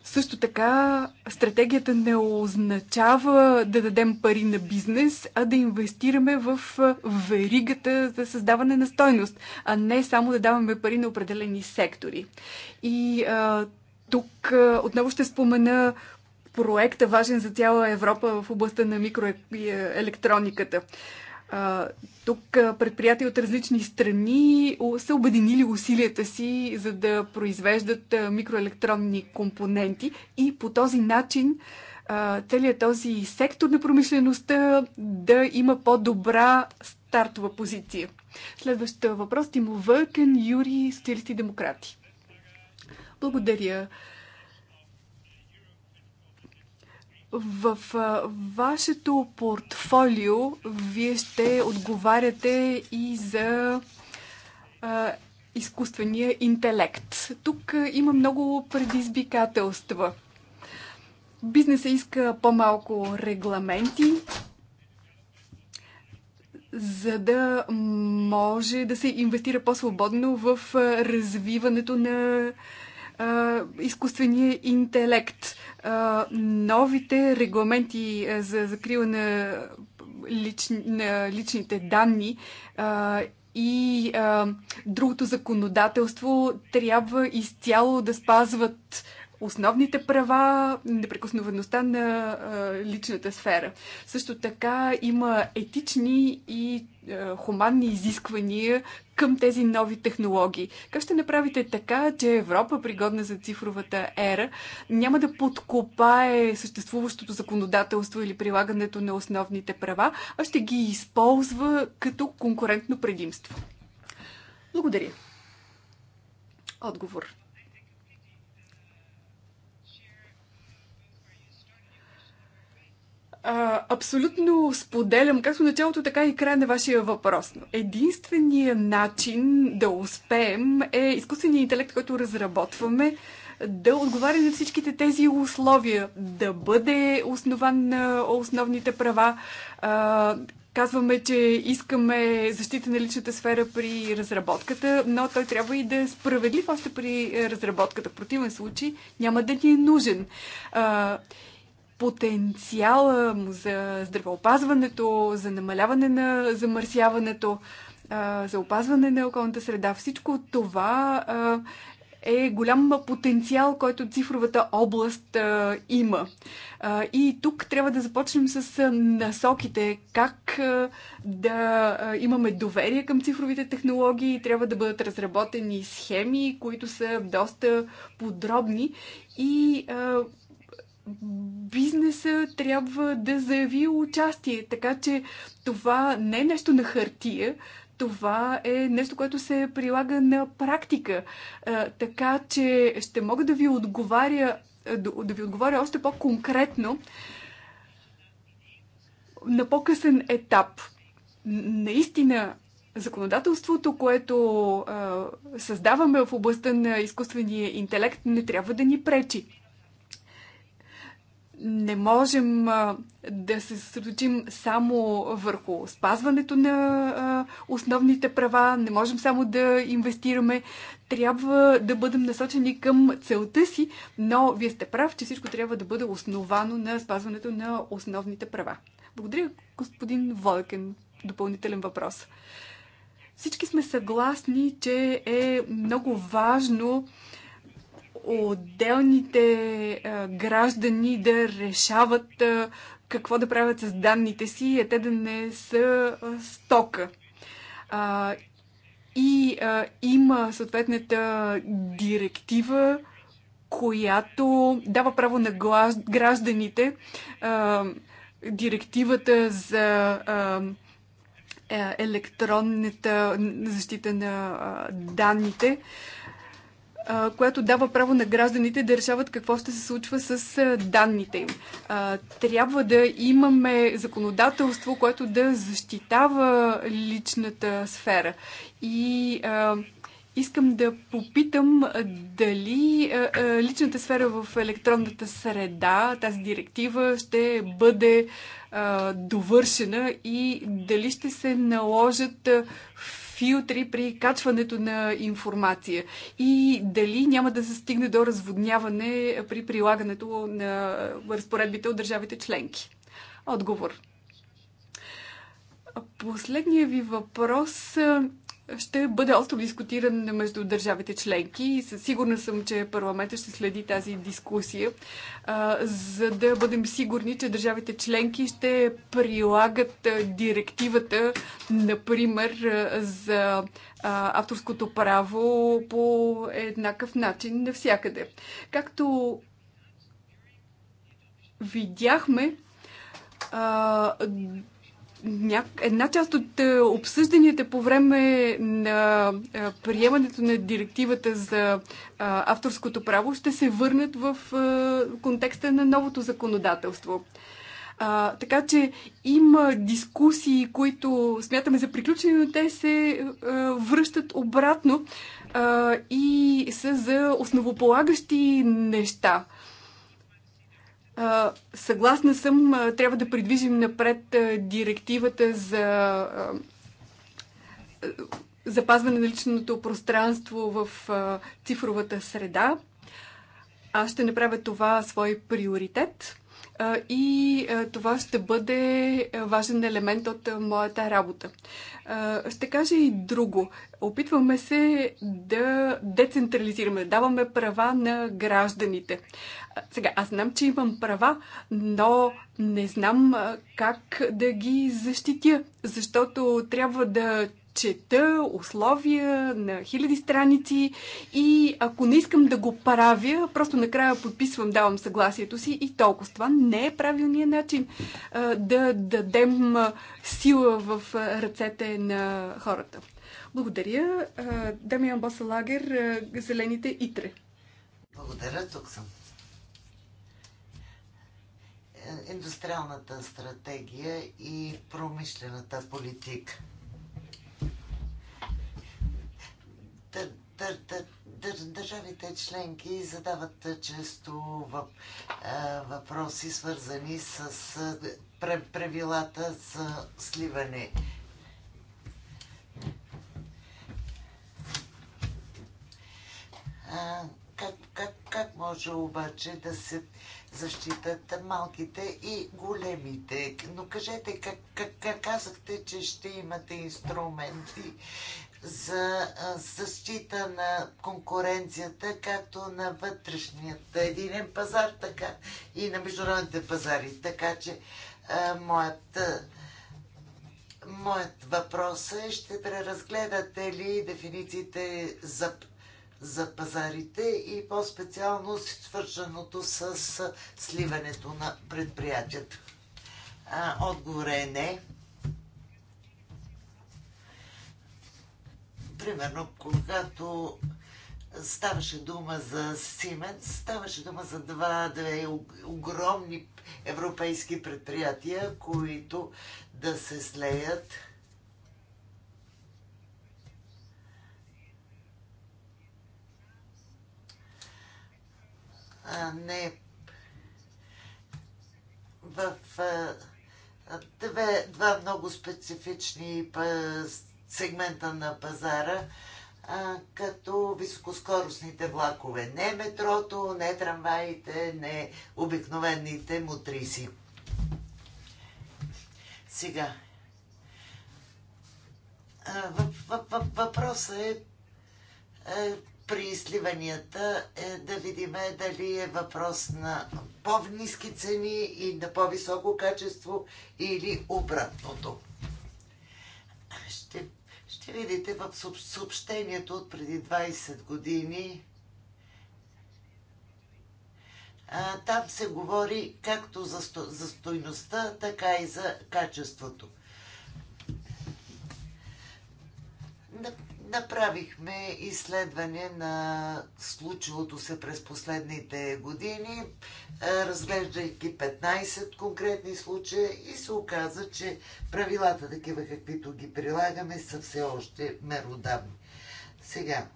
Също така, стратегията не означава да дадем пари на бизнес, а да инвестираме в веригата за създаване на стойност, а не само да даваме пари на определени сектори. И а, тук а, отново ще спомена проект, важен за цяла Европа в областта на микроелектрониката. Тук предприятия от различни страни са обединили усилията си, за да произвеждат микроелектронни компоненти и по този начин целият този сектор на промишлеността да има по-добра стартова позиция. Следващ въпрос Тимо Вълкен, Юри, социалисти и демократи. Благодаря. В вашето портфолио вие ще отговаряте и за а, изкуствения интелект. Тук има много предизвикателства. Бизнесът иска по-малко регламенти, за да може да се инвестира по-свободно в развиването на изкуствения интелект, новите регламенти за закрила на, на личните данни и а, другото законодателство трябва изцяло да спазват основните права, неприкосновеността на а, личната сфера. Също така има етични и а, хуманни изисквания към тези нови технологии. Как ще направите така, че Европа, пригодна за цифровата ера, няма да подкопае съществуващото законодателство или прилагането на основните права, а ще ги използва като конкурентно предимство? Благодаря. Отговор. а, абсолютно споделям както началото, така и края на вашия въпрос. Единственият начин да успеем е изкуственият интелект, който разработваме, да отговаря на всичките тези условия, да бъде основан на основните права. А, казваме, че искаме защита на личната сфера при разработката, но той трябва и да е справедлив още при разработката. В противен случай няма да ни е нужен. А, потенциала му за здравеопазването, за намаляване на замърсяването, за опазване на околната среда. Всичко това е голям потенциал, който цифровата област има. и тук трябва да започнем с насоките, как да имаме доверие към цифровите технологии, трябва да бъдат разработени схеми, които са доста подробни и бизнеса трябва да заяви участие. Така че това не е нещо на хартия, това е нещо, което се прилага на практика. Така че ще мога да ви отговаря, да ви отговаря още по-конкретно на по-късен етап. Наистина, законодателството, което създаваме в областта на изкуствения интелект, не трябва да ни пречи не можем да се съсредоточим само върху спазването на основните права, не можем само да инвестираме. Трябва да бъдем насочени към целта си, но вие сте прав, че всичко трябва да бъде основано на спазването на основните права. Благодаря, господин Волкен. Допълнителен въпрос. Всички сме съгласни, че е много важно отделните граждани да решават какво да правят с данните си, а те да не са стока. И има съответната директива, която дава право на гражданите директивата за е, електронната защита на данните която дава право на гражданите да решават какво ще се случва с данните им. Трябва да имаме законодателство, което да защитава личната сфера. И искам да попитам дали личната сфера в електронната среда, тази директива, ще бъде довършена и дали ще се наложат филтри при качването на информация и дали няма да се стигне до разводняване при прилагането на разпоредбите от държавите членки? Отговор. Последният ви въпрос ще бъде остро дискутиран между държавите членки и със сигурна съм, че парламентът ще следи тази дискусия, за да бъдем сигурни, че държавите членки ще прилагат директивата, например, за авторското право по еднакъв начин навсякъде. Както видяхме, една част от е, обсъжданията по време на е, приемането на директивата за е, авторското право ще се върнат в контекста на новото законодателство. А, така че има дискусии, които смятаме за приключени, но те се а, връщат обратно а, и са за основополагащи неща. Съгласна съм, трябва да придвижим напред директивата за запазване на личното пространство в цифровата среда. Аз ще направя това свой приоритет и това ще бъде важен елемент от моята работа. Ще кажа и друго. Опитваме се да децентрализираме, да даваме права на гражданите. Сега, аз знам, че имам права, но не знам как да ги защитя, защото трябва да чета условия на хиляди страници и ако не искам да го правя, просто накрая подписвам, давам съгласието си и толкова. Това не е правилният начин да дадем сила в ръцете на хората. Благодаря. Дамиан Босалагер, Зелените Итре. Благодаря, тук съм индустриалната стратегия и промишлената политика. държавите членки задават често е, въпроси, свързани с е, правилата за сливане. как, как, как може обаче да се защитат малките и големите. Но кажете, как, как, как казахте, че ще имате инструменти за защита на конкуренцията, както на вътрешният единен пазар, така и на международните пазари. Така че а, моят, а, моят въпрос е, ще преразгледате ли дефинициите за за пазарите и по-специално свършеното с сливането на предприятията? Отговор е не. Примерно, когато ставаше дума за Симен, ставаше дума за два, две огромни европейски предприятия, които да се слеят – а, не в а, две, два много специфични сегмента на пазара, а, като високоскоростните влакове. Не метрото, не трамваите, не обикновените мутриси. Сега. Въпросът е, е при сливанията е да видим дали е въпрос на по-низки цени и на по-високо качество или обратното. Ще, ще видите в съобщението от преди 20 години. А, там се говори както за, сто, за стойността, така и за качеството. Направихме изследване на случилото се през последните години, е, разглеждайки 15 конкретни случая и се оказа, че правилата, такива каквито ги прилагаме, са все още меродавни. Сега,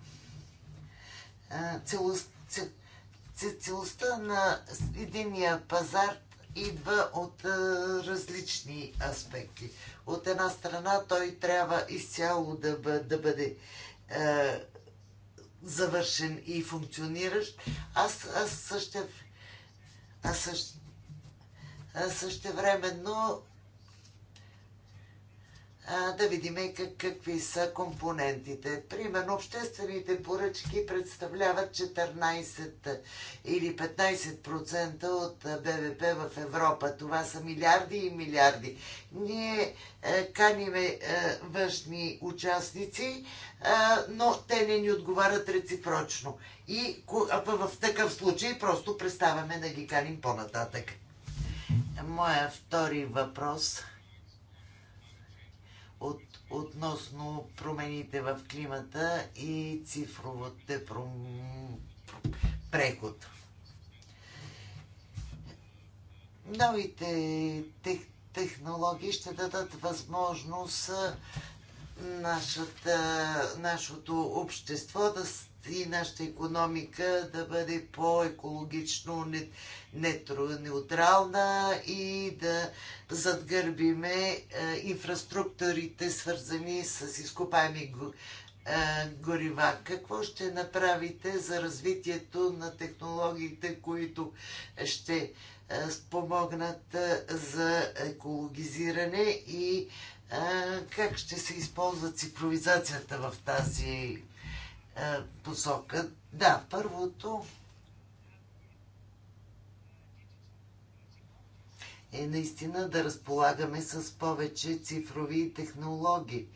е, целостта на единия пазар идва от е, различни аспекти. От една страна той трябва изцяло да, бъде, да бъде а, е, завършен и функциониращ, аз, аз също, аз също, аз същевременно да видим как, какви са компонентите. Примерно, обществените поръчки представляват 14 или 15% от БВП в Европа. Това са милиарди и милиарди. Ние е, каниме е, външни участници, е, но те не ни отговарят реципрочно. И в такъв случай просто представяме да ги каним по-нататък. Моя втори въпрос – от, относно промените в климата и цифровата пром... преход. Новите тех, технологии ще дадат възможност нашата, нашето общество да, и нашата економика да бъде по-екологично неутрална и да задгърбиме е, инфраструктурите, свързани с изкопаеми е, горива. Какво ще направите за развитието на технологиите, които ще е, спомогнат за екологизиране и как ще се използва цифровизацията в тази е, посока. Да, първото е наистина да разполагаме с повече цифрови технологии,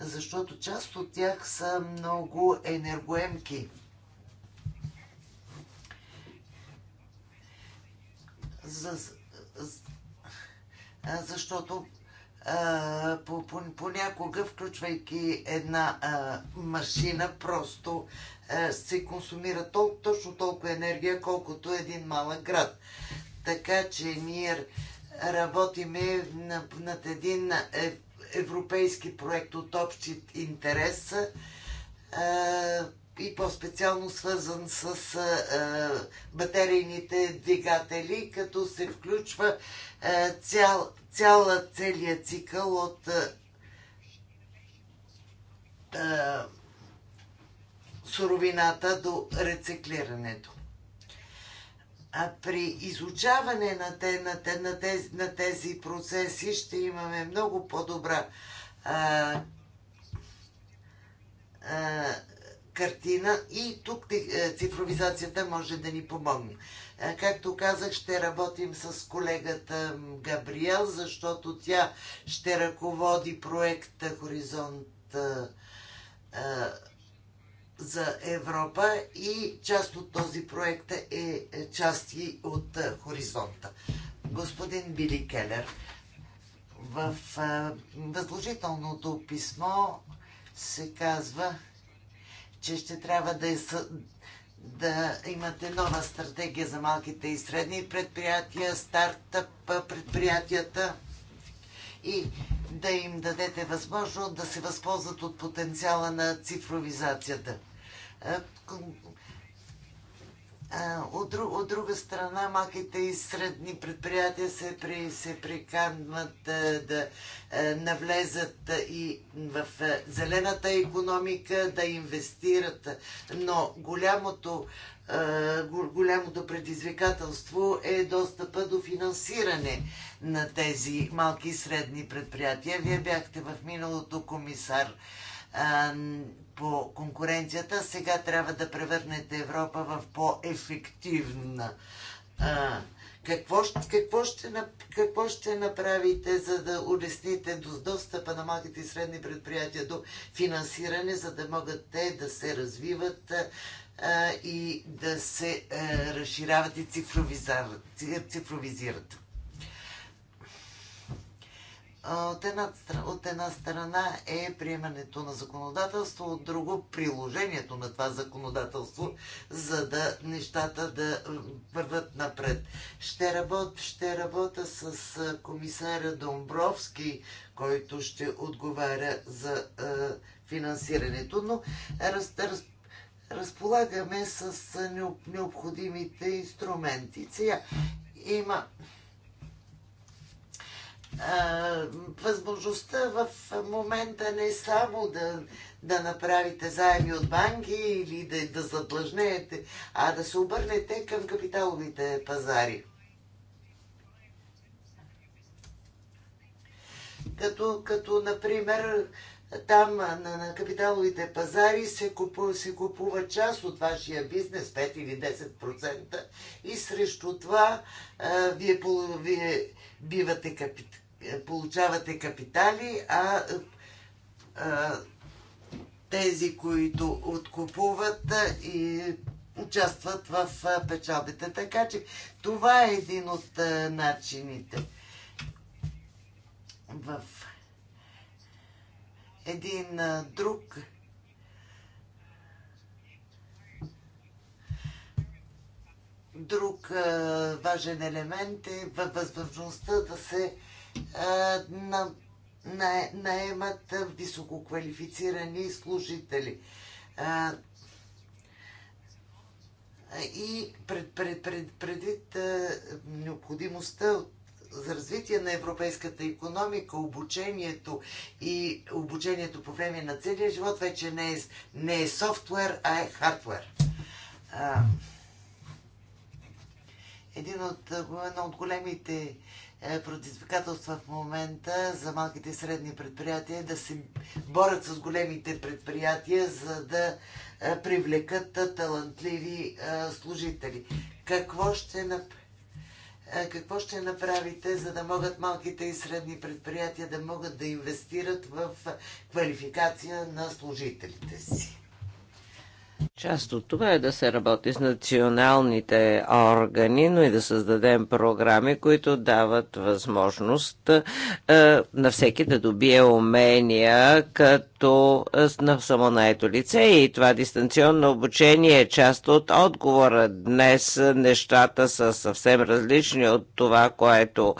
защото част от тях са много енергоемки. За, защото понякога, включвайки една машина, просто се консумира точно толкова енергия, колкото един малък град. Така че ние работиме над един е, европейски проект от общи интерес и по-специално свързан с а, батерийните двигатели, като се включва а, цял, цяла целият цикъл от а, суровината до рециклирането. А при изучаване на, те, на, те, на, тези, на тези процеси ще имаме много по-добра картина и тук е, цифровизацията може да ни помогне. Е, както казах, ще работим с колегата Габриел, защото тя ще ръководи проекта Хоризонт е, за Европа и част от този проект е част и от Хоризонта. Господин Били Келер, в възложителното писмо се казва, че ще трябва да, е, да имате нова стратегия за малките и средни предприятия, стартъп предприятията и да им дадете възможност да се възползват от потенциала на цифровизацията. От, друг, от друга страна, малките и средни предприятия се, при, се приканват да, да навлезат и в зелената економика, да инвестират. Но голямото, голямото предизвикателство е достъпа до финансиране на тези малки и средни предприятия. Вие бяхте в миналото комисар по конкуренцията, сега трябва да превърнете Европа в по-ефективна. Какво, какво, ще, какво ще направите, за да улесните до достъпа на малките и средни предприятия до финансиране, за да могат те да се развиват и да се е, разширяват и цифровизират? От една, от една страна е приемането на законодателство, от друго приложението на това законодателство, за да нещата да върват напред. Ще, работ, ще работя с комисаря Домбровски, който ще отговаря за е, финансирането, но раз, раз, разполагаме с необходимите инструменти. Сега има възможността в момента не е само да, да направите заеми от банки или да, да задлъжнеете, а да се обърнете към капиталовите пазари. Като, като например, там на, на капиталовите пазари се купува, се купува част от вашия бизнес, 5 или 10%, и срещу това а, вие, вие бивате капит, е, получавате капитали, а, тези, които откупуват и участват в печалбите. Така че това е един от начините. В един друг друг важен елемент е възможността да се на, на, наемат висококвалифицирани служители. А, и пред, пред, пред, предвид необходимостта от за развитие на европейската економика, обучението и обучението по време на целия живот вече не е, не е софтуер, а е хардвер. Един от, едно от големите е, предизвикателства в момента за малките и средни предприятия да се борят с големите предприятия, за да е, привлекат талантливи е, служители. Какво ще какво ще направите, за да могат малките и средни предприятия да могат да инвестират в квалификация на служителите си? Част от това е да се работи с националните органи, но и да създадем програми, които дават възможност е, на всеки да добие умения като е, на само ето лице. И това дистанционно обучение е част от отговора. Днес нещата са съвсем различни от това, което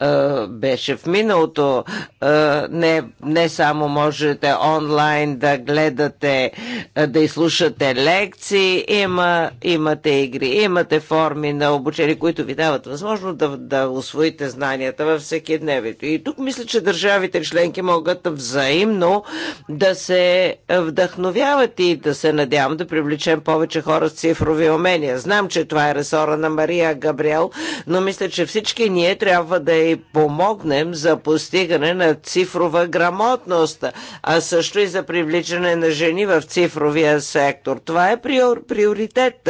е, беше в миналото. Е, не, не само можете онлайн да гледате, е, да изслушате имате лекции, има, имате игри, имате форми на обучение, които ви дават възможност да, да освоите знанията във всеки дневието. И тук мисля, че държавите членки могат взаимно да се вдъхновяват и да се надявам да привлечем повече хора с цифрови умения. Знам, че това е ресора на Мария Габриел, но мисля, че всички ние трябва да й помогнем за постигане на цифрова грамотност, а също и за привличане на жени в цифровия сектор сектор. Това е приоритет.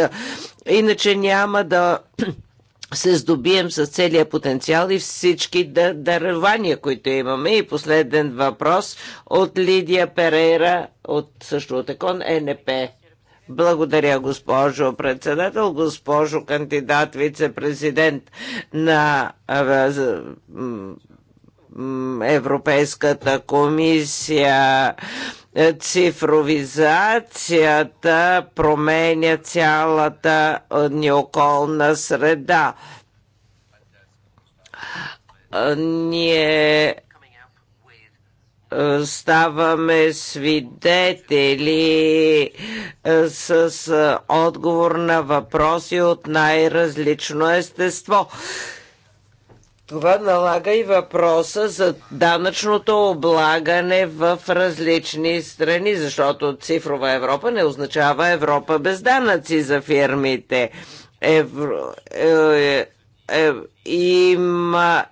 Иначе няма да <clears throat> се здобием с целия потенциал и всички дарования, които имаме. И последен въпрос от Лидия Перейра, от също от Екон е НП. Благодаря, госпожо председател, госпожо кандидат, вице-президент на Европейската комисия. Цифровизацията променя цялата ни околна среда. Ние ставаме свидетели с отговор на въпроси от най-различно естество. Това налага и въпроса за данъчното облагане в различни страни, защото цифрова Европа не означава Европа без данъци за фирмите. Евро, е, е, е има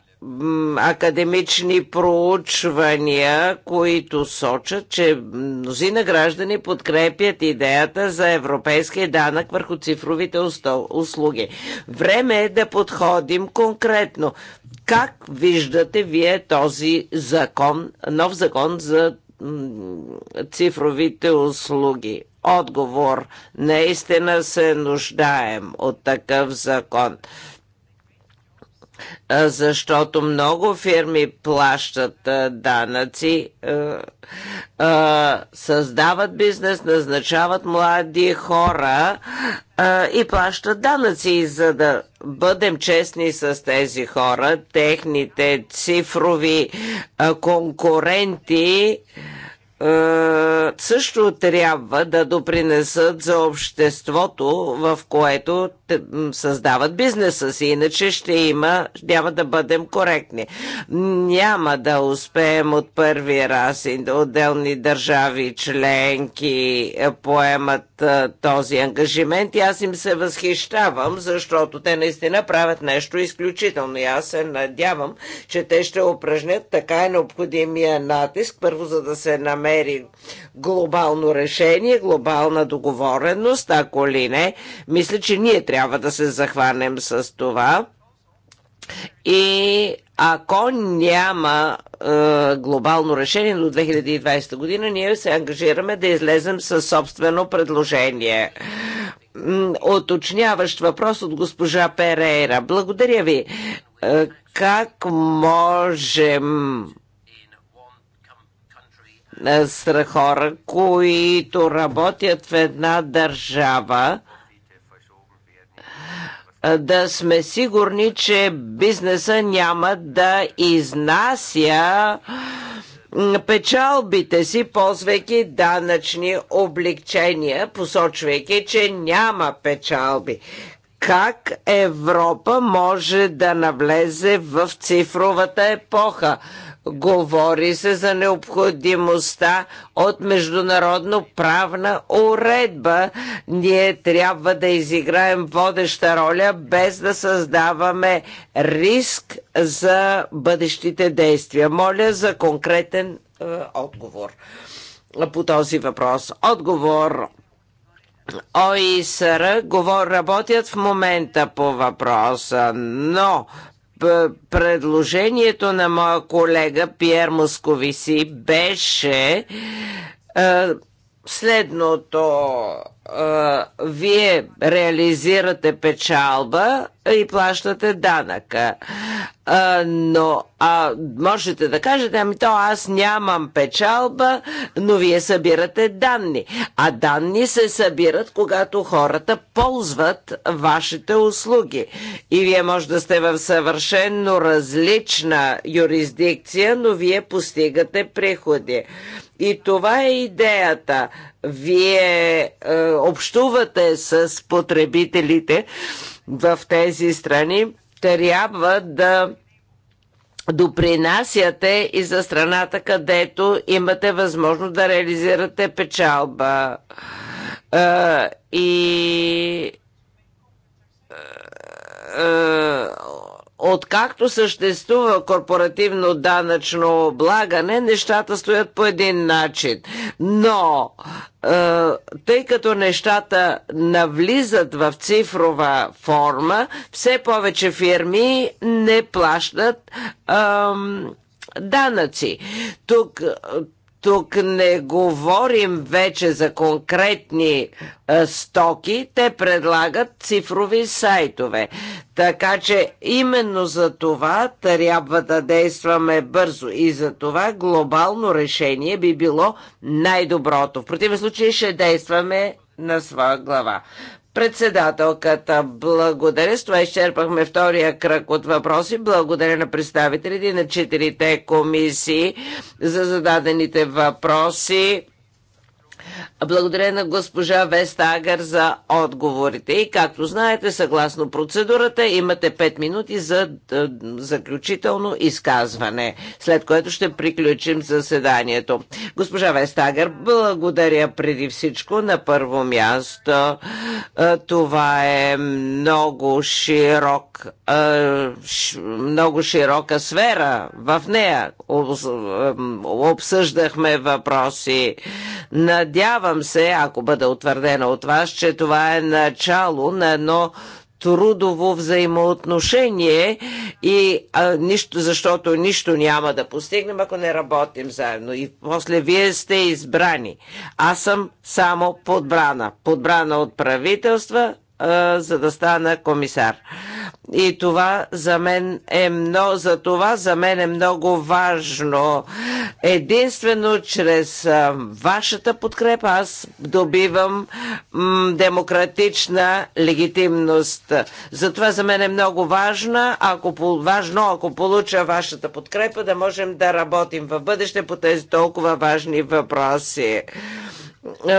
академични проучвания, които сочат, че мнозина граждани подкрепят идеята за европейския данък върху цифровите услуги. Време е да подходим конкретно. Как виждате вие този закон, нов закон за цифровите услуги? Отговор. Наистина се нуждаем от такъв закон защото много фирми плащат данъци, създават бизнес, назначават млади хора и плащат данъци. И за да бъдем честни с тези хора, техните цифрови конкуренти също трябва да допринесат за обществото, в което създават бизнеса си, иначе ще има, няма да бъдем коректни. Няма да успеем от първи раз отделни държави членки е, поемат е, този ангажимент и аз им се възхищавам, защото те наистина правят нещо изключително и аз се надявам, че те ще упражнят така е необходимия натиск, първо за да се намери глобално решение, глобална договореност, ако ли не, мисля, че ние трябва трябва да се захванем с това. И ако няма е, глобално решение до 2020 година, ние се ангажираме да излезем със собствено предложение. Оточняващ въпрос от госпожа Перейра. Благодаря ви. Е, как можем е, с хора, които работят в една държава, да сме сигурни, че бизнеса няма да изнася печалбите си, ползвайки данъчни облегчения, посочвайки, че няма печалби. Как Европа може да навлезе в цифровата епоха? Говори се за необходимостта от международно правна уредба. Ние трябва да изиграем водеща роля, без да създаваме риск за бъдещите действия. Моля за конкретен е, отговор по този въпрос. Отговор ОИСР работят в момента по въпроса, но предложението на моя колега Пьер Московиси беше е, следното. Е, вие реализирате печалба и плащате данъка. А, но а, можете да кажете, ами то аз нямам печалба, но вие събирате данни. А данни се събират, когато хората ползват вашите услуги. И вие може да сте в съвършенно различна юрисдикция, но вие постигате приходи. И това е идеята. Вие е, общувате с потребителите в тези страни трябва да допринасяте и за страната, където имате възможност да реализирате печалба. и Откакто съществува корпоративно данъчно облагане, нещата стоят по един начин. Но, е, тъй като нещата навлизат в цифрова форма, все повече фирми не плащат е, данъци. Тук тук не говорим вече за конкретни а, стоки, те предлагат цифрови сайтове. Така че именно за това трябва да действаме бързо и за това глобално решение би било най-доброто. В противен случай ще действаме на своя глава. Председателката, благодаря. С това изчерпахме втория кръг от въпроси. Благодаря на представителите на четирите комисии за зададените въпроси. Благодаря на госпожа Вестагър за отговорите. И както знаете, съгласно процедурата, имате 5 минути за е, заключително изказване, след което ще приключим заседанието. Госпожа Агър, благодаря преди всичко на първо място. Е, това е много широк много широка сфера. В нея обсъждахме въпроси. Надявам се, ако бъда утвърдена от вас, че това е начало на едно трудово взаимоотношение и а, нищо, защото нищо няма да постигнем, ако не работим заедно. И после вие сте избрани. Аз съм само подбрана. Подбрана от правителства, а, за да стана комисар. И това за мен е много, за това за мен е много важно. Единствено чрез а, вашата подкрепа аз добивам м, демократична легитимност. Затова за мен е много важно, ако, важно, ако получа вашата подкрепа, да можем да работим в бъдеще по тези толкова важни въпроси.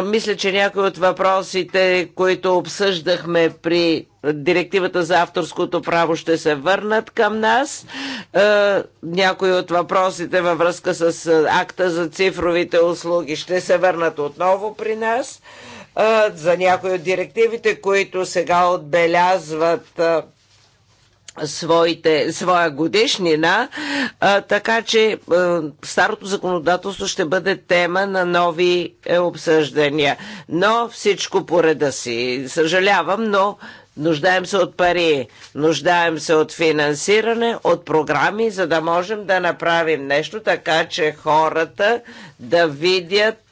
Мисля, че някои от въпросите, които обсъждахме при директивата за авторското право ще се върнат към нас. Е, някои от въпросите във връзка с е, акта за цифровите услуги ще се върнат отново при нас. Е, за някои от директивите, които сега отбелязват своите, своя годишнина, а, така че а, старото законодателство ще бъде тема на нови е, обсъждания. Но всичко по реда си. Съжалявам, но Нуждаем се от пари, нуждаем се от финансиране, от програми, за да можем да направим нещо така, че хората да видят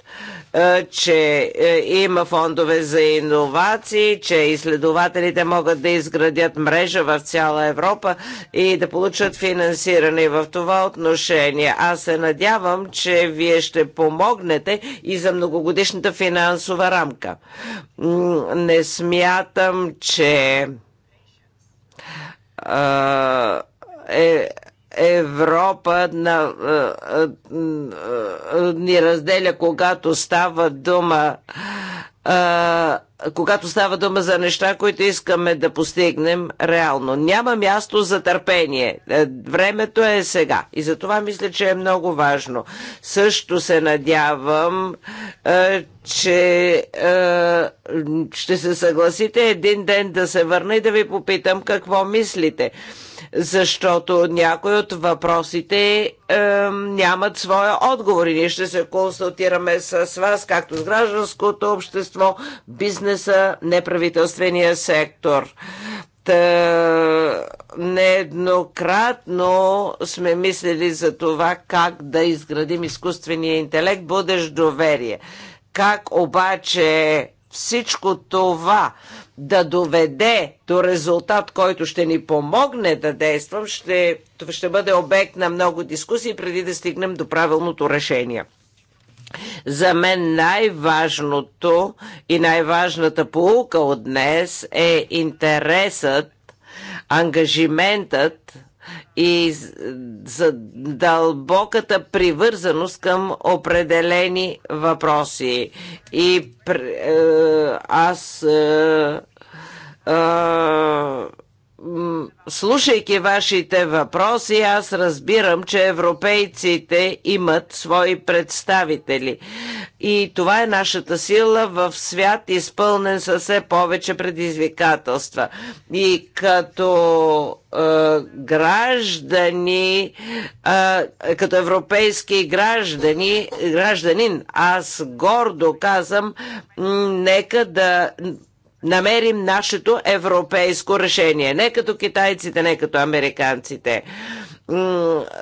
е, че е, има фондове за иновации, че изследователите могат да изградят мрежа в цяла Европа и да получат финансиране в това отношение. Аз се надявам, че вие ще помогнете и за многогодишната финансова рамка. Не смятам, че е, е Европа на, а, а, ни разделя, когато става дума а, когато става дума за неща, които искаме да постигнем реално. Няма място за търпение. Е, времето е сега. И за това мисля, че е много важно. Също се надявам, е, че е, ще се съгласите един ден да се върна и да ви попитам какво мислите защото някои от въпросите е, нямат своя отговор и ние ще се консултираме с вас, както с гражданското общество, бизнеса, неправителствения сектор нееднократно сме мислили за това как да изградим изкуствения интелект, будеш доверие. Как обаче всичко това да доведе до резултат, който ще ни помогне да действам, ще, ще бъде обект на много дискусии преди да стигнем до правилното решение. За мен най-важното и най-важната полука от днес е интересът, ангажиментът и за дълбоката привързаност към определени въпроси. И е, аз е, слушайки вашите въпроси, аз разбирам, че европейците имат свои представители. И това е нашата сила в свят, изпълнен със все повече предизвикателства. И като е, граждани, е, като европейски граждани, гражданин, аз гордо казвам, нека да намерим нашето европейско решение. Не като китайците, не като американците.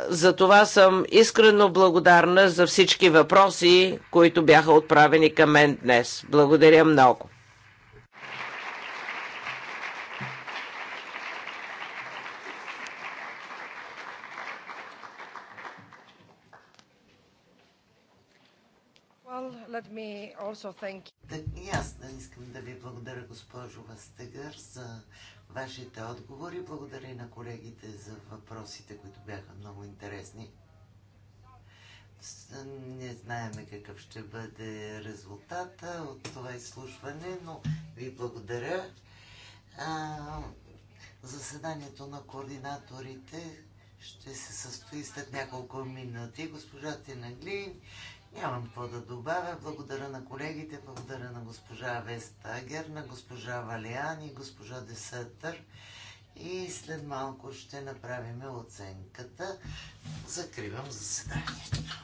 За това съм искрено благодарна за всички въпроси, които бяха отправени към мен днес. Благодаря много. let me also thank you. И аз искам да ви благодаря, госпожо Вастегър, за вашите отговори. Благодаря на колегите за въпросите, които бяха много интересни. Не знаеме какъв ще бъде резултата от това изслушване, но ви благодаря. А, заседанието на координаторите ще се състои след няколко минути. Госпожа Тинаглин Нямам какво да добавя. Благодаря на колегите, благодаря на госпожа Вестагер, на госпожа Валиан и госпожа Десетър. И след малко ще направим оценката. Закривам заседанието.